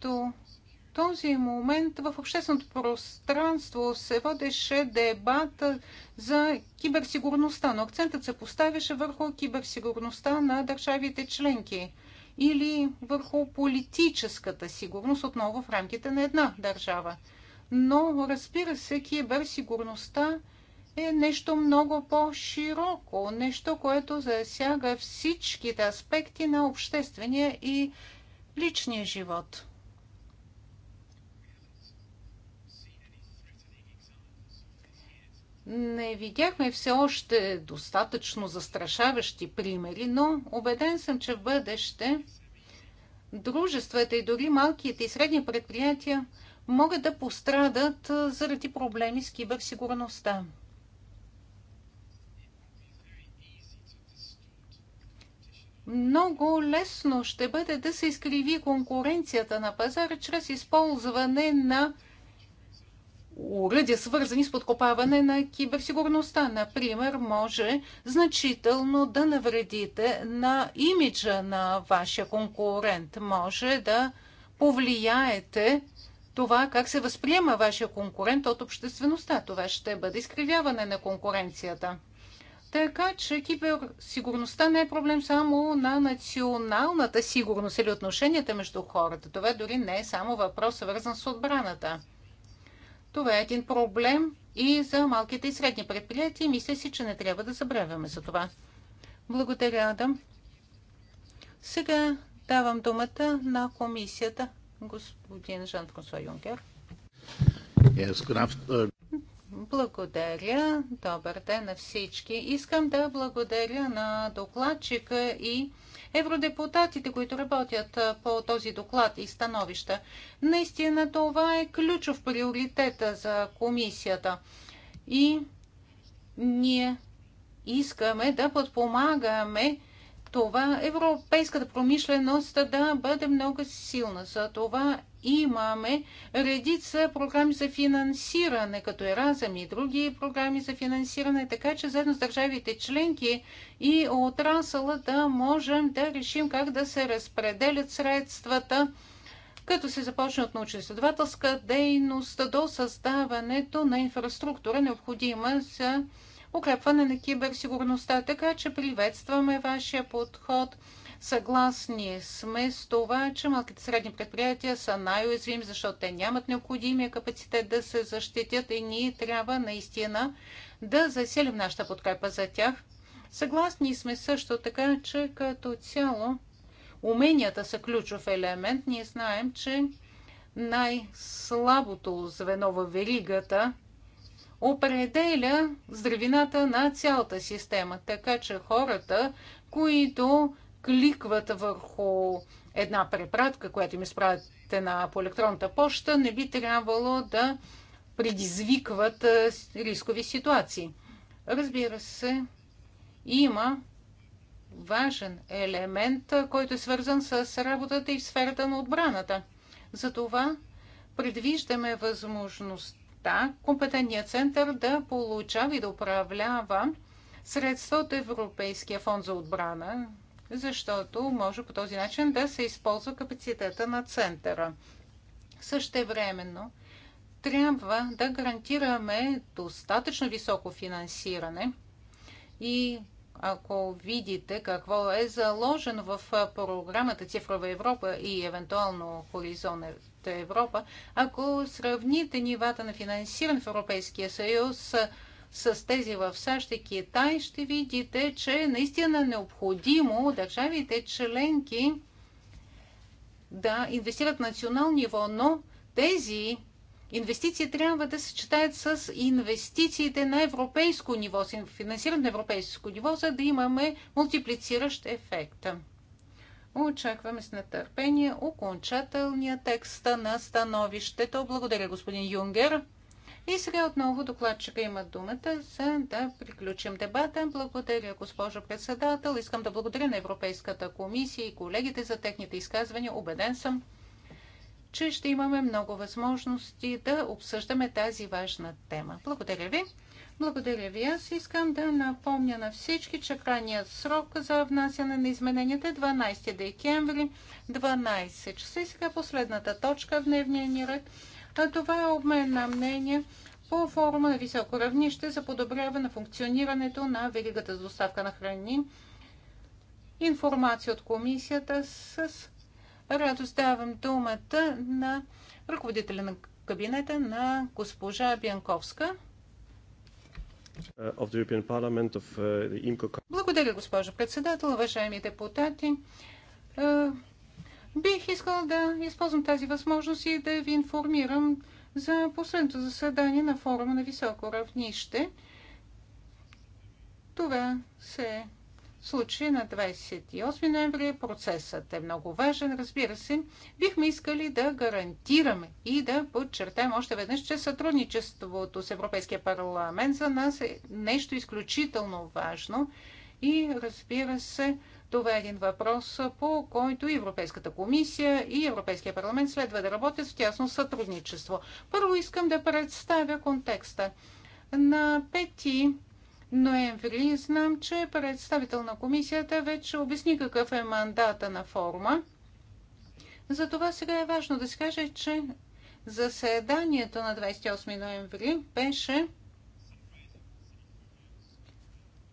До този момент в общественото пространство се водеше дебат за киберсигурността, но акцентът се поставяше върху киберсигурността на държавите членки – или върху политическата сигурност отново в рамките на една държава. Но, разбира се, киберсигурността е нещо много по-широко, нещо, което засяга всичките аспекти на обществения и личния живот. не видяхме все още достатъчно застрашаващи примери, но убеден съм, че в бъдеще дружествата и дори малките и средни предприятия могат да пострадат заради проблеми с киберсигурността. Много лесно ще бъде да се изкриви конкуренцията на пазара чрез използване на уръдия, свързани с подкопаване на киберсигурността. Например, може значително да навредите на имиджа на вашия конкурент. Може да повлияете това как се възприема вашия конкурент от обществеността. Това ще бъде изкривяване на конкуренцията. Така че киберсигурността не е проблем само на националната сигурност или отношенията между хората. Това дори не е само въпрос, свързан с отбраната. Това е един проблем и за малките и средни предприятия. Мисля си, че не трябва да забравяме за това. Благодаря, Адам. Сега давам думата на комисията, господин Жан-Франсуа Юнгер. Yes, благодаря. Добър ден на всички. Искам да благодаря на докладчика и евродепутатите, които работят по този доклад и становища. Наистина това е ключов приоритет за комисията. И ние искаме да подпомагаме това европейската промишленост да бъде много силна. За това имаме редица програми за финансиране, като Еразъм и други програми за финансиране, така че заедно с държавите членки и отрасъла да можем да решим как да се разпределят средствата, като се започне от научно-изследователска дейност до създаването на инфраструктура, необходима за укрепване на киберсигурността. Така че приветстваме вашия подход – Съгласни сме с това, че малките средни предприятия са най-уязвими, защото те нямат необходимия капацитет да се защитят и ние трябва наистина да заселим нашата подкрепа за тях. Съгласни сме също така, че като цяло уменията са ключов елемент. Ние знаем, че най-слабото звено във веригата определя здравината на цялата система. Така че хората, които кликват върху една препратка, която им изпратена по електронната почта, не би трябвало да предизвикват е, рискови ситуации. Разбира се, има важен елемент, е, който е свързан с работата и в сферата на отбраната. Затова предвиждаме възможността компетентният център да получава и да управлява средства от Европейския фонд за отбрана, защото може по този начин да се използва капацитета на центъра. Същевременно трябва да гарантираме достатъчно високо финансиране и ако видите какво е заложено в програмата Цифрова Европа и евентуално Хоризонт Европа, ако сравните нивата на финансиране в Европейския съюз с тези в САЩ и Китай, ще видите, че е наистина е необходимо държавите членки да инвестират на национално ниво, но тези инвестиции трябва да се с инвестициите на европейско ниво, с финансиране на европейско ниво, за да имаме мултиплициращ ефект. Очакваме с нетърпение окончателния текст на становището. Благодаря, господин Юнгер. И сега отново докладчика има думата, за да приключим дебата. Благодаря, госпожо председател. Искам да благодаря на Европейската комисия и колегите за техните изказвания. Обеден съм, че ще имаме много възможности да обсъждаме тази важна тема. Благодаря ви. Благодаря ви. Аз искам да напомня на всички, че крайният срок за внасяне на измененията е 12 декември, 12 часа. И сега последната точка в дневния ни ред Та това е обмен на мнение по форума на високо равнище за подобряване на функционирането на веригата за доставка на храни. Информация от комисията с радост давам думата на ръководителя на кабинета на госпожа Бянковска. Е, е, Благодаря, госпожо председател, уважаеми депутати. Е, Бих искала да използвам тази възможност и да ви информирам за последното заседание на форума на високо равнище. Това се случи на 28 ноември. Процесът е много важен, разбира се. Бихме искали да гарантираме и да подчертаем още веднъж, че сътрудничеството с Европейския парламент за нас е нещо изключително важно и, разбира се, това е един въпрос, по който и Европейската комисия и Европейския парламент следва да работят в тясно сътрудничество. Първо искам да представя контекста. На 5 ноември знам, че представител на комисията вече обясни какъв е мандата на форума. Затова сега е важно да се каже, че заседанието на 28 ноември беше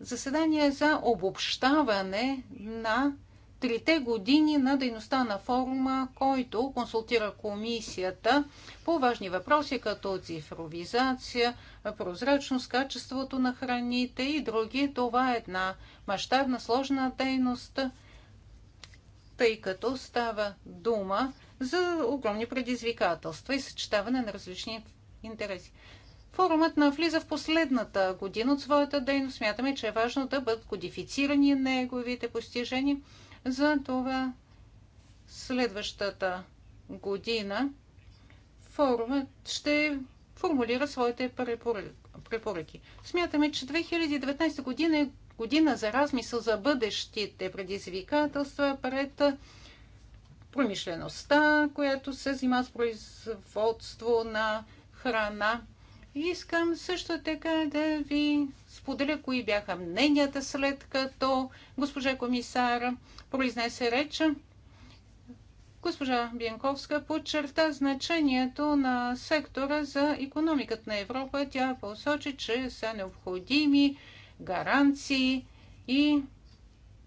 заседание за обобщаване на трите години на дейността на форума, който консултира комисията по важни въпроси като цифровизация, прозрачност, качеството на храните и други. Това е една мащабна, сложна дейност, тъй като става дума за огромни предизвикателства и съчетаване на различни интереси. Форумът навлиза в последната година от своята дейност. Смятаме, че е важно да бъдат кодифицирани неговите постижения. За това следващата година форумът ще формулира своите препоръки. Смятаме, че 2019 година е година за размисъл за бъдещите предизвикателства пред промишлеността, която се взима с производство на храна Искам също така да ви споделя кои бяха мненията след като госпожа комисар произнесе реч. Госпожа Бенковска подчерта значението на сектора за економиката на Европа. Тя посочи, че са необходими гаранции и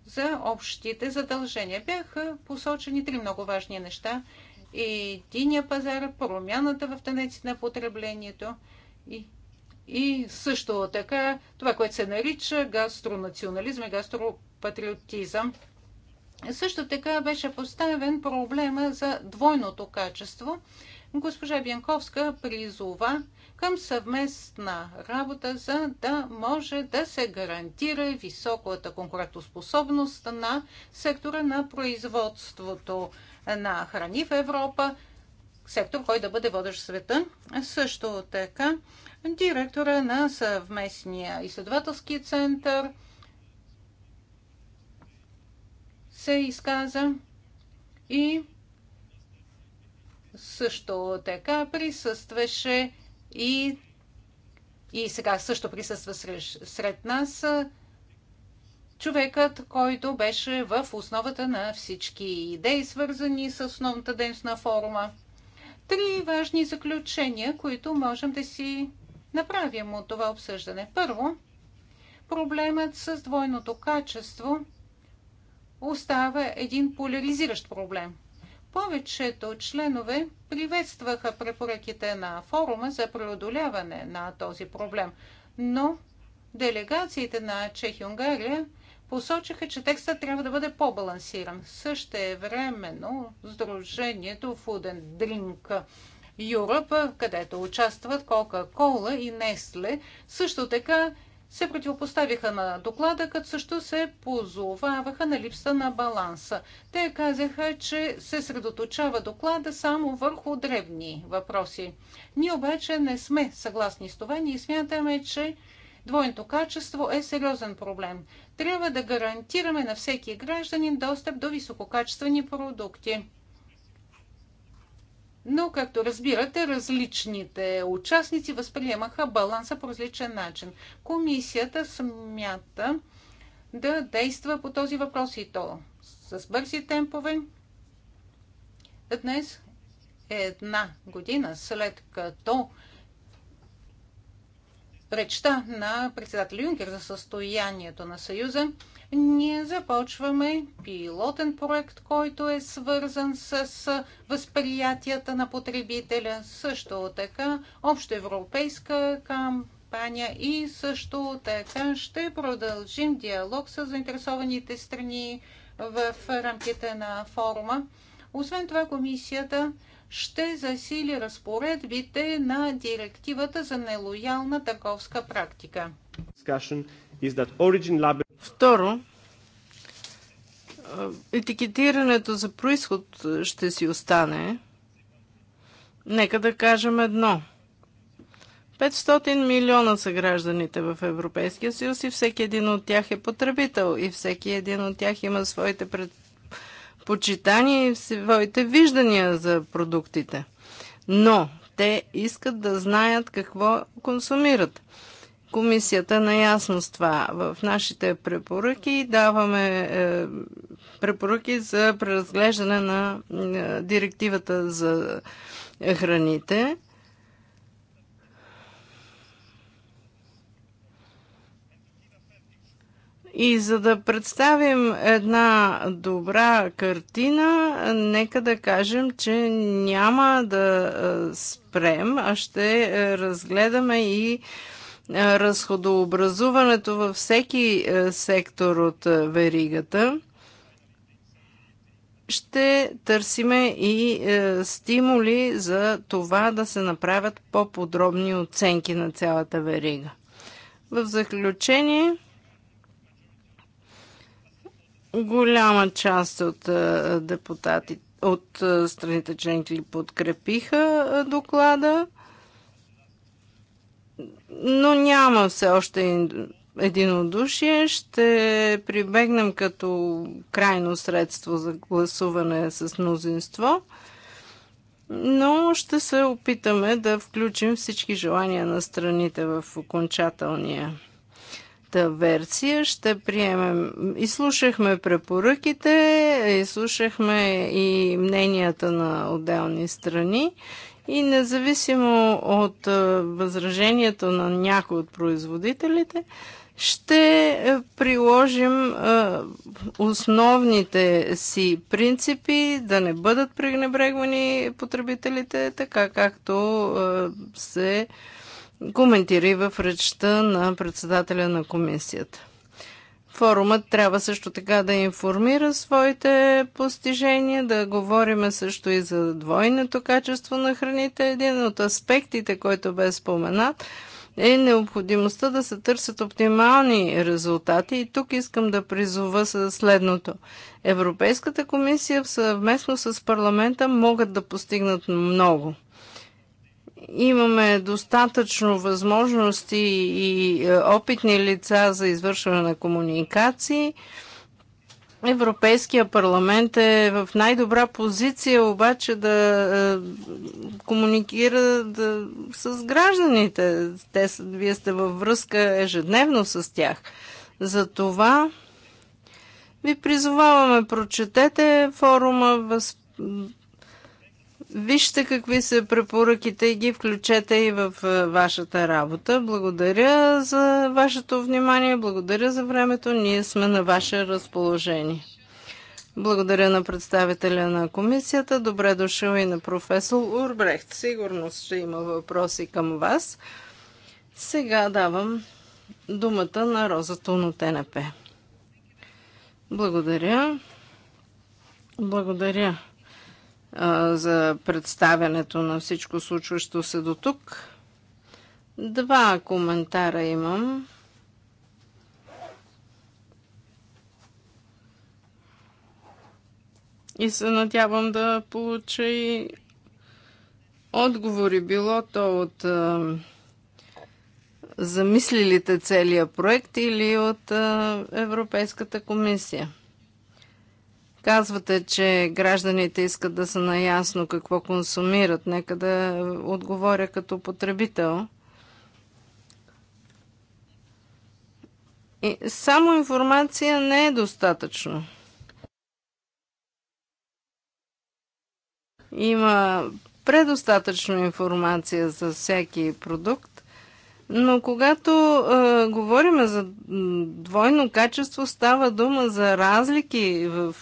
за общите задължения. Бяха посочени три много важни неща. Единия пазар, промяната в тенденцията на потреблението – и, и също така това, което се нарича гастронационализъм и гастропатриотизъм. Също така беше поставен проблема за двойното качество. Госпожа Бянковска призова към съвместна работа, за да може да се гарантира високата конкурентоспособност на сектора на производството на храни в Европа, сектор, който да бъде водещ в света. Също така директора на съвместния изследователски център се изказа и също така присъстваше и, и сега също присъства сред, сред нас човекът, който беше в основата на всички идеи, свързани с основната дейност на форума три важни заключения, които можем да си направим от това обсъждане. Първо, проблемът с двойното качество остава един поляризиращ проблем. Повечето членове приветстваха препоръките на форума за преодоляване на този проблем, но делегациите на Чехия и Унгария посочиха, че текстът трябва да бъде по-балансиран. Също е времено Сдружението Food and Drink Europe, където участват Coca-Cola и Nestle, също така се противопоставиха на доклада, като също се позоваваха на липса на баланса. Те казаха, че се средоточава доклада само върху древни въпроси. Ние обаче не сме съгласни с това. Ние смятаме, че Двойното качество е сериозен проблем. Трябва да гарантираме на всеки гражданин достъп до висококачествени продукти. Но, както разбирате, различните участници възприемаха баланса по различен начин. Комисията смята да действа по този въпрос и то с бързи темпове. Днес е една година след като речта на председателя Юнкер за състоянието на Съюза, ние започваме пилотен проект, който е свързан с възприятията на потребителя, също така общоевропейска кампания и също така ще продължим диалог с заинтересованите страни в рамките на форума. Освен това, комисията ще засили разпоредбите на директивата за нелоялна търговска практика. Второ, е, етикетирането за происход ще си остане. Нека да кажем едно. 500 милиона са гражданите в Европейския съюз и всеки един от тях е потребител и всеки един от тях има своите предприятия почитание и своите виждания за продуктите. Но те искат да знаят какво консумират. Комисията на наясно с това. В нашите препоръки даваме е, препоръки за преразглеждане на е, директивата за храните И за да представим една добра картина, нека да кажем, че няма да спрем, а ще разгледаме и разходообразуването във всеки сектор от веригата. Ще търсиме и стимули за това да се направят по-подробни оценки на цялата верига. В заключение, Голяма част от депутатите от страните членки подкрепиха доклада, но няма все още единодушие. Ще прибегнем като крайно средство за гласуване с мнозинство, но ще се опитаме да включим всички желания на страните в окончателния версия ще приемем. Изслушахме препоръките, изслушахме и мненията на отделни страни и независимо от възражението на някои от производителите, ще приложим основните си принципи да не бъдат пренебрегвани потребителите, така както се коментира и в речта на председателя на комисията. Форумът трябва също така да информира своите постижения, да говориме също и за двойното качество на храните. Един от аспектите, който бе споменат, е необходимостта да се търсят оптимални резултати. И тук искам да призова следното. Европейската комисия съвместно с парламента могат да постигнат много – имаме достатъчно възможности и е, опитни лица за извършване на комуникации. Европейския парламент е в най-добра позиция обаче да е, комуникира да, с гражданите. Те, вие сте във връзка ежедневно с тях. Затова ви призоваваме, прочетете форума, Вижте какви са препоръките и ги включете и в е, вашата работа. Благодаря за вашето внимание, благодаря за времето. Ние сме на ваше разположение. Благодаря на представителя на комисията. Добре дошъл и на професор Урбрехт. Сигурно ще има въпроси към вас. Сега давам думата на Роза на ТНП. Благодаря. Благодаря за представянето на всичко случващо се до тук. Два коментара имам. И се надявам да получа и отговори, било то от а, замислилите целия проект или от а, Европейската комисия. Казвате, че гражданите искат да са наясно какво консумират. Нека да отговоря като потребител. И само информация не е достатъчно. Има предостатъчно информация за всеки продукт, но когато е, говорим за двойно качество, става дума за разлики в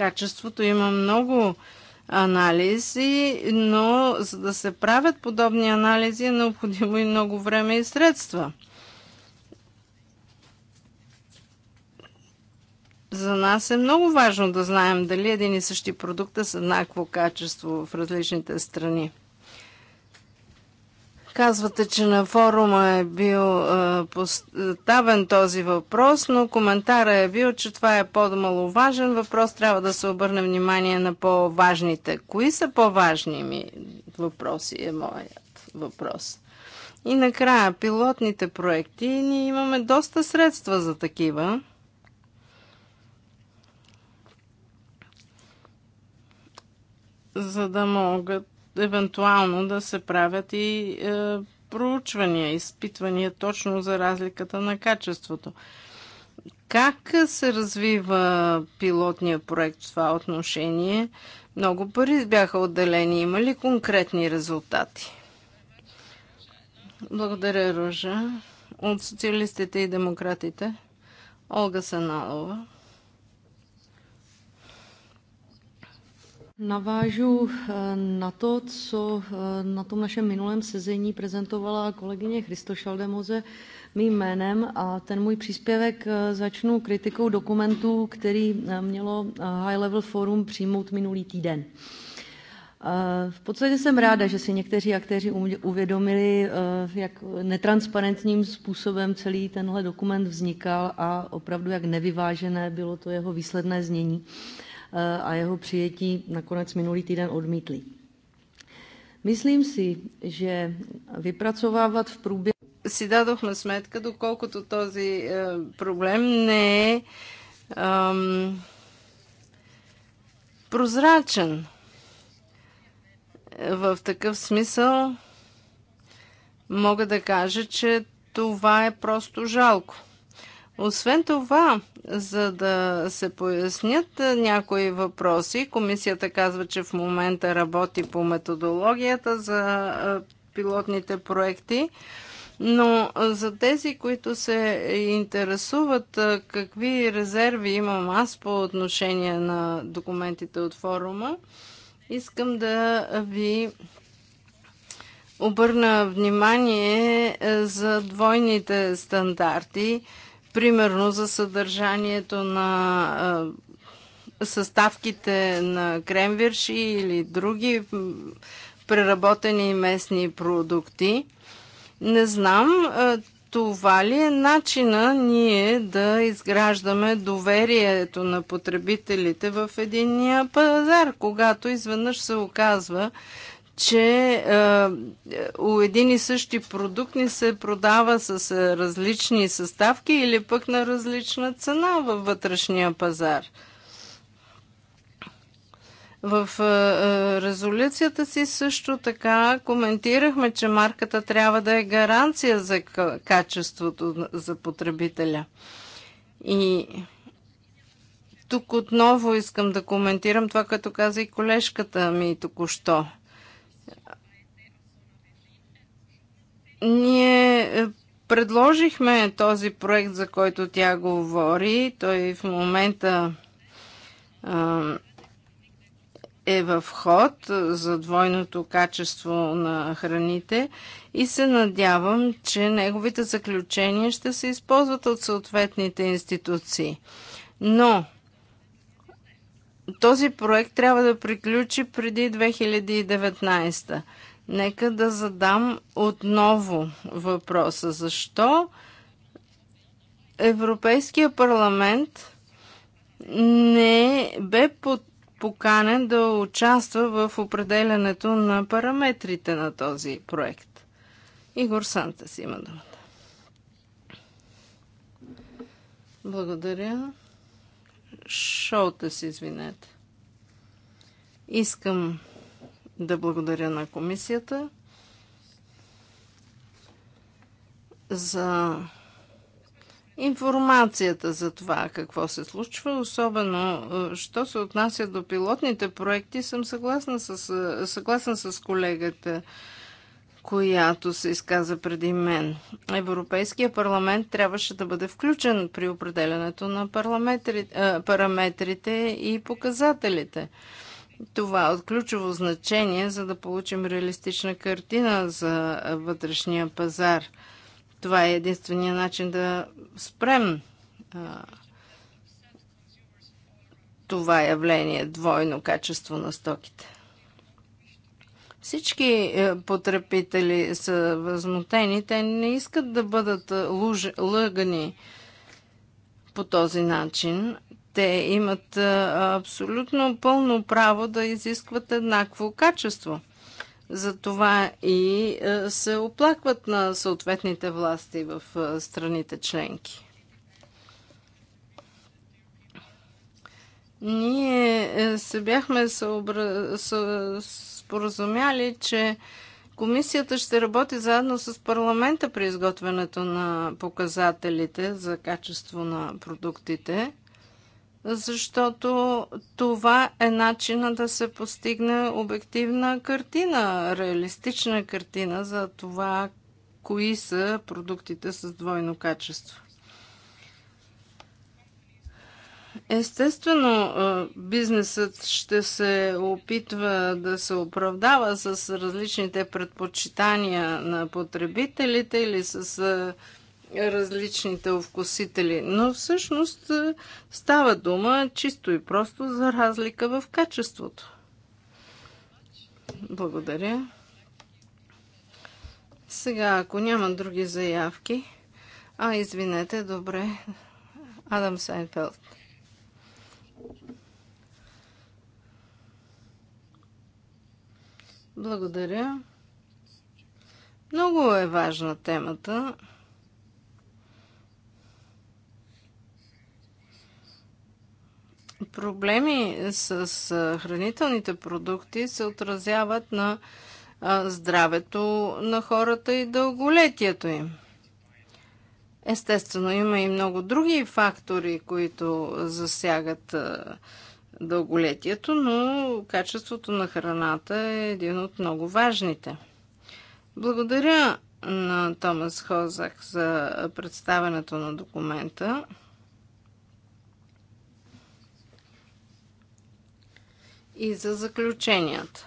качеството има много анализи, но за да се правят подобни анализи е необходимо и много време и средства. За нас е много важно да знаем дали един и същи продукт е с еднакво качество в различните страни. Казвате, че на форума е бил поставен този въпрос, но коментара е бил, че това е по-маловажен въпрос, трябва да се обърне внимание на по-важните. Кои са по-важни ми въпроси е моят въпрос. И накрая, пилотните проекти. Ние имаме доста средства за такива. За да могат евентуално да се правят и е, проучвания, изпитвания точно за разликата на качеството. Как се развива пилотния проект в това отношение? Много пари бяха отделени. Има ли конкретни резултати? Благодаря, Ружа. От социалистите и демократите. Олга Саналова. Navážu na to, co na tom našem minulém sezení prezentovala kolegyně Christo Šaldemoze mým jménem a ten můj příspěvek začnu kritikou dokumentů, který mělo High Level Forum přijmout minulý týden. V podstatě jsem ráda, že si někteří aktéři uvědomili, jak netransparentním způsobem celý tenhle dokument vznikal a opravdu jak nevyvážené bylo to jeho výsledné znění. Eh, a jeho přijetí nakonec minulý týden odmítli. Myslím си, že vypracovávat v průběhu. Си дадохме сметка, доколкото този е, проблем не е ам, прозрачен. В такъв смисъл мога да кажа, че това е просто жалко. Освен това, за да се пояснят някои въпроси, комисията казва, че в момента работи по методологията за пилотните проекти. Но за тези, които се интересуват какви резерви имам аз по отношение на документите от форума, искам да ви обърна внимание за двойните стандарти – Примерно за съдържанието на съставките на кремвирши или други преработени местни продукти. Не знам, това ли е начина ние да изграждаме доверието на потребителите в единния пазар, когато изведнъж се оказва, че е, е, у един и същи продукт не се продава с е, различни съставки или пък на различна цена във вътрешния пазар. В резолюцията си също така коментирахме, че марката трябва да е гаранция за качеството за потребителя. И тук отново искам да коментирам това, като каза и колежката ми току-що – ние е, предложихме този проект, за който тя говори. Той в момента а, е в ход за двойното качество на храните и се надявам, че неговите заключения ще се използват от съответните институции. Но този проект трябва да приключи преди 2019. Нека да задам отново въпроса. Защо Европейския парламент не бе под поканен да участва в определенето на параметрите на този проект. Игор Санта си има думата. Благодаря шоута си, извинете. Искам да благодаря на комисията за информацията за това какво се случва, особено е, що се отнася до пилотните проекти, съм съгласна с, е, съгласна с колегата която се изказа преди мен. Европейския парламент трябваше да бъде включен при определенето на параметрите и показателите. Това е от ключово значение, за да получим реалистична картина за вътрешния пазар. Това е единствения начин да спрем а, това явление двойно качество на стоките. Всички е, потребители са възмутени. Те не искат да бъдат е, луж... лъгани по този начин. Те имат е, абсолютно пълно право да изискват еднакво качество. Затова и се оплакват на съответните власти в страните членки. Ние се бяхме съобра споразумяли, че комисията ще работи заедно с парламента при изготвянето на показателите за качество на продуктите, защото това е начина да се постигне обективна картина, реалистична картина за това, кои са продуктите с двойно качество. Естествено, бизнесът ще се опитва да се оправдава с различните предпочитания на потребителите или с различните овкусители, но всъщност става дума чисто и просто за разлика в качеството. Благодаря. Сега, ако няма други заявки, а извинете, добре, Адам Сайнфелд. Благодаря. Много е важна темата. Проблеми с хранителните продукти се отразяват на здравето на хората и дълголетието им. Естествено, има и много други фактори, които засягат дълголетието, но качеството на храната е един от много важните. Благодаря на Томас Хозак за представенето на документа. И за заключенията.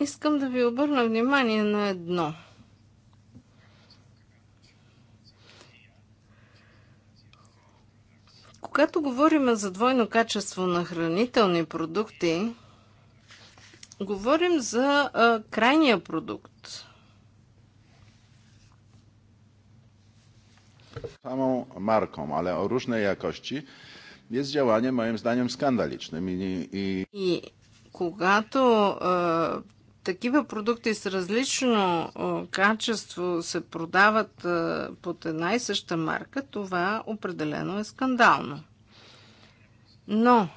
Искам да ви обърна внимание на едно – Когато говорим за двойно качество на хранителни продукти, говорим за а, крайния продукт. Само марком, але о różnej jakości е działanie моим зданием, скандалично. И, когато а, такива продукти с различно качество се продават под една и съща марка, това определено е скандално. Но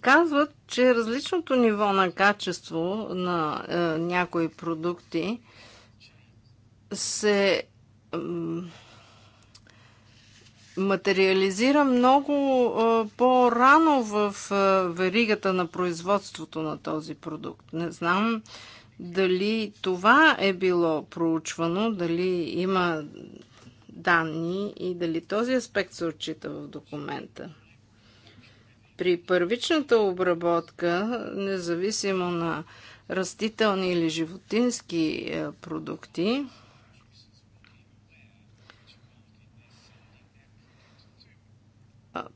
казват, че различното ниво на качество на някои продукти се материализира много по-рано в веригата на производството на този продукт. Не знам дали това е било проучвано, дали има данни и дали този аспект се отчита в документа. При първичната обработка, независимо на растителни или животински продукти,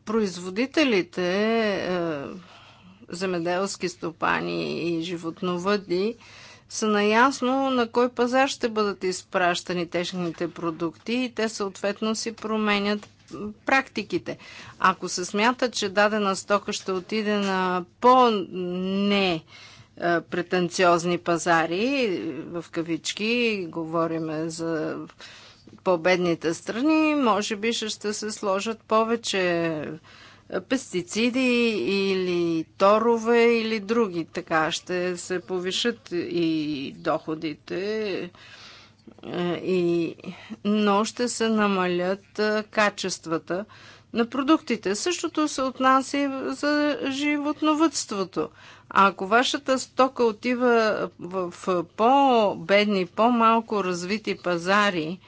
производителите, е, земеделски стопани и животновъди, са наясно на кой пазар ще бъдат изпращани техните продукти и те съответно си променят практиките. Ако се смята, че дадена стока ще отиде на по-не е, претенциозни пазари, в кавички, говорим за по-бедните страни, може би ще се сложат повече е, пестициди или торове или други. Така ще се повишат и доходите, е, и... но ще се намалят е, качествата на продуктите. Същото се отнася и за животновътството. А ако вашата стока отива в по-бедни, по-малко развити пазари,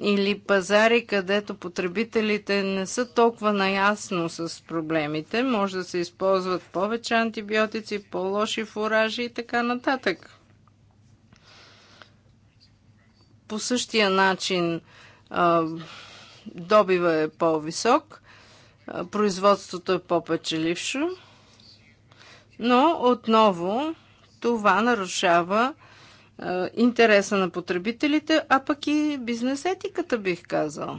или пазари, където потребителите не са толкова наясно с проблемите. Може да се използват повече антибиотици, по-лоши фуражи и така нататък. По същия начин добива е по-висок, производството е по-печелившо, но отново това нарушава интереса на потребителите, а пък и бизнес етиката, бих казал.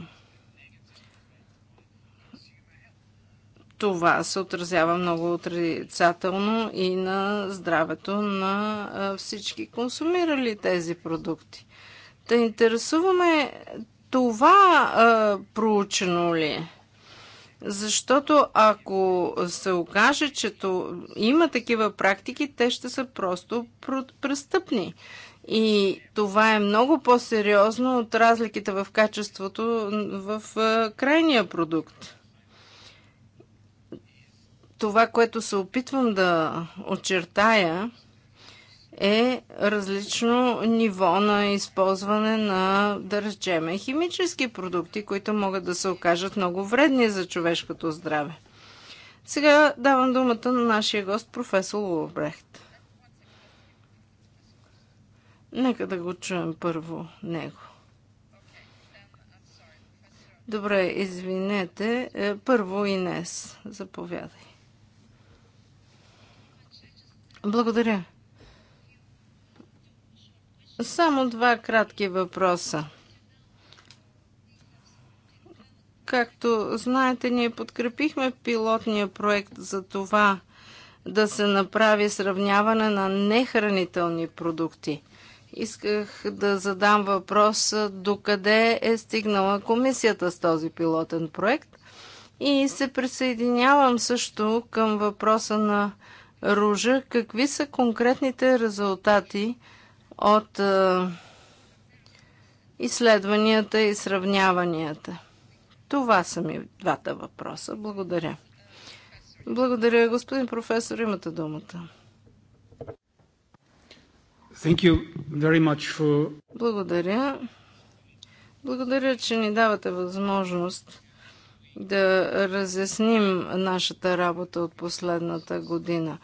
Това се отразява много отрицателно и на здравето на всички консумирали тези продукти. Та интересуваме това а, проучено ли е? Защото ако се окаже, че то има такива практики, те ще са просто престъпни. И това е много по-сериозно от разликите в качеството в е, крайния продукт. Това, което се опитвам да очертая, е различно ниво на използване на, да речеме, химически продукти, които могат да се окажат много вредни за човешкото здраве. Сега давам думата на нашия гост, професор Лувбрехт. Нека да го чуем първо него. Добре, извинете. Е, първо Инес, заповядай. Благодаря. Само два кратки въпроса. Както знаете, ние подкрепихме пилотния проект за това да се направи сравняване на нехранителни продукти. Исках да задам въпрос докъде е стигнала комисията с този пилотен проект и се присъединявам също към въпроса на Ружа. Какви са конкретните резултати – от е, изследванията и сравняванията. Това са ми двата въпроса. Благодаря. Благодаря, господин професор. Имате думата. Thank you very much for... Благодаря. Благодаря, че ни давате възможност да разясним нашата работа от последната година.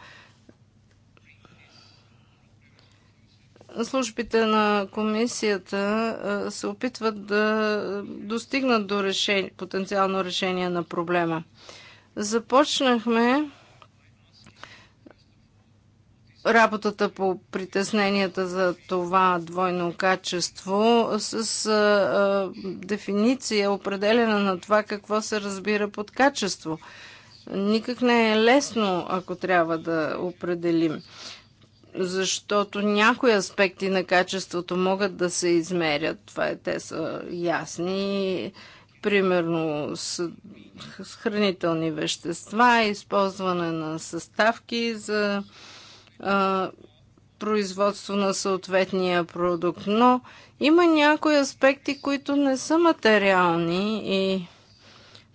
службите на комисията се опитват да достигнат до решение, потенциално решение на проблема. Започнахме работата по притесненията за това двойно качество с а, а, дефиниция, определена на това какво се разбира под качество. Никак не е лесно, ако трябва да определим защото някои аспекти на качеството могат да се измерят. Това е, те са ясни. Примерно с хранителни вещества, използване на съставки за а, производство на съответния продукт. Но има някои аспекти, които не са материални и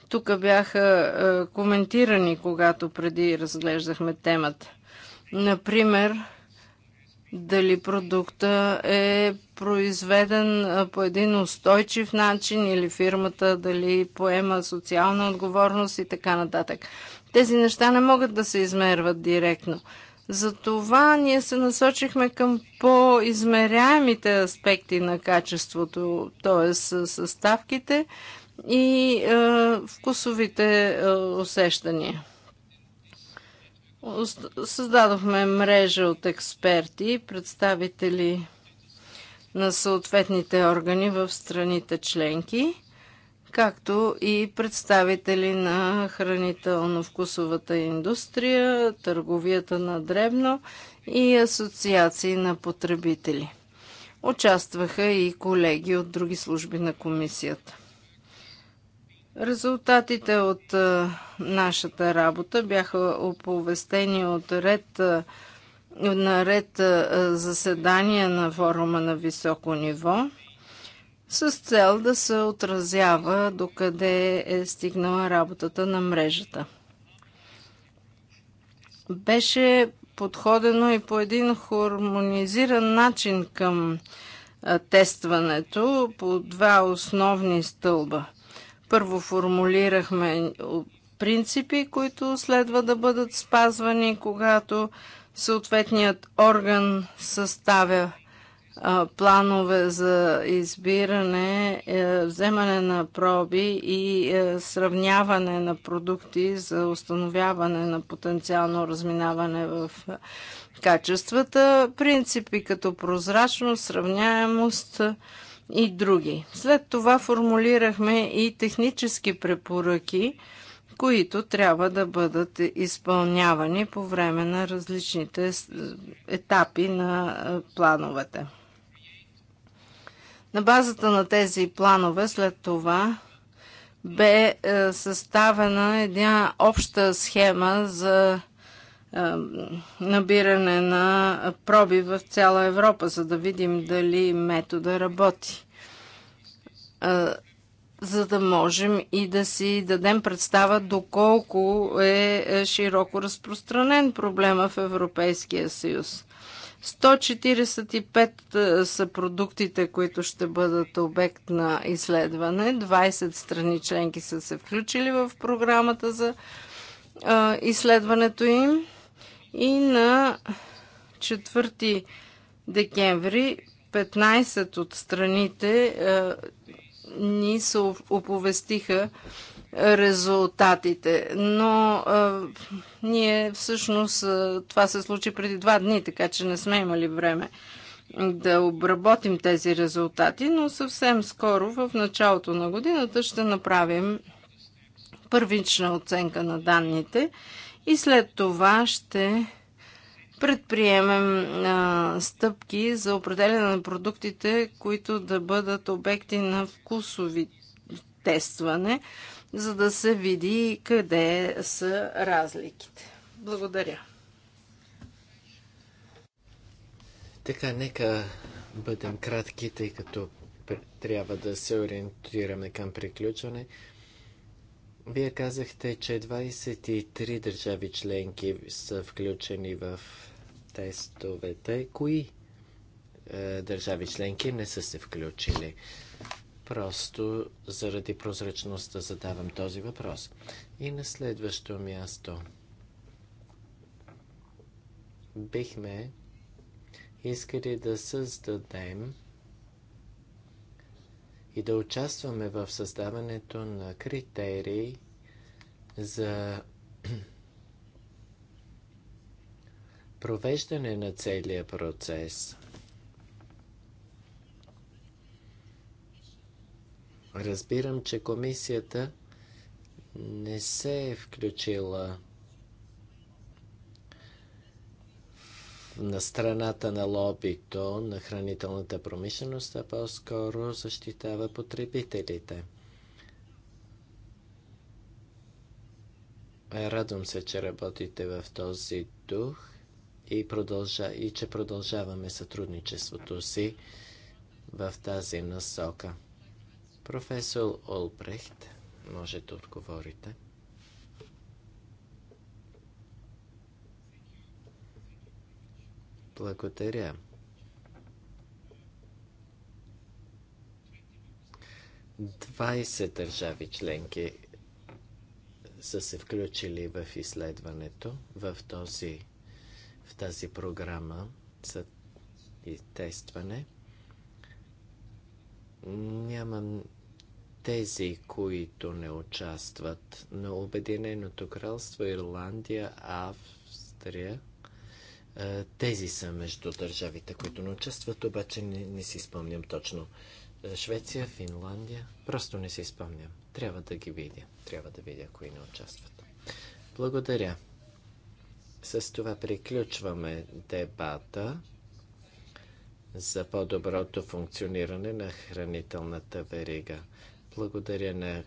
тук бяха а, коментирани, когато преди разглеждахме темата. Например, дали продукта е произведен по един устойчив начин или фирмата дали поема социална отговорност и така нататък. Тези неща не могат да се измерват директно. Затова ние се насочихме към по-измеряемите аспекти на качеството, т.е. съставките и е, вкусовите е, усещания. Създадохме мрежа от експерти, представители на съответните органи в страните членки, както и представители на хранително-вкусовата индустрия, търговията на дребно и асоциации на потребители. Участваха и колеги от други служби на комисията. Резултатите от нашата работа бяха оповестени от ред на ред заседания на форума на високо ниво с цел да се отразява докъде е стигнала работата на мрежата. Беше подходено и по един хармонизиран начин към тестването по два основни стълба – първо формулирахме принципи, които следва да бъдат спазвани, когато съответният орган съставя планове за избиране, е, вземане на проби и е, сравняване на продукти за установяване на потенциално разминаване в качествата. Принципи като прозрачност, сравняемост, и други. След това формулирахме и технически препоръки, които трябва да бъдат изпълнявани по време на различните етапи на плановете. На базата на тези планове след това бе е, съставена една обща схема за набиране на проби в цяла Европа, за да видим дали метода работи. За да можем и да си дадем представа доколко е, е широко разпространен проблема в Европейския съюз. 145 са продуктите, които ще бъдат обект на изследване. 20 страни членки са се включили в програмата за изследването им и на 4 декември 15 от страните а, е, ни се оповестиха резултатите. Но а, е, ние всъщност а, е, това се случи преди два дни, така че не сме имали време да обработим тези резултати, но съвсем скоро, в началото на годината, ще направим първична оценка на данните и след това ще предприемем а, стъпки за определяне на продуктите, които да бъдат обекти на вкусови тестване, за да се види къде са разликите. Благодаря. Така, нека бъдем кратки, тъй като трябва да се ориентираме към приключване. Вие казахте, че 23 държави членки са включени в тестовете. Кои е, държави членки не са се включили? Просто заради прозрачността задавам този въпрос. И на следващо място. Бихме искали да създадем и да участваме в създаването на критерии за провеждане на целия процес. Разбирам, че комисията не се е включила на страната на лобито на хранителната промишленост, а по-скоро защитава потребителите. Радвам се, че работите в този дух и, продължа, и че продължаваме сътрудничеството си в тази насока. Професор Олбрехт, може да отговорите. Благодаря. 20 държави членки са се включили в изследването, в, този, в тази програма за изтестване. тестване. Нямам тези, които не участват, но Обединеното кралство, Ирландия, Австрия – е, тези са между държавите, които не участват, обаче не, не си спомням точно. Е, Швеция, Финландия, просто не си спомням. Трябва да ги видя. Трябва да видя, кои не участват. Благодаря. С това приключваме дебата за по-доброто функциониране на хранителната верига. Благодаря на,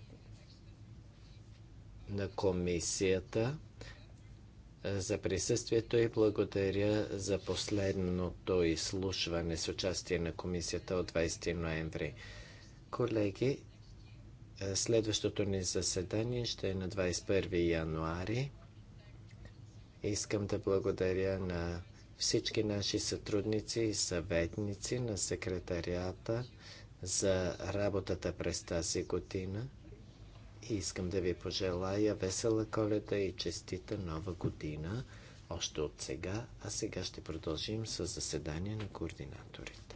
на комисията за присъствието и благодаря за последното изслушване с участие на комисията от 20 ноември. Колеги, е, следващото ни заседание ще е на 21 януари. Искам да благодаря на всички наши сътрудници и съветници на секретарията за работата през тази година. И искам да ви пожелая весела коледа и честита нова година, още от сега, а сега ще продължим с заседание на координаторите.